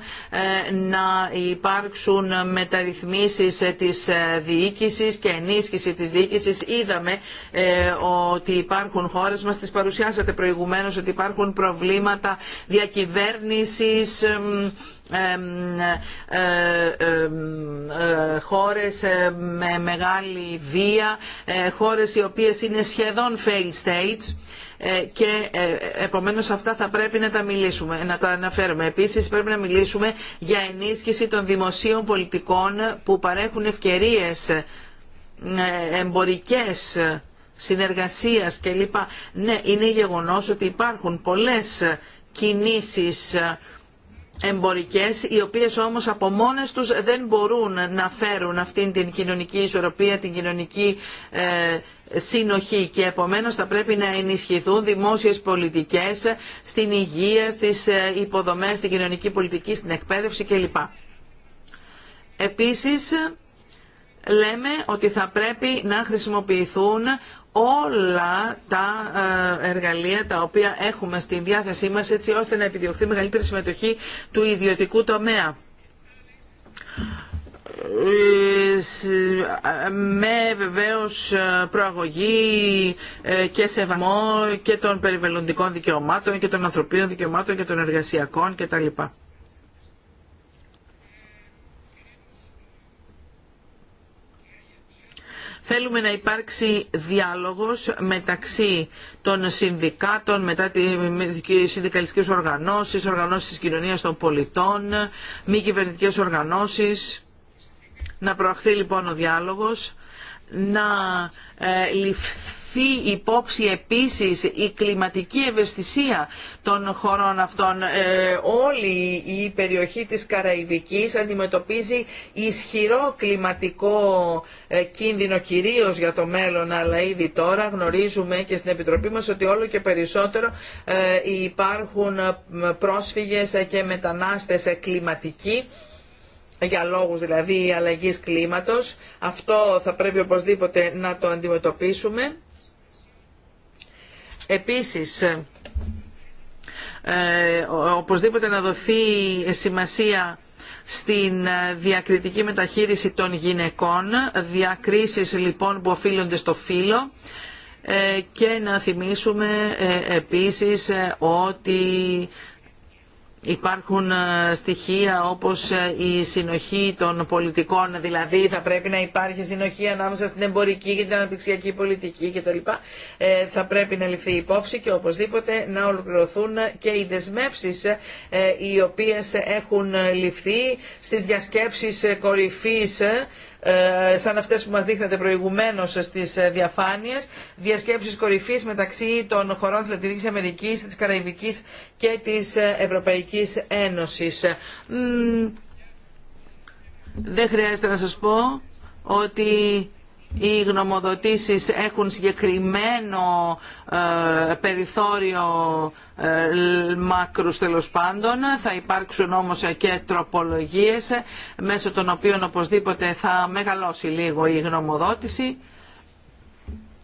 να υπάρξουν μεταρρυθμίσεις της διοίκησης και ενίσχυση της διοίκησης. Είδαμε ότι υπάρχουν χώρες μας, τις παρουσιάσατε προηγουμένως, ότι υπάρχουν προβλήματα διακυβέρνησης, ε, ε, χώρες ε, με μεγάλη βία, χώρες οι οποίες είναι σχεδόν fail states και επομένως αυτά θα πρέπει να τα μιλήσουμε, να τα αναφέρουμε. Επίσης πρέπει να μιλήσουμε για ενίσχυση των δημοσίων πολιτικών που παρέχουν ευκαιρίες εμπορικές συνεργασίας κλπ. Ναι, είναι γεγονός ότι υπάρχουν πολλές κινήσεις εμπορικές, οι οποίες όμως από μόνες τους δεν μπορούν να φέρουν αυτήν την κοινωνική ισορροπία, την κοινωνική ε, συνοχή και επομένως θα πρέπει να ενισχυθούν δημόσιες πολιτικές στην υγεία, στις ε, υποδομές, στην κοινωνική πολιτική, στην εκπαίδευση κλπ. Επίσης, λέμε ότι θα πρέπει να χρησιμοποιηθούν όλα τα ε, εργαλεία τα οποία έχουμε στη διάθεσή μας έτσι ώστε να επιδιωχθεί μεγαλύτερη συμμετοχή του ιδιωτικού τομέα με βεβαίως ε, προαγωγή ε, και σεβασμό και των περιβαλλοντικών δικαιωμάτων και των ανθρωπίνων δικαιωμάτων και των εργασιακών κτλ. Θέλουμε να υπάρξει διάλογος μεταξύ των συνδικάτων, μετά τη συνδικαλιστικής οργανώσεις, οργανώσεις της κοινωνίας των πολιτών, μη κυβερνητικές οργανώσεις. Να προαχθεί λοιπόν ο διάλογος, να ε, ληφθεί λαμβανθεί υπόψη επίσης η κλιματική ευαισθησία των χωρών αυτών. Ε, όλη η περιοχή της Καραϊβικής αντιμετωπίζει ισχυρό κλιματικό ε, κίνδυνο κυρίως για το μέλλον αλλά ήδη τώρα γνωρίζουμε και στην Επιτροπή μας ότι όλο και περισσότερο ε, υπάρχουν πρόσφυγες και μετανάστες κλιματικοί για λόγους δηλαδή αλλαγής κλίματος. Αυτό θα πρέπει οπωσδήποτε να το αντιμετωπίσουμε. Επίσης, ε, οπωσδήποτε να δοθεί σημασία στην ε, διακριτική μεταχείριση των γυναικών, διακρίσεις λοιπόν που οφείλονται στο φύλλο ε, και να θυμίσουμε επίσης ότι Υπάρχουν ε, στοιχεία όπως ε, η συνοχή των πολιτικών, δηλαδή θα πρέπει να υπάρχει συνοχή ανάμεσα στην εμπορική και την αναπτυξιακή πολιτική κτλ. Ε, θα πρέπει να ληφθεί υπόψη και οπωσδήποτε να ολοκληρωθούν και οι δεσμεύσεις ε, οι οποίες έχουν ληφθεί στις διασκέψεις κορυφής ε, σαν αυτές που μας δείχνετε προηγουμένως στις ε, διαφάνειες, διασκέψει κορυφής μεταξύ των χωρών τη Λατίνική Αμερικής, τη Καραϊβική και της ε, Ευρωπαϊκής Ένωσης. Δεν χρειάζεται να σας πω ότι οι γνωμοδοτήσεις έχουν συγκεκριμένο ε, περιθώριο ε, μάκρους τέλο πάντων. Θα υπάρξουν όμως και τροπολογίες μέσω των οποίων οπωσδήποτε θα μεγαλώσει λίγο η γνωμοδότηση.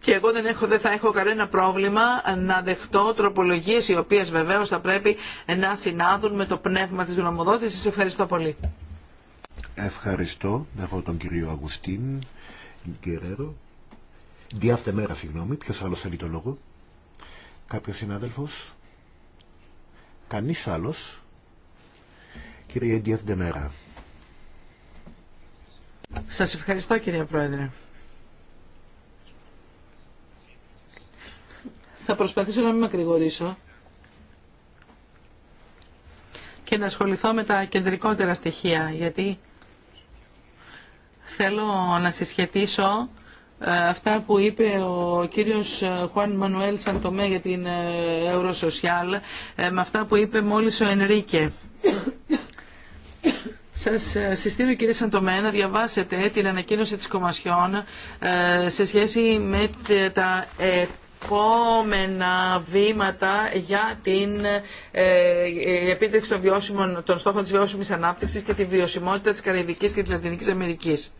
Και εγώ δεν, έχω, δεν θα έχω κανένα πρόβλημα να δεχτώ τροπολογίες οι οποίες βεβαίως θα πρέπει να συνάδουν με το πνεύμα της γνωμοδότησης. Ευχαριστώ πολύ. Ευχαριστώ. τον κύριο Αγουστίν. Γκερέρο. Διάφτε μέρα, συγγνώμη. ποιο άλλο θέλει το λόγο. Κάποιος συνάδελφος. Κανείς άλλος. Κύριε Διάφτε μέρα. Σας ευχαριστώ κύριε Πρόεδρε. Θα προσπαθήσω να μην μακρηγορήσω και να ασχοληθώ με τα κεντρικότερα στοιχεία, γιατί θέλω να συσχετήσω ε, αυτά που είπε ο κύριος ε, Χουάν Μανουέλ Σαντομέ για την Ευρωσοσιάλ ε, με αυτά που είπε μόλις ο Ενρίκε. Σας συστήνω κύριε Σαντομέ να διαβάσετε την ανακοίνωση της Κομασιόν σε σχέση με τα επόμενα βήματα για την επίτευξη των, των στόχων της βιώσιμης ανάπτυξης και τη βιωσιμότητα της Καραϊβικής και της Λατινικής Αμερικής.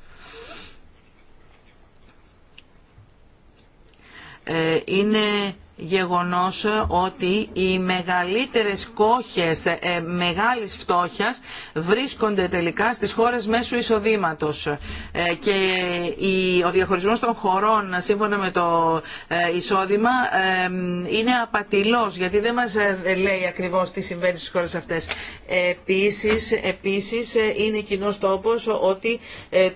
Ε, είναι γεγονός ότι οι μεγαλύτερες κόχες ε, μεγάλης φτώχειας βρίσκονται τελικά στις χώρες μέσου εισοδήματος ε, και η, ο διαχωρισμός των χωρών σύμφωνα με το ε, εισόδημα ε, είναι απατηλός γιατί δεν μας λέει ακριβώς τι συμβαίνει στις χώρες αυτές. Επίσης, επίσης είναι κοινό τόπος ότι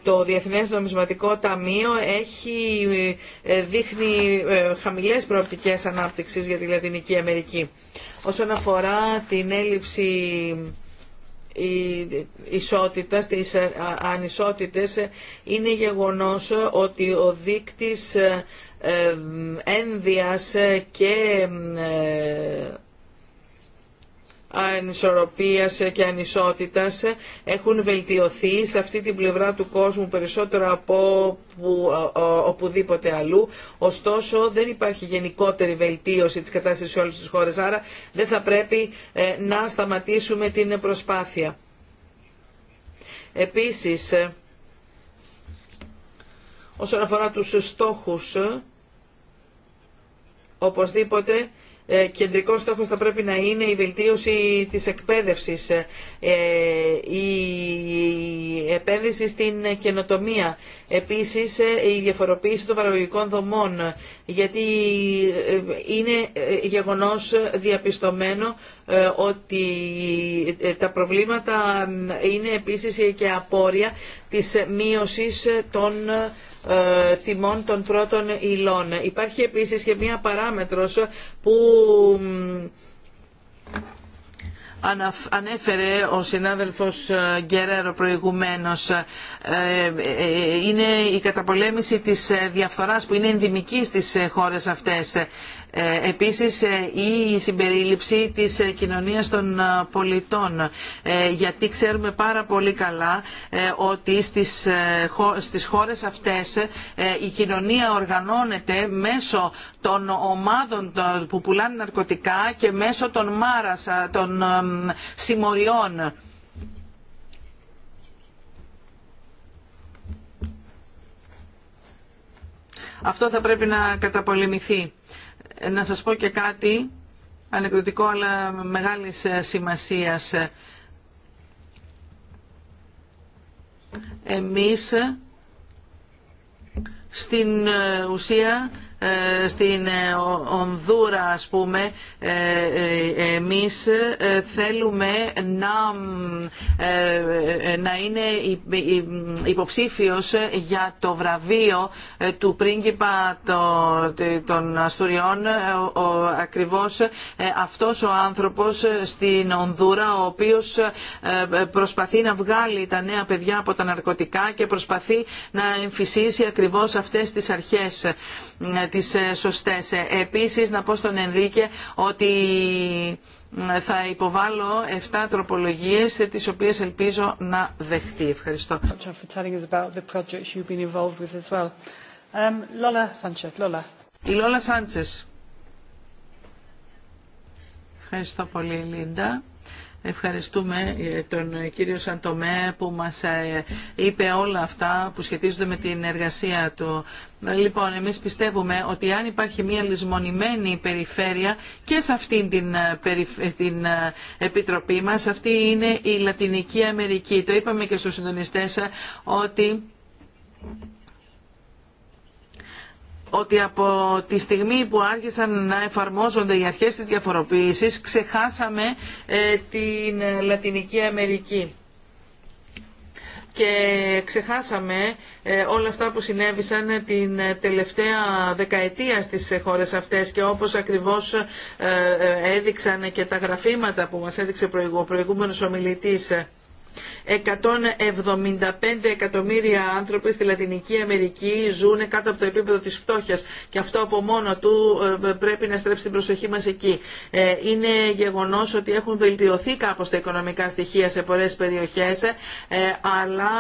το Διεθνές Νομισματικό Ταμείο έχει δείχνει χαμηλές προοπτικές ανάπτυξης για τη Λατινική Αμερική. Όσον αφορά την έλλειψη ε, ισότητας, τι ε, ανισότητε, είναι γεγονός ότι ο δείκτη ε, ένδυας και ανισορροπίας και ανισότητας έχουν βελτιωθεί σε αυτή την πλευρά του κόσμου περισσότερο από που, οπουδήποτε αλλού. Ωστόσο δεν υπάρχει γενικότερη βελτίωση της κατάστασης σε όλες τις χώρες, άρα δεν θα πρέπει ε, να σταματήσουμε την προσπάθεια. Επίσης, ε, όσον αφορά τους στόχους, ε, οπωσδήποτε ε, κεντρικός στόχος θα πρέπει να είναι η βελτίωση της εκπαίδευσης, ε, η επένδυση στην καινοτομία, επίσης ε, η διαφοροποίηση των παραγωγικών δομών, γιατί είναι γεγονός διαπιστωμένο ότι τα προβλήματα είναι επίσης και απόρρια της μείωσης των ε, τιμών των πρώτων υλών. Υπάρχει επίσης και μία παράμετρος που ανέφερε ο συνάδελφος ε, Γκερέρο προηγουμένως ε, είναι η καταπολέμηση της διαφθοράς που είναι ενδυμική στις χώρες αυτές. Ε, επίσης ε, η συμπερίληψη της ε, κοινωνίας των πολιτών γιατί ξέρουμε πάρα πολύ καλά ότι στις, χώρες αυτές η κοινωνία οργανώνεται μέσω των ομάδων που πουλάνε ναρκωτικά και μέσω των μάρας, των συμμοριών. Αυτό θα πρέπει να καταπολεμηθεί. Να σας πω και κάτι ανεκδοτικό αλλά μεγάλης ε, σημασίας. Εμείς ε, στην ε, ουσία ε, στην ε, Ονδούρα ας πούμε ε, εμείς θέλουμε να, να είναι υποψήφιος για το βραβείο του πρίγκιπα των Αστουριών ο, ακριβώς αυτός ο άνθρωπος στην Ονδούρα ο οποίος προσπαθεί να βγάλει τα νέα παιδιά από τα ναρκωτικά και προσπαθεί να εμφυσίσει ακριβώς αυτές τις αρχές τις ε, σωστές. Ε, επίσης να πω στον Ενρίκε ότι θα υποβάλω 7 τροπολογίες ε, τις οποίες ελπίζω να δεχτεί. Ευχαριστώ. Η Λόλα Σάντσες. Ευχαριστώ πολύ Λίντα. Ευχαριστούμε ε, τον ε, κύριο Σαντομέ που μας ε, είπε όλα αυτά που σχετίζονται με την εργασία του. Λοιπόν, εμείς πιστεύουμε ότι αν υπάρχει μια λησμονημένη περιφέρεια και σε αυτήν την, την επιτροπή μας, αυτή είναι η Λατινική Αμερική. Το είπαμε και στους συντονιστές ότι ότι από τη στιγμή που άρχισαν να εφαρμόζονται οι αρχές της διαφοροποίησης ξεχάσαμε ε, την ε, Λατινική Αμερική και ξεχάσαμε ε, όλα αυτά που συνέβησαν την τελευταία δεκαετία στις χώρες αυτές και όπως ακριβώς έδειξαν και τα γραφήματα που μας έδειξε ο προηγούμενος ομιλητής 175 εκατομμύρια άνθρωποι στη Λατινική Αμερική ζουν κάτω από το επίπεδο της φτώχειας και αυτό από μόνο του ε, πρέπει να στρέψει την προσοχή μας εκεί. Ε, είναι γεγονός ότι έχουν βελτιωθεί κάπως τα οικονομικά στοιχεία σε πολλές περιοχές ε, αλλά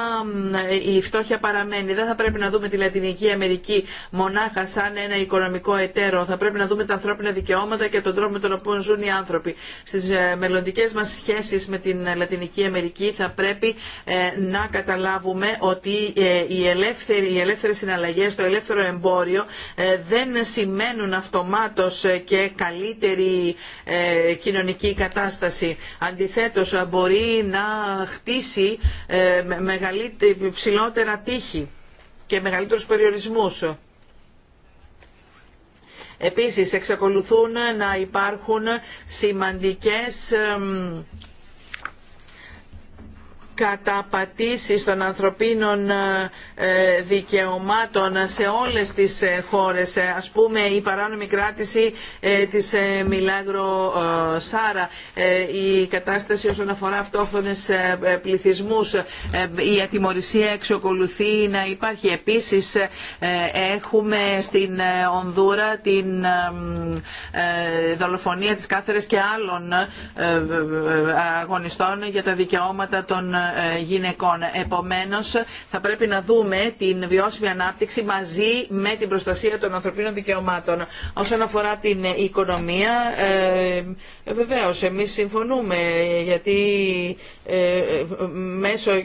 η φτώχεια παραμένει. Δεν θα πρέπει να δούμε τη Λατινική Αμερική μονάχα σαν ένα οικονομικό εταίρο. Θα πρέπει να δούμε τα ανθρώπινα δικαιώματα και τον τρόπο με τον οποίο ζουν οι άνθρωποι. Στις μελλοντικές μας σχέσεις με την Λατινική Αμερική θα πρέπει πρέπει ε, να καταλάβουμε ότι ε, οι, ελεύθερε οι το ελεύθερο εμπόριο ε, δεν σημαίνουν αυτομάτως και καλύτερη κοινωνική κατάσταση. Αντιθέτως μπορεί να χτίσει ψηλότερα τείχη και μεγαλύτερους περιορισμούς. Επίσης εξακολουθούν να υπάρχουν σημαντικές καταπατήσεις των ανθρωπίνων ε, ε, δικαιωμάτων σε όλες τις ε, χώρες. Ας πούμε η παράνομη κράτηση της Μιλάγρο Σάρα, η κατάσταση όσον αφορά αυτόχθονες πληθυσμούς, η ατιμορρησία εξοκολουθεί να υπάρχει. Επίσης έχουμε στην Ονδούρα την δολοφονία της Κάθερες και άλλων αγωνιστών για τα δικαιώματα των γυναικών. Επομένως, θα πρέπει να δούμε την βιώσιμη ανάπτυξη μαζί με την προστασία των ανθρωπίνων δικαιωμάτων. Όσον αφορά την οικονομία, ε, βεβαίω εμεί συμφωνούμε γιατί ε, μέσω ε,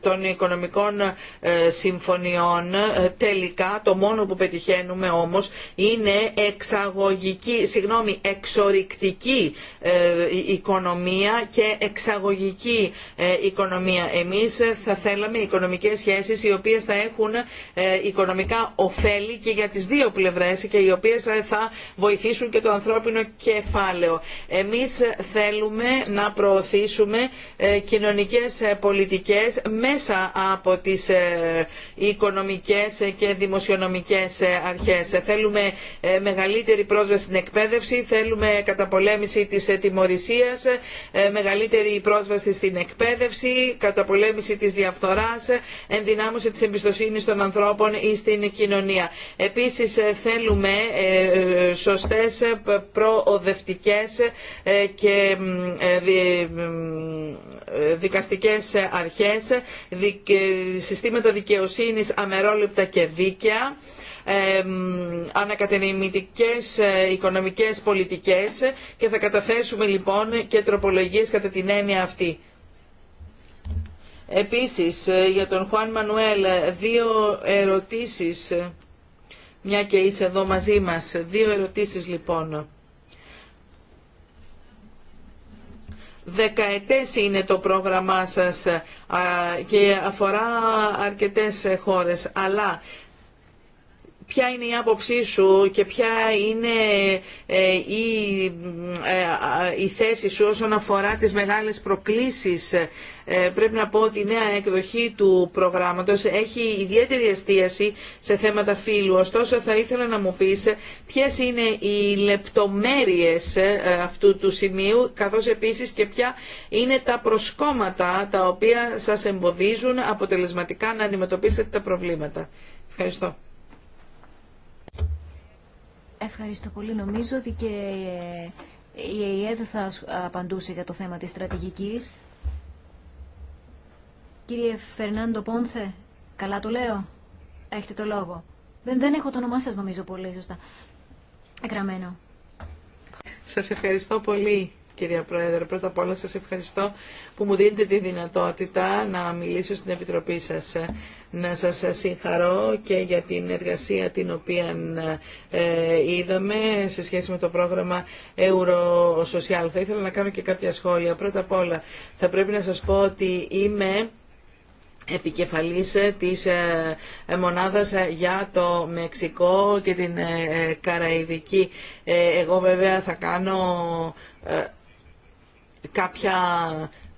των οικονομικών συμφωνιών τελικά το μόνο που πετυχαίνουμε όμως είναι εξαγωγική, συγγνώμη, εξορυκτική οικονομία και εξαγωγική οικονομία οικονομία. Εμείς θα θέλαμε οικονομικές σχέσεις οι οποίες θα έχουν ε, οικονομικά ωφέλη και για τις δύο πλευρές και οι οποίες ε, θα βοηθήσουν και το ανθρώπινο κεφάλαιο. Εμείς θέλουμε να προωθήσουμε ε, κοινωνικές πολιτικές μέσα από τις οικονομικές και δημοσιονομικές αρχές. Θέλουμε μεγαλύτερη πρόσβαση στην εκπαίδευση, θέλουμε καταπολέμηση της τιμωρησία, μεγαλύτερη πρόσβαση στην εκπαίδευση, κατά καταπολέμηση της διαφθοράς, ενδυνάμωση της εμπιστοσύνης των ανθρώπων ή στην κοινωνία. Επίσης θέλουμε σωστές, προοδευτικές και δικαστικές αρχές, ε, συστήματα δικαιοσύνης αμερόληπτα και δίκαια, ε, ανακατενημητικές ε, οικονομικές πολιτικές και θα καταθέσουμε λοιπόν και τροπολογίες κατά την έννοια αυτή. Επίσης, ε, για τον Χουάν Μανουέλ, ε, δύο ερωτήσεις, ε, μια και είσαι εδώ μαζί μας. Δύο ερωτήσεις λοιπόν. Δεκαετές είναι το πρόγραμμά σας και αφορά αρκετές χώρες, αλλά ποια είναι η άποψή σου και ποια είναι ε, ε, ε, η, θέση σου όσον αφορά τις μεγάλες προκλήσεις. Πρέπει να πω ότι η νέα εκδοχή του προγράμματος έχει ιδιαίτερη εστίαση σε θέματα φύλου. Ωστόσο θα ήθελα να μου πεις ποιες είναι οι λεπτομέρειες αυτού του σημείου καθώς επίσης και ποια είναι τα προσκόμματα τα οποία σας εμποδίζουν αποτελεσματικά να αντιμετωπίσετε τα προβλήματα. Ευχαριστώ. Ευχαριστώ πολύ. Νομίζω ότι και η ΕΕ θα απαντούσε για το θέμα της στρατηγικής. Κύριε Φερνάντο Πόνθε, καλά το λέω. Έχετε το λόγο. Δεν, δεν έχω το όνομά σας νομίζω πολύ σωστά. Εγγραμμένο. Σας ευχαριστώ πολύ κυρία Πρόεδρε. Πρώτα απ' όλα σας ευχαριστώ που μου δίνετε τη δυνατότητα να μιλήσω στην Επιτροπή σας. Να σας συγχαρώ και για την εργασία την οποία ε, είδαμε σε σχέση με το πρόγραμμα Eurosocial. Θα ήθελα να κάνω και κάποια σχόλια. Πρώτα απ' όλα θα πρέπει να σας πω ότι είμαι επικεφαλής της ε, μονάδας για το Μεξικό και την ε, Καραϊβική. Εγώ βέβαια θα κάνω κάποια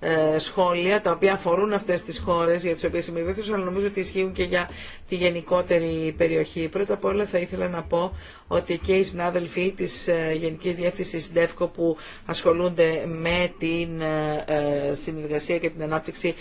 ε, σχόλια τα οποία αφορούν αυτέ τι χώρε για τι οποίε είμαι αλλά νομίζω ότι ισχύουν και για τη γενικότερη περιοχή. Πρώτα απ' όλα θα ήθελα να πω ότι και οι συνάδελφοί της ε, γενική διεύθυνση ΔΕΦΚΟ που ασχολούνται με την ε, συνεργασία και την ανάπτυξη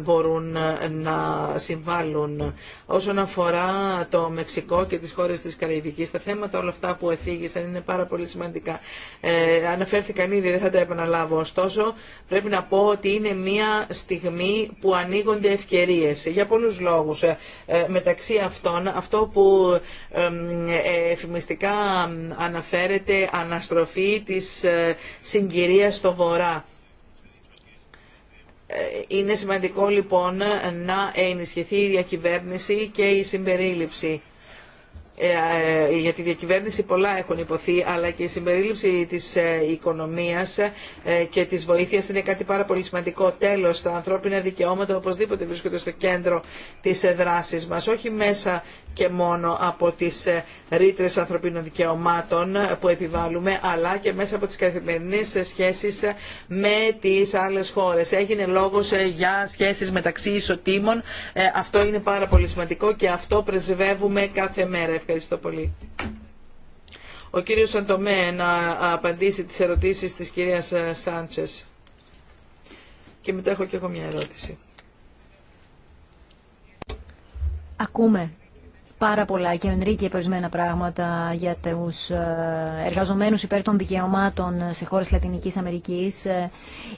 μπορούν να συμβάλλουν. Όσον αφορά το Μεξικό και τι χώρε τη Καραϊβικής, τα θέματα όλα αυτά που εθίγησαν είναι πάρα πολύ σημαντικά. Ε, αναφέρθηκαν ήδη, δεν θα τα επαναλάβω. Ωστόσο, πρέπει να πω ότι είναι μια στιγμή που ανοίγονται ευκαιρίες για πολλούς λόγους. Ε, ε, μεταξύ αυτών, αυτό που ε, εφημιστικά αναφέρεται αναστροφή της συγκυρίας στο Βορρά. Είναι σημαντικό λοιπόν να ενισχυθεί η διακυβέρνηση και η συμπερίληψη. Ε, ε, για τη διακυβέρνηση πολλά έχουν υποθεί αλλά και η συμπερίληψη της ε, οικονομίας και της βοήθειας είναι κάτι πάρα πολύ σημαντικό. Τέλος, τα ανθρώπινα δικαιώματα οπωσδήποτε βρίσκονται στο κέντρο της δράσης μας, όχι μέσα και μόνο από τις ρήτρες ανθρωπίνων δικαιωμάτων που επιβάλλουμε, αλλά και μέσα από τις καθημερινές σχέσεις με τις άλλες χώρες. Έγινε λόγος για σχέσεις μεταξύ ισοτήμων. Αυτό είναι πάρα πολύ σημαντικό και αυτό πρεσβεύουμε κάθε μέρα. Ευχαριστώ πολύ. Ο κύριος Αντομέ να απαντήσει τις ερωτήσεις της κυρίας ε, Σάντσες. Και μετά έχω και εγώ μια ερώτηση. Ακούμε πάρα πολλά και ο Ενρίκη περισμένα πράγματα για τους ε, εργαζομένους υπέρ των δικαιωμάτων σε χώρες Λατινικής Αμερικής. Ε,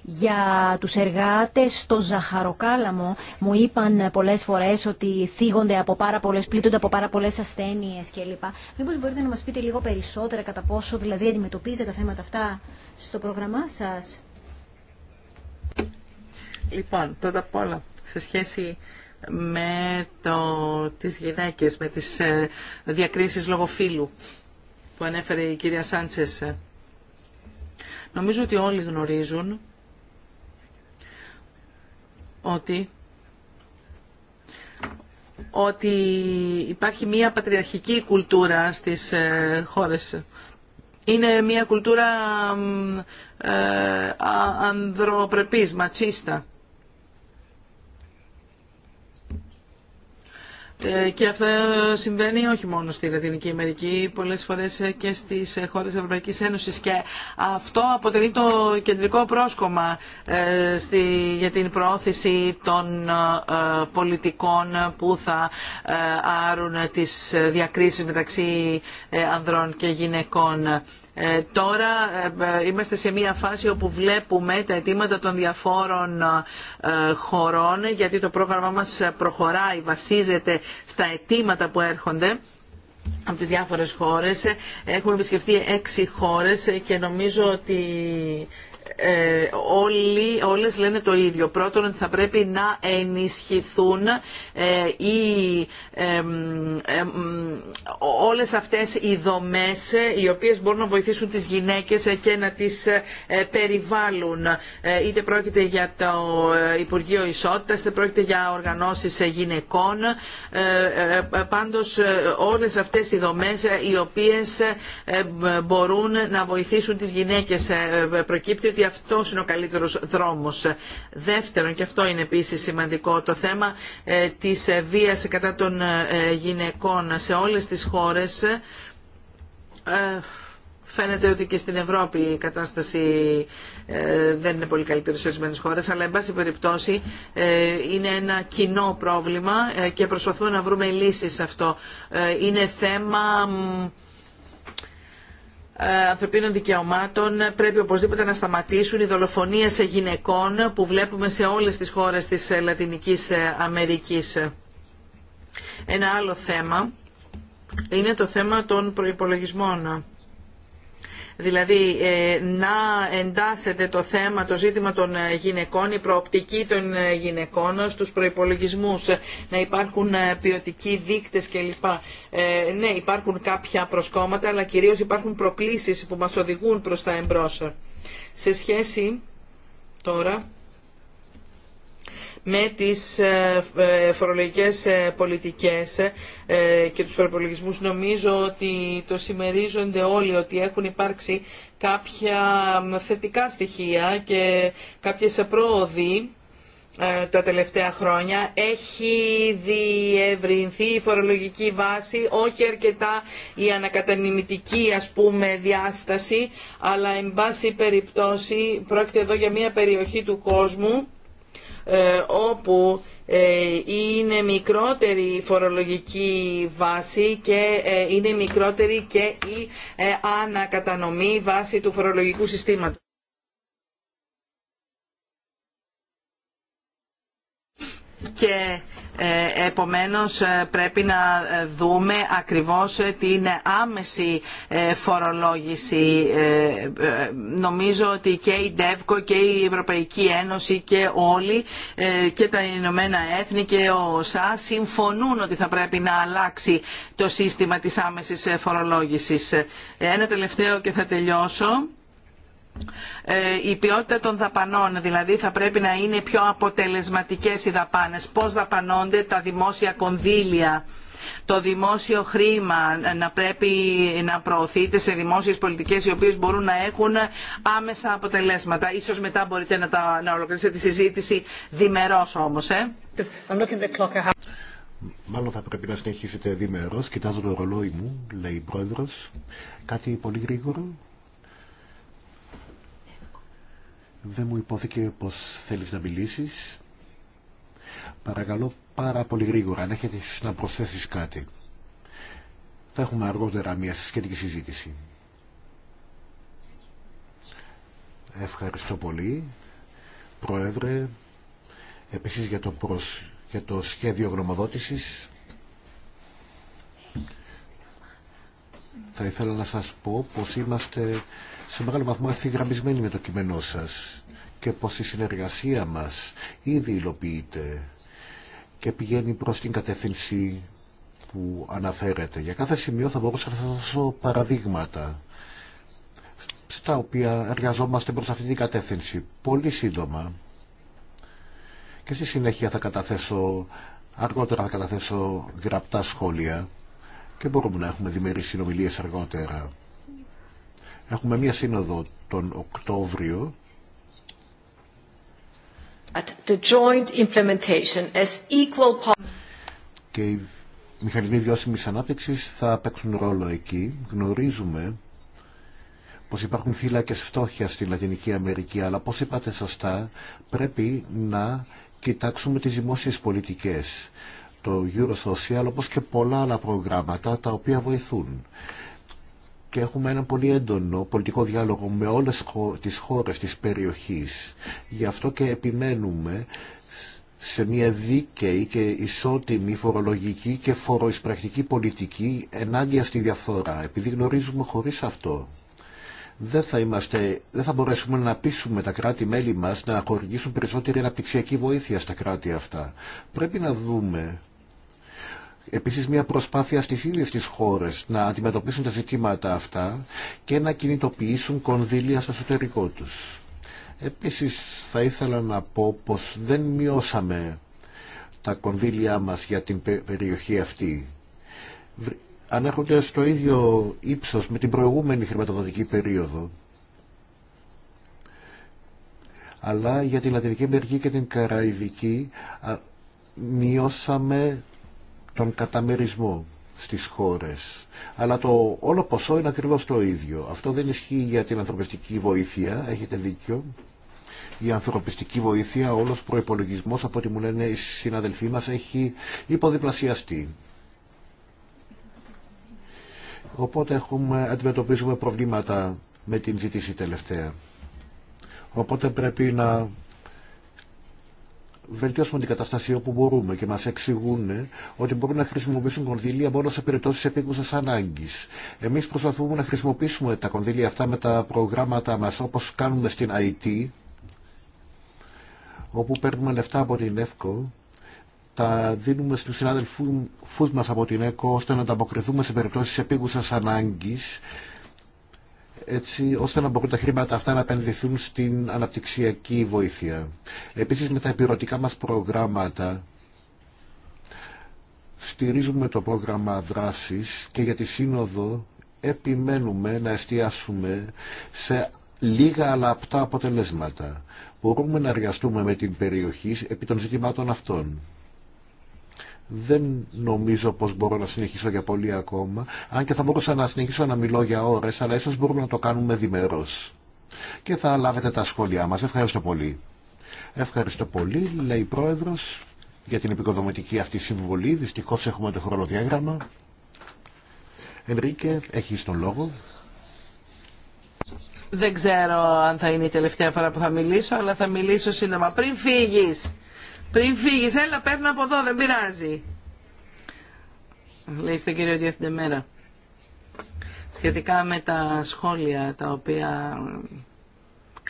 για τους εργάτες στο Ζαχαροκάλαμο μου είπαν πολλές φορές ότι θίγονται από πάρα πολλές, πλήττονται από πάρα πολλές ασθένειες κλπ. Μήπως μπορείτε να μας πείτε λίγο περισσότερα κατά πόσο δηλαδή αντιμετωπίζετε τα θέματα αυτά στο πρόγραμμά σας. Λοιπόν, πρώτα απ' όλα, σε σχέση με το, τις γυναίκες, με τις ε, διακρίσεις λογοφύλου που ανέφερε η κυρία Σάντσες. Νομίζω ότι όλοι γνωρίζουν ότι ότι υπάρχει μια πατριαρχική κουλτούρα στις ε, χώρες. Είναι μια κουλτούρα ε, ανδροπρεπής, ματσίστα. Ε, και αυτό συμβαίνει όχι μόνο στη Λατινική Αμερική, πολλές φορές ε, και στις ε, χώρες της Ευρωπαϊκής Ένωσης και αυτό αποτελεί το κεντρικό πρόσκομα στη, για την προώθηση των πολιτικών που θα άρουν τις διακρίσεις μεταξύ ανδρών και γυναικών. Ε, τώρα ε, ε, είμαστε σε μια φάση όπου βλέπουμε τα αιτήματα των διαφόρων χωρών γιατί το πρόγραμμά μας προχωράει, βασίζεται στα αιτήματα που έρχονται από τις διάφορες χώρες. Έχουμε επισκεφτεί έξι χώρες και νομίζω ότι ε, όλοι, όλες λένε το ίδιο. Πρώτον θα πρέπει να ενισχυθούν ε, οι, όλες αυτές οι δομές ε, οι οποίες μπορούν να βοηθήσουν τις γυναίκες ε, και να τις περιβάλλουν. Είτε πρόκειται για το Υπουργείο Ισότητας, είτε πρόκειται για οργανώσεις γυναικών. Πάντως όλες αυτές οι δομές οι οποίες μπορούν να βοηθήσουν τις γυναίκες. Προκύπτει ότι αυτό είναι ο καλύτερο δρόμος. Δεύτερον, και αυτό είναι επίση σημαντικό, το θέμα ε, της ε, βία κατά των ε, γυναικών σε όλες τις χώρες. Φαίνεται ότι και στην Ευρώπη η κατάσταση δεν είναι πολύ καλύτερη σε ορισμένε χώρε, αλλά εν πάση περιπτώσει είναι ένα κοινό πρόβλημα και προσπαθούμε να βρούμε λύσει σε αυτό. Είναι θέμα ε, ανθρωπίνων δικαιωμάτων πρέπει οπωσδήποτε να σταματήσουν οι δολοφονίες γυναικών που βλέπουμε σε όλες τις χώρες της ε, Λατινικής ε, Αμερικής. Ένα άλλο θέμα είναι το θέμα των προϋπολογισμών δηλαδή ε, να εντάσσεται το θέμα, το ζήτημα των ε, γυναικών, η προοπτική των ε, γυναικών στους προϋπολογισμούς, να υπάρχουν ποιοτικοί δείκτες κλπ. Ναι, υπάρχουν κάποια προσκόμματα, αλλά κυρίως υπάρχουν προκλήσεις που μας οδηγούν προς τα εμπρός. Σε σχέση τώρα με τις ε, ε, φορολογικές ε, πολιτικές και τους προπολογισμούς. Νομίζω ότι το συμμερίζονται όλοι ότι έχουν υπάρξει κάποια θετικά στοιχεία και κάποιες πρόοδοι τα τελευταία χρόνια. Έχει διευρυνθεί η φορολογική βάση, όχι αρκετά η ανακατανημητική ας πούμε διάσταση, αλλά εν πάση περιπτώσει πρόκειται εδώ για μια περιοχή του κόσμου ε, όπου ε, είναι μικρότερη η φορολογική βάση και ε, είναι μικρότερη και η ανακατανομή βάση του φορολογικού συστήματος. και ε, επομένως ε, πρέπει να ε, δούμε ακριβώς την άμεση φορολόγηση. Νομίζω ότι και η ΔΕΒΚΟ και η Ευρωπαϊκή Ένωση και όλοι και τα Ηνωμένα Έθνη και ο ΩΣΑ συμφωνούν ότι θα πρέπει να αλλάξει το σύστημα της άμεσης φορολόγησης. Ένα τελευταίο και θα τελειώσω ε, η ποιότητα των δαπανών, δηλαδή θα πρέπει να είναι πιο αποτελεσματικές οι δαπάνες, πώς δαπανώνται τα δημόσια κονδύλια το δημόσιο χρήμα να πρέπει να προωθείται σε δημόσιες πολιτικές οι οποίες μπορούν να έχουν άμεσα αποτελέσματα. Ίσως μετά μπορείτε να, τα, να ολοκληρώσετε τη συζήτηση διμερώς όμως. Ε. Μάλλον θα πρέπει να συνεχίσετε διμερώς. Κοιτάζω το ρολόι μου, λέει η πρόεδρος. Κάτι πολύ γρήγορο. Δεν μου υπόθηκε πως θέλεις να μιλήσεις. Παρακαλώ πάρα πολύ γρήγορα, αν έχετε να προσθέσεις κάτι. Θα έχουμε αργότερα μια σχετική συζήτηση. Ευχαριστώ πολύ, Πρόεδρε, επίσης για το, για το σχέδιο γνωμοδότησης. Θα ήθελα να σας πω πως είμαστε σε μεγάλο βαθμό ευθυγραμμισμένοι με το κείμενό σας και πως η συνεργασία μας ήδη υλοποιείται και πηγαίνει προς την κατεύθυνση που αναφέρεται. Για κάθε σημείο θα μπορούσα να σας δώσω παραδείγματα στα οποία εργαζόμαστε προς αυτή την κατεύθυνση. Πολύ σύντομα και στη συνέχεια θα καταθέσω, αργότερα θα καταθέσω γραπτά σχόλια και μπορούμε να έχουμε διμερείς συνομιλίες αργότερα. Έχουμε μία σύνοδο τον Οκτώβριο. At the joint implementation as equal... Και οι μηχανισμοί βιώσιμης ανάπτυξης θα παίξουν ρόλο εκεί. Γνωρίζουμε πως υπάρχουν θύλακες φτώχεια στη Λατινική Αμερική, αλλά πώς είπατε σωστά, πρέπει να κοιτάξουμε τις δημόσιες πολιτικές, το Eurosocial, όπως και πολλά άλλα προγράμματα τα οποία βοηθούν και έχουμε ένα πολύ έντονο πολιτικό διάλογο με όλες τις χώρες της περιοχής. Γι' αυτό και επιμένουμε σε μια δίκαιη και ισότιμη φορολογική και φοροεισπρακτική πολιτική ενάντια στη διαφθορά, επειδή γνωρίζουμε χωρίς αυτό. Δεν θα, είμαστε, δεν θα μπορέσουμε να πείσουμε τα κράτη-μέλη μας να χορηγήσουν περισσότερη αναπτυξιακή βοήθεια στα κράτη αυτά. Πρέπει να δούμε επίσης μια προσπάθεια στις ίδιες τις χώρες να αντιμετωπίσουν τα ζητήματα αυτά και να κινητοποιήσουν κονδύλια στο εσωτερικό τους. Επίσης θα ήθελα να πω πως δεν μειώσαμε τα κονδύλια μας για την περιοχή αυτή. Ανέχονται στο ίδιο ύψος με την προηγούμενη χρηματοδοτική περίοδο. Αλλά για την Λατινική Αμερική και την Καραϊβική μειώσαμε τον καταμερισμό στις χώρες. Αλλά το όλο ποσό είναι ακριβώς το ίδιο. Αυτό δεν ισχύει για την ανθρωπιστική βοήθεια, έχετε δίκιο. Η ανθρωπιστική βοήθεια, όλος προϋπολογισμός, από ό,τι μου λένε οι συναδελφοί μας, έχει υποδιπλασιαστεί. Οπότε έχουμε, αντιμετωπίζουμε προβλήματα με την ζήτηση τελευταία. Οπότε πρέπει να βελτιώσουμε την καταστασία όπου μπορούμε και μας εξηγούν ότι μπορούν να χρησιμοποιήσουν κονδύλια μόνο σε περιπτώσεις επίγουσας ανάγκης. Εμείς προσπαθούμε να χρησιμοποιήσουμε τα κονδύλια αυτά με τα προγράμματα μας όπως κάνουμε στην IT όπου παίρνουμε λεφτά από την ΕΦΚΟ τα δίνουμε στους συνάδελφούς μας από την ΕΚΟ ώστε να ανταποκριθούμε σε περιπτώσεις επίγουσας ανάγκης έτσι ώστε να μπορούν τα χρήματα αυτά να επενδυθούν στην αναπτυξιακή βοήθεια. Επίσης με τα επιρωτικά μας προγράμματα στηρίζουμε το πρόγραμμα δράσης και για τη σύνοδο επιμένουμε να εστιάσουμε σε λίγα αλλά απτά αποτελέσματα. Μπορούμε να εργαστούμε με την περιοχή επί των ζητημάτων αυτών δεν νομίζω πως μπορώ να συνεχίσω για πολύ ακόμα, αν και θα μπορούσα να συνεχίσω να μιλώ για ώρες, αλλά ίσως μπορούμε να το κάνουμε διμερώς. Και θα λάβετε τα σχόλιά μας. Ευχαριστώ πολύ. Ευχαριστώ πολύ, λέει η Πρόεδρος, για την επικοδομητική αυτή συμβολή. Δυστυχώς έχουμε το χρονοδιάγραμμα. Ενρίκε, έχεις τον λόγο. Δεν ξέρω αν θα είναι η τελευταία φορά που θα μιλήσω, αλλά θα μιλήσω σύντομα. Πριν φύγεις, πριν φύγεις, έλα παίρνω από εδώ, δεν πειράζει. Λέει στον κύριο Διευθυντεμέρα. Μέρα. Σχετικά με τα σχόλια τα οποία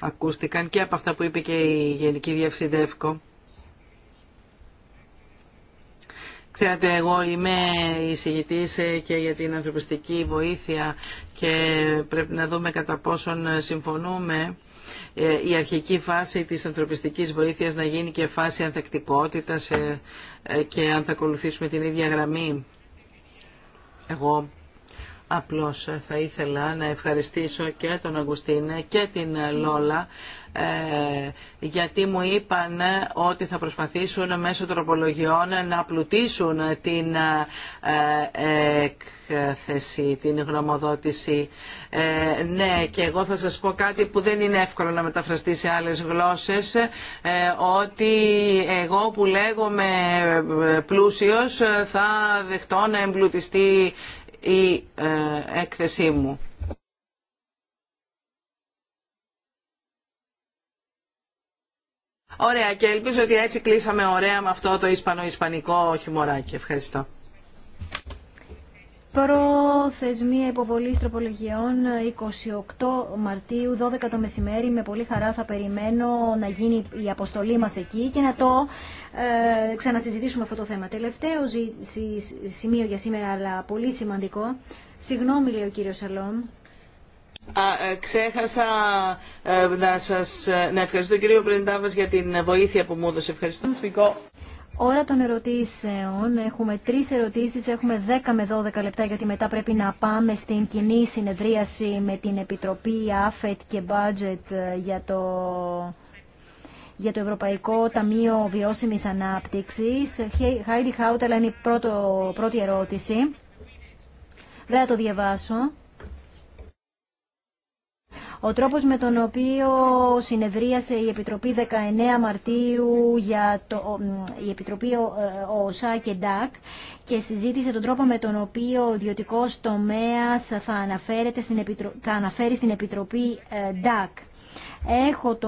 ακούστηκαν και από αυτά που είπε και η Γενική Διευθυντεύκο. Ξέρετε, εγώ είμαι εισηγητής ε, και για την ανθρωπιστική βοήθεια και πρέπει να δούμε κατά πόσον συμφωνούμε ε, η αρχική φάση της ανθρωπιστικής βοήθειας να γίνει και φάση ανθεκτικότητας ε, ε, και αν θα ακολουθήσουμε την ίδια γραμμή. Εγώ Απλώς θα ήθελα να ευχαριστήσω και τον Αγκουστίνε και την Λόλα ε, γιατί μου είπαν ότι θα προσπαθήσουν μέσω τροπολογιών να πλουτίσουν την εκθεσή, την γνωμοδότηση. Ε, ναι, και εγώ θα σας πω κάτι που δεν είναι εύκολο να μεταφραστεί σε άλλες γλώσσες, ε, ότι εγώ που λέγομαι ε, πλούσιος θα δεχτώ να εμπλουτιστεί η ε, έκθεσή μου. Ωραία και ελπίζω ότι έτσι κλείσαμε ωραία με αυτό το Ισπανο-Ισπανικό χειμωράκι. Ευχαριστώ. Προθεσμία υποβολή τροπολογιών 28 Μαρτίου, 12 το μεσημέρι. Με πολύ χαρά θα περιμένω να γίνει η αποστολή μας εκεί και να το ε, ξανασυζητήσουμε αυτό το θέμα. Τελευταίο σημείο για σήμερα, αλλά πολύ σημαντικό. Συγγνώμη, λέει ο κύριο Σαλόμ. Α, ε, ξέχασα ε, να, σας, να ευχαριστώ τον κύριο Πρεντάβας για την βοήθεια που μου έδωσε. Ευχαριστώ ώρα των ερωτήσεων. Έχουμε τρει ερωτήσεις, έχουμε 10 με 12 λεπτά γιατί μετά πρέπει να πάμε στην κοινή συνεδρίαση με την Επιτροπή ΑΦΕΤ και Budget ε, για το για το Ευρωπαϊκό Ταμείο Βιώσιμης Ανάπτυξης. Χάιντι Χάουτελα είναι η πρώτη ερώτηση. Δεν θα το διαβάσω. Ο τρόπος με τον οποίο συνεδρίασε η Επιτροπή 19 Μαρτίου για το, η Επιτροπή ΟΣΑ ε, και ΝΤΑΚ και συζήτησε τον τρόπο με τον οποίο ο ιδιωτικό τομέα θα, στην αναφέρει στην Επιτροπή ε, ΝΤΑΚ. Έχω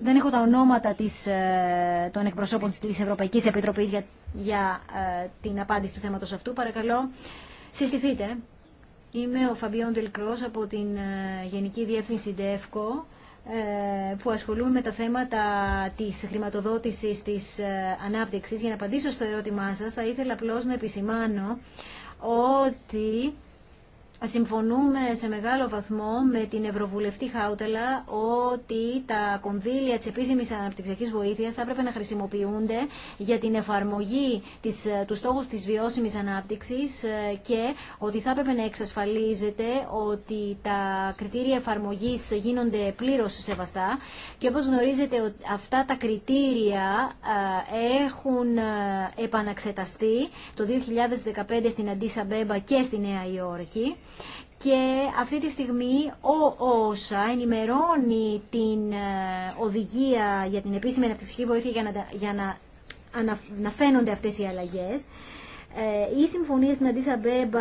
δεν έχω τα ονόματα της, ε, των εκπροσώπων της Ευρωπαϊκής Επιτροπής για, για την απάντηση του θέματος αυτού. Παρακαλώ, συστηθείτε. Είμαι ο Φαμπιόν Τελκρός από την ε, Γενική Διεύθυνση ΔΕΦΚΟ ε, που ασχολούμαι με τα θέματα της χρηματοδότησης της ε, ανάπτυξης. Για να απαντήσω στο ερώτημά σας θα ήθελα απλώς να επισημάνω ότι Συμφωνούμε σε μεγάλο βαθμό με την Ευρωβουλευτή Χάουτελα ότι τα κονδύλια της επίσημης αναπτυξιακής βοήθειας θα έπρεπε να χρησιμοποιούνται για την εφαρμογή της, ε, του στόχου της βιώσιμης ανάπτυξης ε, και ότι θα έπρεπε να εξασφαλίζεται ότι τα κριτήρια εφαρμογής γίνονται πλήρως σεβαστά και όπως γνωρίζετε αυτά τα κριτήρια ε, έχουν επαναξεταστεί το 2015 στην Αντίσα Μπέμπα και στη Νέα Υόρκη και αυτή τη στιγμή ο ΩΣΑ ενημερώνει την ε, οδηγία για την επίσημη αναπτυξιακή βοήθεια για να, για να, να φαίνονται αυτές οι αλλαγές ε, οι συμφωνίε στην Αντίσα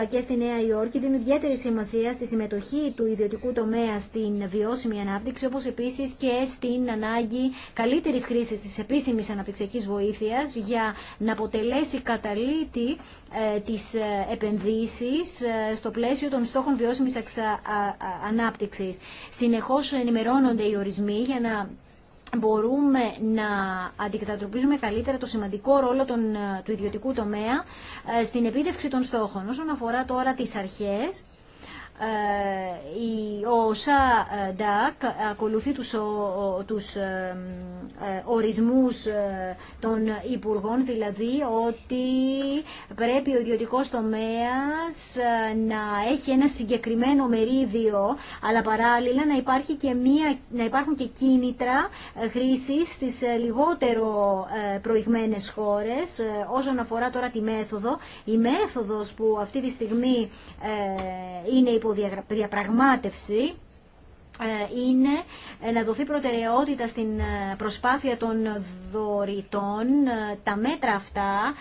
και στη Νέα Υόρκη δίνουν ιδιαίτερη σημασία στη συμμετοχή του ιδιωτικού τομέα στην βιώσιμη ανάπτυξη, όπω επίση και στην ανάγκη καλύτερη χρήση τη επίσημη αναπτυξιακή βοήθεια για να αποτελέσει καταλήτη ε, τι ε, επενδύσει στο πλαίσιο των στόχων βιώσιμη ανάπτυξη. Συνεχώ ενημερώνονται οι ορισμοί για να μπορούμε να αντικατατροπίζουμε καλύτερα το σημαντικό ρόλο των, ε, του ιδιωτικού τομέα ε, στην επίτευξη των στόχων. Όσον αφορά τώρα τις αρχές, ε, ο ΣΑ ε, ακολουθεί τους, τους ε, ορισμούς των υπουργών, δηλαδή ότι πρέπει ο ιδιωτικό τομέας να έχει ένα συγκεκριμένο μερίδιο, αλλά παράλληλα να, υπάρχει και μία, να υπάρχουν και κίνητρα χρήσης στις λιγότερο προηγμένες χώρες. Όσον αφορά τώρα τη μέθοδο, η μέθοδος που αυτή τη στιγμή είναι διαπραγμάτευση ε, είναι να δοθεί προτεραιότητα στην ε, προσπάθεια των δωρητών. Ε, τα μέτρα αυτά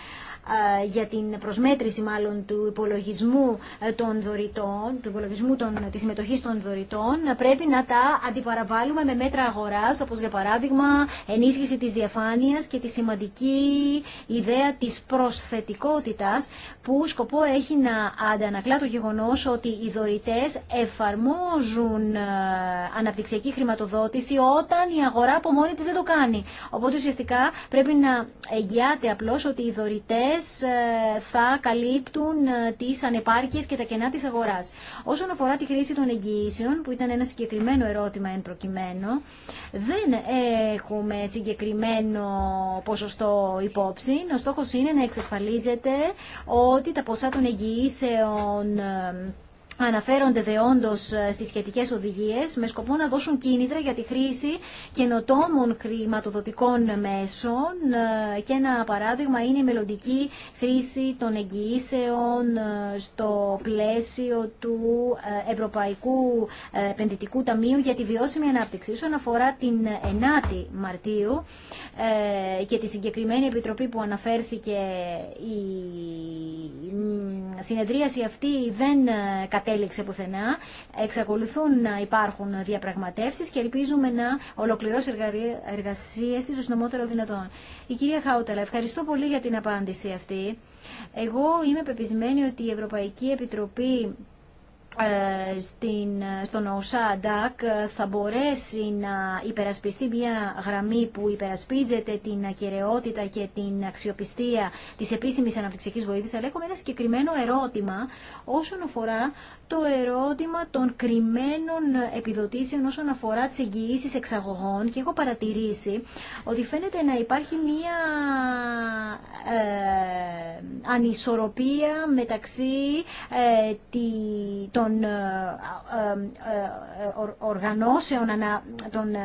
ε, για την προσμέτρηση μάλλον του υπολογισμού ε, των δωρητών, του υπολογισμού των, της συμμετοχής των δωρητών, ε, πρέπει να τα αντιπαραβάλλουμε με μέτρα αγοράς, όπως για παράδειγμα ενίσχυση της διαφάνειας και τη σημαντική ιδέα της προσθετικότητας, που σκοπό έχει να αντανακλά το γεγονός ότι οι δωρητές εφαρμόζουν αναπτυξιακή χρηματοδότηση όταν η αγορά από μόνη της δεν το κάνει. Οπότε ουσιαστικά πρέπει να εγγυάται απλώς ότι οι δωρητές ε, θα καλύπτουν ε, τις ανεπάρκειες και τα κενά της αγοράς. Όσον αφορά τη χρήση των εγγυήσεων, που ήταν ένα συγκεκριμένο ερώτημα εν προκειμένου, δεν έχουμε συγκεκριμένο ποσοστό υπόψη. Ο στόχος είναι να εξασφαλίζεται ότι τα ποσά των εγγυήσεων αναφέρονται δε όντως ε, στις σχετικές οδηγίες με σκοπό να δώσουν κίνητρα για τη χρήση καινοτόμων χρηματοδοτικών μέσων ε, και ένα παράδειγμα είναι η μελλοντική χρήση των εγγυήσεων ε, στο πλαίσιο του Ευρωπαϊκού Επενδυτικού Ταμείου για τη βιώσιμη ανάπτυξη. Όσον αφορά την 9η Μαρτίου και τη συγκεκριμένη επιτροπή που αναφέρθηκε η συνεδρίαση αυτή δεν κατέληξε πουθενά. Εξακολουθούν να υπάρχουν διαπραγματεύσεις και ελπίζουμε να ολοκληρώσει εργασίε της το δυνατόν. Η κυρία Χάουτελα, ευχαριστώ πολύ για την απάντηση αυτή. Εγώ είμαι πεπισμένη ότι η Ευρωπαϊκή Επιτροπή ε, στην, στον ΟΣΑ ε, θα μπορέσει να υπερασπιστεί μια γραμμή που υπερασπίζεται την ακαιρεότητα και την αξιοπιστία της επίσημης αναπτυξιακής βοήθειας, αλλά έχουμε ένα συγκεκριμένο ερώτημα όσον αφορά το ερώτημα των κρυμμένων επιδοτήσεων όσον αφορά τις εγγυήσει εξαγωγών και έχω παρατηρήσει ότι φαίνεται να υπάρχει μία ε, ανισορροπία μεταξύ ε, τη, των ε, ε, ε, οργανώσεων, ανα, των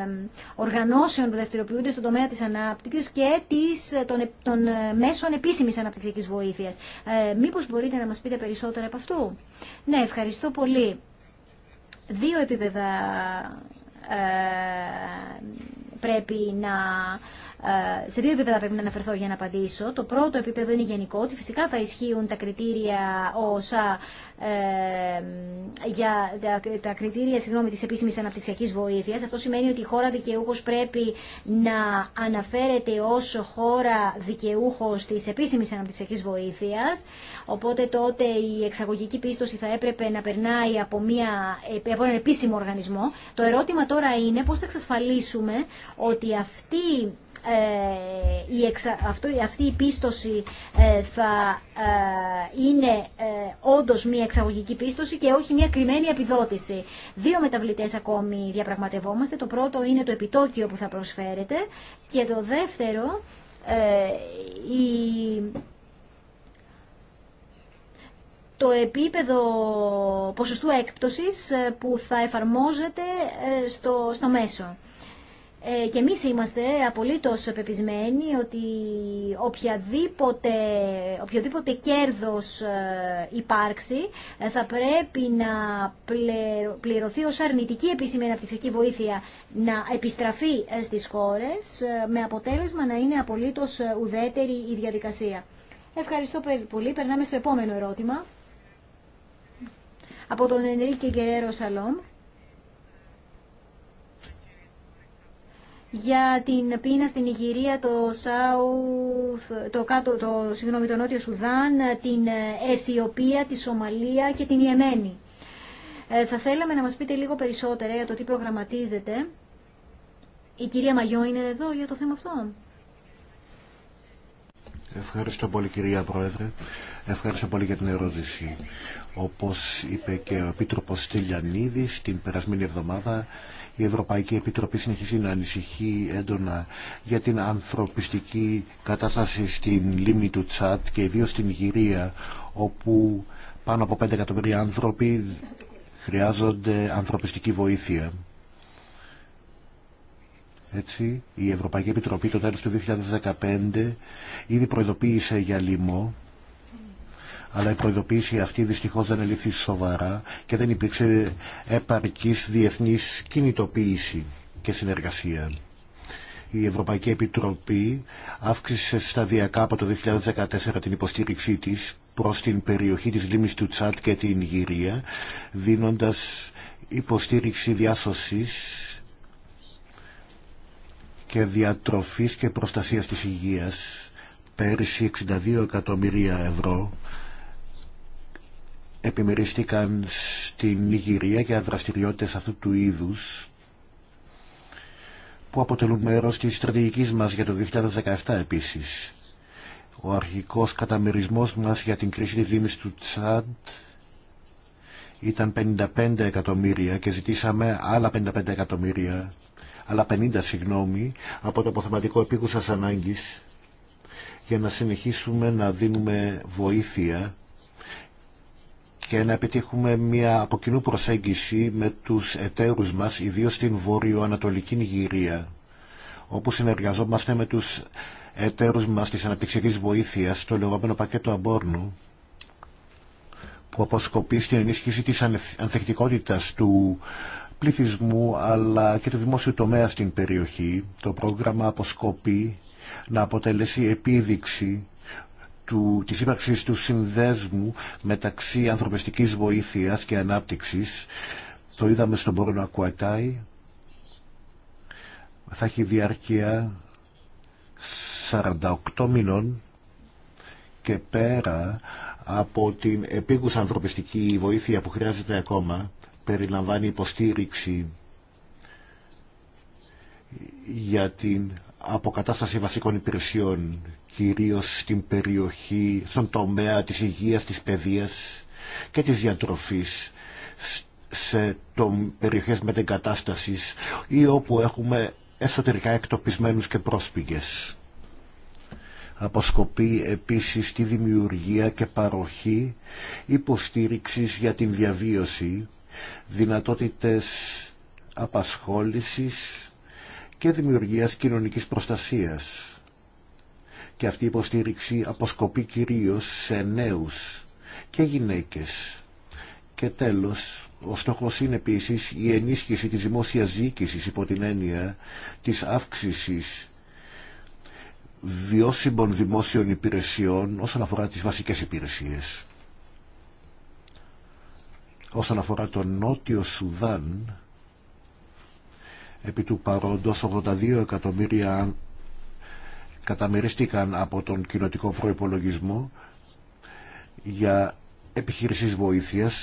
οργανώσεων που δραστηριοποιούνται στον τομέα της ανάπτυξης και της, των, μέσων επίσημης αναπτυξιακής βοήθειας. μήπως μπορείτε να μας πείτε περισσότερα από αυτού. Ναι, ευχαριστώ. Ευχαριστώ πολύ. Δύο επίπεδα ε, πρέπει να ε, σε δύο επίπεδα πρέπει να αναφερθώ για να απαντήσω. Το πρώτο επίπεδο είναι γενικό, ότι φυσικά θα ισχύουν τα κριτήρια όσα ε, για τα, τα κριτήρια συγγνώμη, της επίσημης αναπτυξιακής βοήθειας. Αυτό σημαίνει ότι η χώρα δικαιούχος πρέπει να αναφέρεται ως χώρα δικαιούχος της επίσημης αναπτυξιακής βοήθειας. Οπότε τότε η εξαγωγική πίστοση θα έπρεπε να περνάει από, μια, από έναν επίσημο οργανισμό. Το ερώτημα τώρα είναι πώς θα εξασφαλίσουμε ότι αυτή ε, αυτή η πίστοση ε, θα ε, είναι όντως μια εξαγωγική πίστοση και όχι μια κρυμμένη επιδότηση. Δύο μεταβλητές ακόμη διαπραγματευόμαστε. Το πρώτο είναι το επιτόκιο που θα προσφέρετε και το δεύτερο η το επίπεδο ποσοστού έκπτωσης που θα εφαρμόζεται στο, στο μέσο. Ε, και εμείς είμαστε απολύτως πεπισμένοι ότι οποιαδήποτε, οποιοδήποτε κέρδος ε, υπάρξει ε, θα πρέπει να πληρωθεί ως αρνητική επίσημη αναπτυξιακή βοήθεια να επιστραφεί ε, στις χώρες με αποτέλεσμα να είναι απολύτως ουδέτερη η διαδικασία. Ευχαριστώ πολύ. Περνάμε στο επόμενο ερώτημα. Από τον Ενρίκη Γκερέρο Σαλόμ για την πείνα στην Ιγυρία, το, South, το, κάτω, το, συγγνώμη, Νότιο Σουδάν, την Αιθιοπία, τη Σομαλία και την Ιεμένη. Ε, θα θέλαμε να μας πείτε λίγο περισσότερα για το τι προγραμματίζεται. Η κυρία Μαγιό είναι εδώ για το θέμα αυτό. Ευχαριστώ πολύ κυρία Πρόεδρε. Ευχαριστώ πολύ για την ερώτηση. Όπως είπε και ο Επίτροπος την περασμένη εβδομάδα η Ευρωπαϊκή Επιτροπή συνεχίζει να ανησυχεί έντονα για την ανθρωπιστική κατάσταση στην λίμνη του Τσάτ και ιδίω στην Γυρία, όπου πάνω από 5 εκατομμύρια άνθρωποι χρειάζονται ανθρωπιστική βοήθεια. Έτσι, η Ευρωπαϊκή Επιτροπή το τέλος του 2015 ήδη προειδοποίησε για λοιμό αλλά η προειδοποίηση αυτή δυστυχώς δεν ελήφθη σοβαρά και δεν υπήρξε επαρκής διεθνής κινητοποίηση και συνεργασία. Η Ευρωπαϊκή Επιτροπή αύξησε σταδιακά από το 2014 την υποστήριξή της προς την περιοχή της λίμνης του Τσάτ και την Ιγυρία, δίνοντας υποστήριξη διάσωσης και διατροφής και προστασίας της υγείας πέρυσι 62 εκατομμύρια ευρώ επιμερίστηκαν στην Ιγυρία για δραστηριότητες αυτού του είδους που αποτελούν μέρος της στρατηγικής μας για το 2017 επίσης. Ο αρχικός καταμερισμός μας για την κρίση της δήμης του Τσάντ ήταν 55 εκατομμύρια και ζητήσαμε άλλα 55 εκατομμύρια, άλλα 50 συγγνώμη, από το αποθεματικό επίκουσας ανάγκης για να συνεχίσουμε να δίνουμε βοήθεια και να επιτύχουμε μια από κοινού προσέγγιση με τους εταίρους μας, ιδίως στην βόρειο-ανατολική Νιγηρία, όπου συνεργαζόμαστε με τους εταίρους μας της αναπτυξιακής βοήθειας, το λεγόμενο πακέτο αμπόρνου, που αποσκοπεί στην ενίσχυση της ανθεκτικότητας του πληθυσμού αλλά και του δημόσιου τομέα στην περιοχή. Το πρόγραμμα αποσκοπεί να αποτελέσει επίδειξη του, της ύπαρξης του συνδέσμου μεταξύ ανθρωπιστικής βοήθειας και ανάπτυξης. Το είδαμε στον Πόρνο Ακουατάι. Θα έχει διάρκεια 48 μηνών και πέρα από την επίγουσα ανθρωπιστική βοήθεια που χρειάζεται ακόμα περιλαμβάνει υποστήριξη για την αποκατάσταση βασικών υπηρεσιών κυρίως στην περιοχή, στον τομέα της υγείας, της παιδείας και της διατροφής σε το, περιοχές μετεγκατάστασης ή όπου έχουμε εσωτερικά εκτοπισμένους και πρόσφυγες. Αποσκοπεί επίσης τη δημιουργία και παροχή υποστήριξης για την διαβίωση, δυνατότητες απασχόλησης και δημιουργίας κοινωνικής προστασίας και αυτή η υποστήριξη αποσκοπεί κυρίως σε νέους και γυναίκες. Και τέλος, ο στόχος είναι επίσης η ενίσχυση της δημόσιας διοίκησης υπό την έννοια της αύξησης βιώσιμων δημόσιων υπηρεσιών όσον αφορά τις βασικές υπηρεσίες. Όσον αφορά το Νότιο Σουδάν, επί του παρόντος 82 εκατομμύρια καταμεριστήκαν από τον κοινοτικό προϋπολογισμό για επιχειρήσεις βοήθειας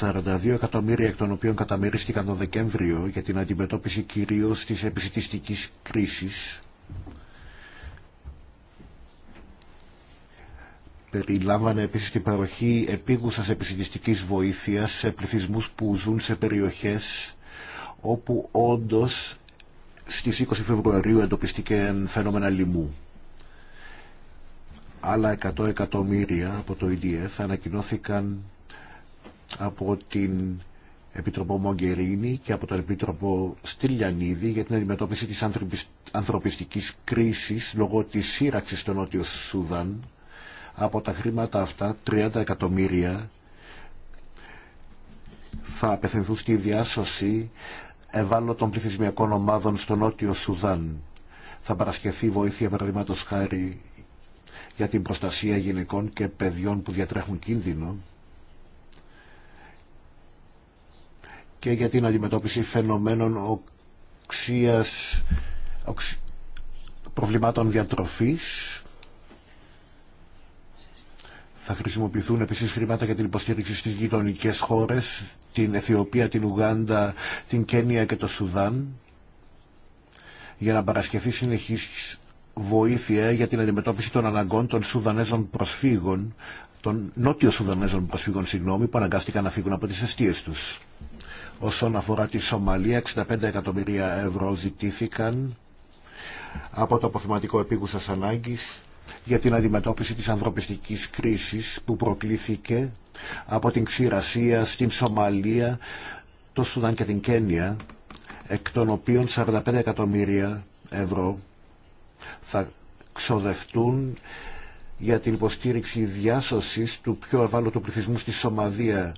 42 εκατομμύρια εκ των οποίων καταμερίστηκαν τον Δεκέμβριο για την αντιμετώπιση κυρίως της επιστηστικής κρίσης περιλάμβανε επίσης την παροχή επίγουσας επιστηστικής βοήθειας σε πληθυσμούς που ζουν σε περιοχές όπου όντως στις 20 Φεβρουαρίου εντοπιστήκε φαινόμενα λοιμού. Άλλα 100 εκατομμύρια από το EDF ανακοινώθηκαν από την Επίτροπο Μογκερίνη και από τον Επίτροπο Στυλιανίδη για την αντιμετώπιση της ανθρωπιστικής κρίσης λόγω της σύραξης στο Νότιο Σουδάν. Από τα χρήματα αυτά 30 εκατομμύρια θα απευθυνθούν στη διάσωση ευάλωτων πληθυσμιακών ομάδων στο νότιο Σουδάν. Θα παρασκευθεί βοήθεια, παραδείγματο χάρη, για την προστασία γυναικών και παιδιών που διατρέχουν κίνδυνο και για την αντιμετώπιση φαινομένων οξίας, προβλημάτων διατροφής θα χρησιμοποιηθούν επίσης χρήματα για την υποστήριξη στις γειτονικέ χώρες, την Αιθιοπία, την Ουγάντα, την Κένια και το Σουδάν, για να παρασκευθεί συνεχής βοήθεια για την αντιμετώπιση των αναγκών των Σουδανέζων προσφύγων, των νότιο Σουδανέζων προσφύγων, συγγνώμη, που αναγκάστηκαν να φύγουν από τις αιστείες τους. Όσον αφορά τη Σομαλία, 65 εκατομμύρια ευρώ ζητήθηκαν από το αποθυματικό επίγουσας ανάγκης για την αντιμετώπιση της ανθρωπιστικής κρίσης που προκλήθηκε από την ξηρασία στην Σομαλία, το Σουδάν και την Κένια, εκ των οποίων 45 εκατομμύρια ευρώ θα ξοδευτούν για την υποστήριξη διάσωσης του πιο ευάλωτου πληθυσμού στη Σομαδία,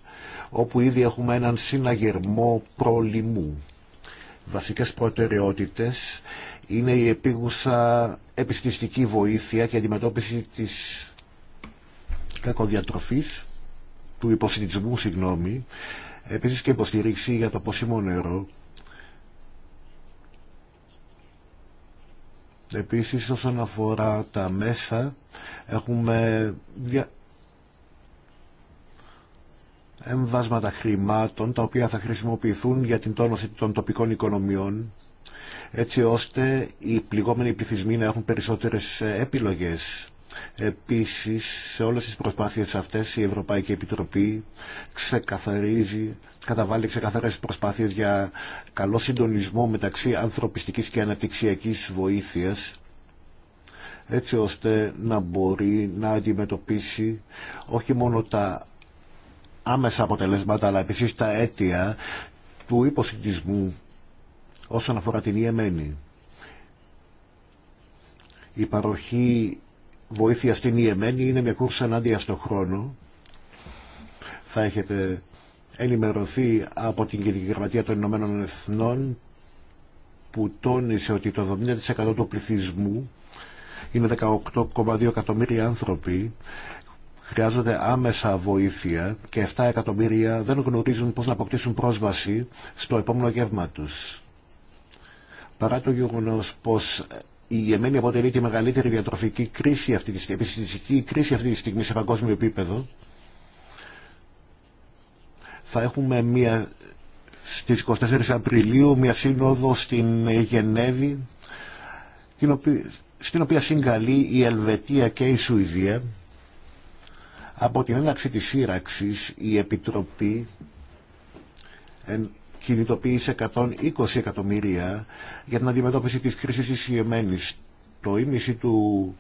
όπου ήδη έχουμε έναν συναγερμό πρόλημου. Βασικές προτεραιότητες είναι η επίγουσα επιστηστική βοήθεια και αντιμετώπιση της κακοδιατροφής, του υποσυντισμού, συγγνώμη, επίσης και υποστηρίξη για το πόσιμο νερό, Επίσης όσον αφορά τα μέσα έχουμε δια... εμβάσματα χρημάτων τα οποία θα χρησιμοποιηθούν για την τόνωση των τοπικών οικονομιών έτσι ώστε οι πληγόμενοι πληθυσμοί να έχουν περισσότερες επιλογές. Επίσης, σε όλες τις προσπάθειες αυτές η Ευρωπαϊκή Επιτροπή ξεκαθαρίζει, καταβάλει ξεκαθαρές προσπάθειες για καλό συντονισμό μεταξύ ανθρωπιστικής και αναπτυξιακής βοήθειας έτσι ώστε να μπορεί να αντιμετωπίσει όχι μόνο τα άμεσα αποτελέσματα αλλά επίσης τα αίτια του υποσυντισμού όσον αφορά την Ιεμένη. Η παροχή βοήθεια στην Ιεμένη είναι μια κούρσα ενάντια στον χρόνο. Θα έχετε ενημερωθεί από την Γενική Γραμματεία των Ηνωμένων Εθνών που τόνισε ότι το 70% του πληθυσμού είναι 18,2 εκατομμύρια άνθρωποι χρειάζονται άμεσα βοήθεια και 7 εκατομμύρια δεν γνωρίζουν πώς να αποκτήσουν πρόσβαση στο επόμενο γεύμα τους παρά το γεγονός πως η Γεμένη αποτελεί τη μεγαλύτερη διατροφική κρίση αυτή τη στιγμή, κρίση αυτή τη στιγμή σε παγκόσμιο επίπεδο, θα έχουμε μια, στις 24 Απριλίου μια σύνοδο στην Γενέβη, την οποία, στην οποία συγκαλεί η Ελβετία και η Σουηδία. Από την έναρξη της σύραξης η Επιτροπή κινητοποίησε 120 εκατομμύρια για την αντιμετώπιση της κρίσης της Το ίμιση του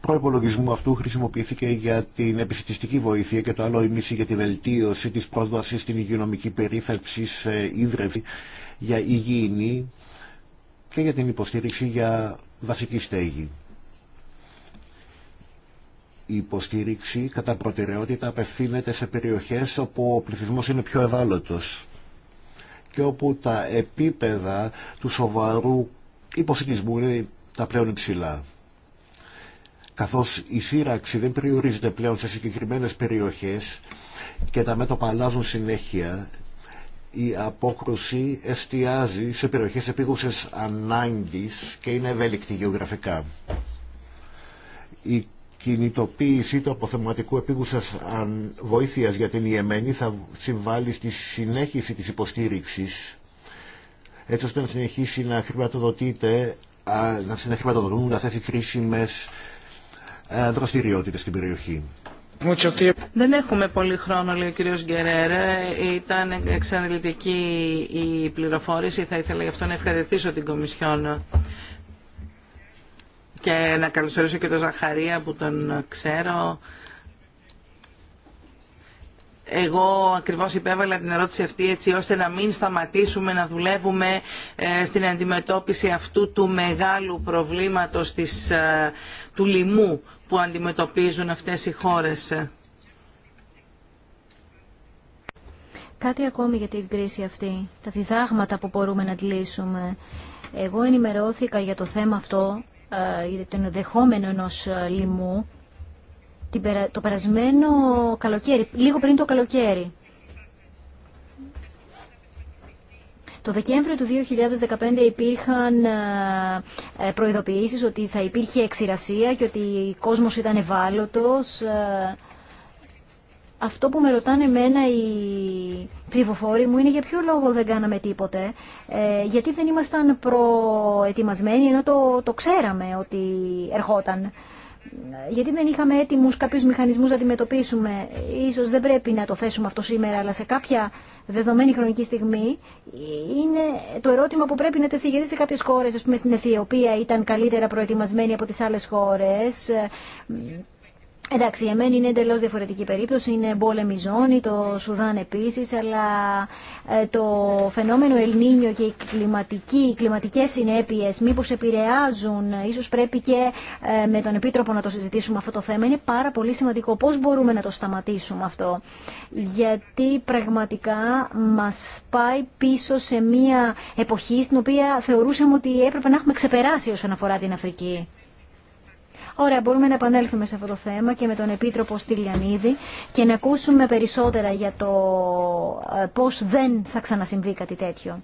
προϋπολογισμού αυτού χρησιμοποιήθηκε για την επιστηστική βοήθεια και το άλλο ίμιση για τη βελτίωση της πρόσβασης στην υγειονομική περίθαλψη σε ίδρευση για υγιεινή και για την υποστήριξη για βασική στέγη. Η υποστήριξη κατά προτεραιότητα απευθύνεται σε περιοχές όπου ο πληθυσμός είναι πιο ευάλωτος όπου τα επίπεδα του σοβαρού υποσυτισμού είναι τα πλέον υψηλά. Καθώς η σύραξη δεν περιορίζεται πλέον σε συγκεκριμένες περιοχές και τα μέτωπα αλλάζουν συνέχεια, η απόκρουση εστιάζει σε περιοχές επίγουσες ανάγκης και είναι ευέλικτη γεωγραφικά κινητοποίησή του αποθεματικού αν βοήθειας για την Ιεμένη θα συμβάλλει στη συνέχιση της υποστήριξης έτσι ώστε να συνεχίσει να χρηματοδοτείται να συνεχιματοδοτούν να θέσει χρήσιμες ε, δραστηριότητες στην περιοχή. Δεν έχουμε πολύ χρόνο, λέει ο κύριο Γκερέρε. Ήταν εξαντλητική η πληροφόρηση. Θα ήθελα γι' αυτό να ευχαριστήσω την Κομισιόν. Και να καλωσορίσω και τον Ζαχαρία που τον ξέρω. Εγώ ακριβώς υπέβαλα την ερώτηση αυτή έτσι ώστε να μην σταματήσουμε να δουλεύουμε ε, στην αντιμετώπιση αυτού του μεγάλου προβλήματος της, ε, του λοιμού που αντιμετωπίζουν αυτές οι χώρες. Κάτι ακόμη για την κρίση αυτή, τα διδάγματα που μπορούμε να τλήσουμε. Εγώ ενημερώθηκα για το θέμα αυτό ε, για τον ενδεχόμενο ενός ε, λοιμού το περασμένο καλοκαίρι, λίγο πριν το καλοκαίρι. Το Δεκέμβριο του 2015 υπήρχαν ε, προειδοποιήσεις ότι θα υπήρχε εξηρασία και ότι ο κόσμος ήταν ευάλωτος αυτό που με ρωτάνε εμένα οι ψηφοφόροι μου είναι για ποιο λόγο δεν κάναμε τίποτε, ε, γιατί δεν ήμασταν προετοιμασμένοι ενώ το, το ξέραμε ότι ερχόταν. Γιατί δεν είχαμε έτοιμους κάποιους μηχανισμούς να αντιμετωπίσουμε. Ίσως δεν πρέπει να το θέσουμε αυτό σήμερα, αλλά σε κάποια δεδομένη χρονική στιγμή είναι το ερώτημα που πρέπει να τεθεί. Γιατί σε κάποιες χώρες, ας πούμε στην Αιθιοπία, ήταν καλύτερα προετοιμασμένοι από τις άλλες χώρες ε, Εντάξει, για μένα είναι εντελώ διαφορετική περίπτωση. Είναι εμπόλεμη ζώνη, το Σουδάν επίση, αλλά ε, το φαινόμενο Ελνίνιο και οι, κλιματικοί, οι κλιματικέ συνέπειε μήπω επηρεάζουν, ε, ίσω πρέπει και ε, με τον Επίτροπο να το συζητήσουμε αυτό το θέμα. Είναι πάρα πολύ σημαντικό πώ μπορούμε να το σταματήσουμε αυτό. Γιατί πραγματικά μα πάει πίσω σε μια εποχή στην οποία θεωρούσαμε ότι έπρεπε να έχουμε ξεπεράσει όσον αφορά την Αφρική. Ωραία, μπορούμε να επανέλθουμε σε αυτό το θέμα και με τον Επίτροπο Στυλιανίδη και να ακούσουμε περισσότερα για το ε, πώς δεν θα ξανασυμβεί κάτι τέτοιο.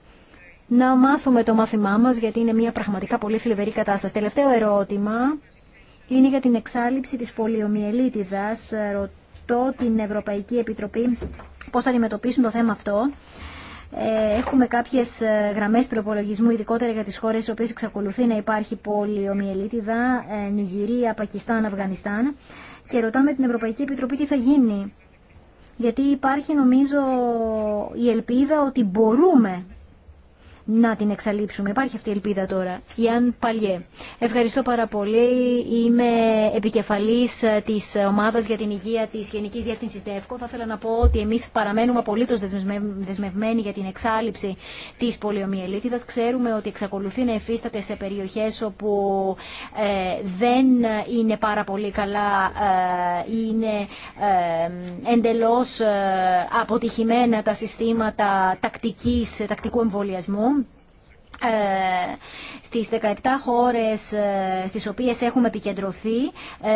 Να μάθουμε το μάθημά μας γιατί είναι μια πραγματικά πολύ θλιβερή κατάσταση. Τελευταίο ερώτημα είναι για την εξάλληψη της πολιομιελίτιδας. Ρωτώ την Ευρωπαϊκή Επιτροπή πώς θα αντιμετωπίσουν το θέμα αυτό ε, έχουμε κάποιες ε, γραμμές προπολογισμού, ειδικότερα για τις χώρες στι οποίε εξακολουθεί να υπάρχει ομιελίτιδα, ε, Νιγηρία, Πακιστάν, Αφγανιστάν. Και ρωτάμε την Ευρωπαϊκή Επιτροπή τι θα γίνει. Γιατί υπάρχει νομίζω η ελπίδα ότι μπορούμε να την εξαλείψουμε. Υπάρχει αυτή η ελπίδα τώρα. Ιαν Παλιέ. Ευχαριστώ πάρα πολύ. Είμαι επικεφαλή ε, τη ομάδα για την υγεία τη Γενική Διεύθυνσης ΔΕΦΚΟ. Θα ήθελα να πω ότι εμεί παραμένουμε απολύτω δεσμευμένοι για την εξάλληψη τη πολιομιελίτιδα. Ξέρουμε ότι εξακολουθεί να εφίσταται σε περιοχέ, όπου ε, δεν είναι πάρα πολύ καλά, ε, είναι εντελώς αποτυχημένα τα συστήματα τακτικής, τακτικού εμβολιασμού ε στις 17 χώρες ε, στις οποίες έχουμε επικεντρωθεί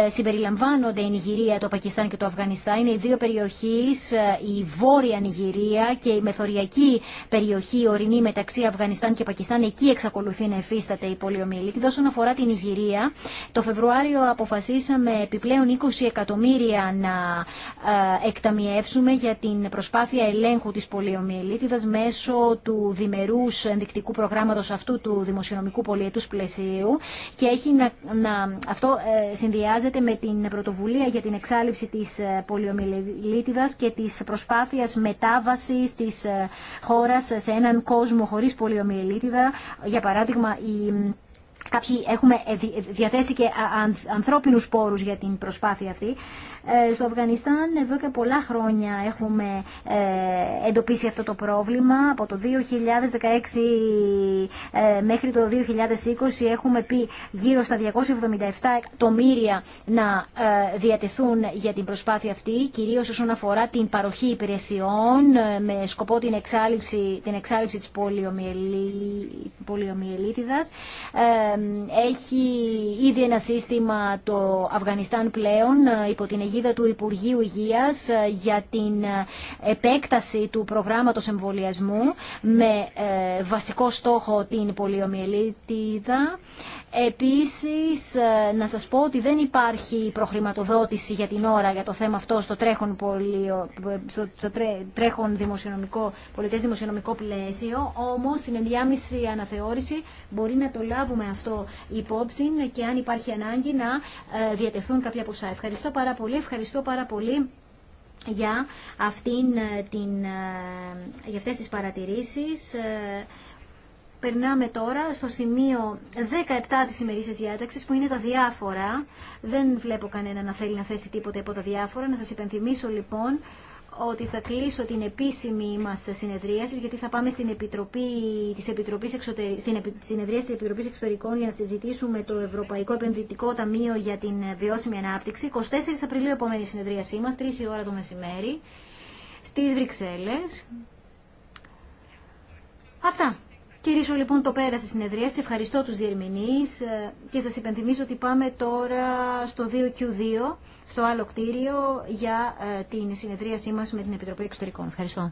ε, συμπεριλαμβάνονται η Νιγηρία, το Πακιστάν και το Αφγανιστάν. Είναι οι δύο περιοχές, ε, η Βόρεια Νιγηρία και η μεθοριακή περιοχή ορεινή μεταξύ Αφγανιστάν και Πακιστάν. Εκεί εξακολουθεί να εφίσταται η πολιομιελίτιδα. Όσον αφορά την Νιγηρία, το Φεβρουάριο αποφασίσαμε επιπλέον 20 εκατομμύρια να εκταμιεύσουμε για την προσπάθεια ελέγχου της πολιομήλικης μέσω του διμερούς ενδεικτικού προγράμματος αυτού του δημοσιονομικού πολιετούς πλαισίου και έχει να, αυτό ε, συνδυάζεται με την πρωτοβουλία για την εξάλληψη της ε, πολιομιλίτιδας και της προσπάθειας μετάβασης της ε, χώρας σε έναν κόσμο χωρίς πολιομιλίτιδα. Για παράδειγμα, η Κάποιοι έχουμε διαθέσει και ανθρώπινους πόρους για την προσπάθεια αυτή. Ε, στο Αφγανιστάν εδώ και πολλά χρόνια έχουμε ε, εντοπίσει αυτό το πρόβλημα. Από το 2016 ε, μέχρι το 2020 έχουμε πει γύρω στα 277 εκατομμύρια να διατεθούν για την προσπάθεια αυτή, κυρίως όσον αφορά την παροχή υπηρεσιών με σκοπό την εξάλληψη, την εξάλληψη της πολιομιελίτιδας. Έχει ήδη ένα σύστημα το Αφγανιστάν πλέον υπό την αιγίδα του Υπουργείου Υγείας ε, για την ε, επέκταση του προγράμματος εμβολιασμού με ε, βασικό στόχο την πολιομιελίτιδα Επίσης, ε, να σας πω ότι δεν υπάρχει προχρηματοδότηση για την ώρα για το θέμα αυτό στο τρέχον, πολιο, στο τρέχον δημοσιονομικό, πολιτές δημοσιονομικό πλαίσιο, όμως στην ενδιάμεση αναθεώρηση μπορεί να το λάβουμε αυτό υπόψη και αν υπάρχει ανάγκη να ε, διατεθούν κάποια ποσά. Ευχαριστώ πάρα πολύ, ευχαριστώ πάρα πολύ για, αυτήν, ε, την, για αυτές τις παρατηρήσεις. Περνάμε τώρα στο σημείο 17 της ημερήσιας διάταξης που είναι τα διάφορα. Δεν βλέπω κανένα να θέλει να θέσει τίποτε από τα διάφορα. Να σας υπενθυμίσω λοιπόν ότι θα κλείσω την επίσημη μας συνεδρίαση γιατί θα πάμε στην, Επιτροπή, της Επιτροπής στην συνεδρία της Επιτροπής Εξωτερικών για να συζητήσουμε το Ευρωπαϊκό Επενδυτικό Ταμείο για την Βιώσιμη Ανάπτυξη. 24 Απριλίου επόμενη συνεδρίασή μας, 3 η ώρα το μεσημέρι, στις Βρυξέλλες. Αυτά. Κυρίσω λοιπόν το πέρα στη συνεδρία. ευχαριστώ τους διερμηνείς ε, και σας υπενθυμίζω ότι πάμε τώρα στο 2Q2, στο άλλο κτίριο, για ε, την συνεδρίασή μας με την Επιτροπή Εξωτερικών. Ευχαριστώ.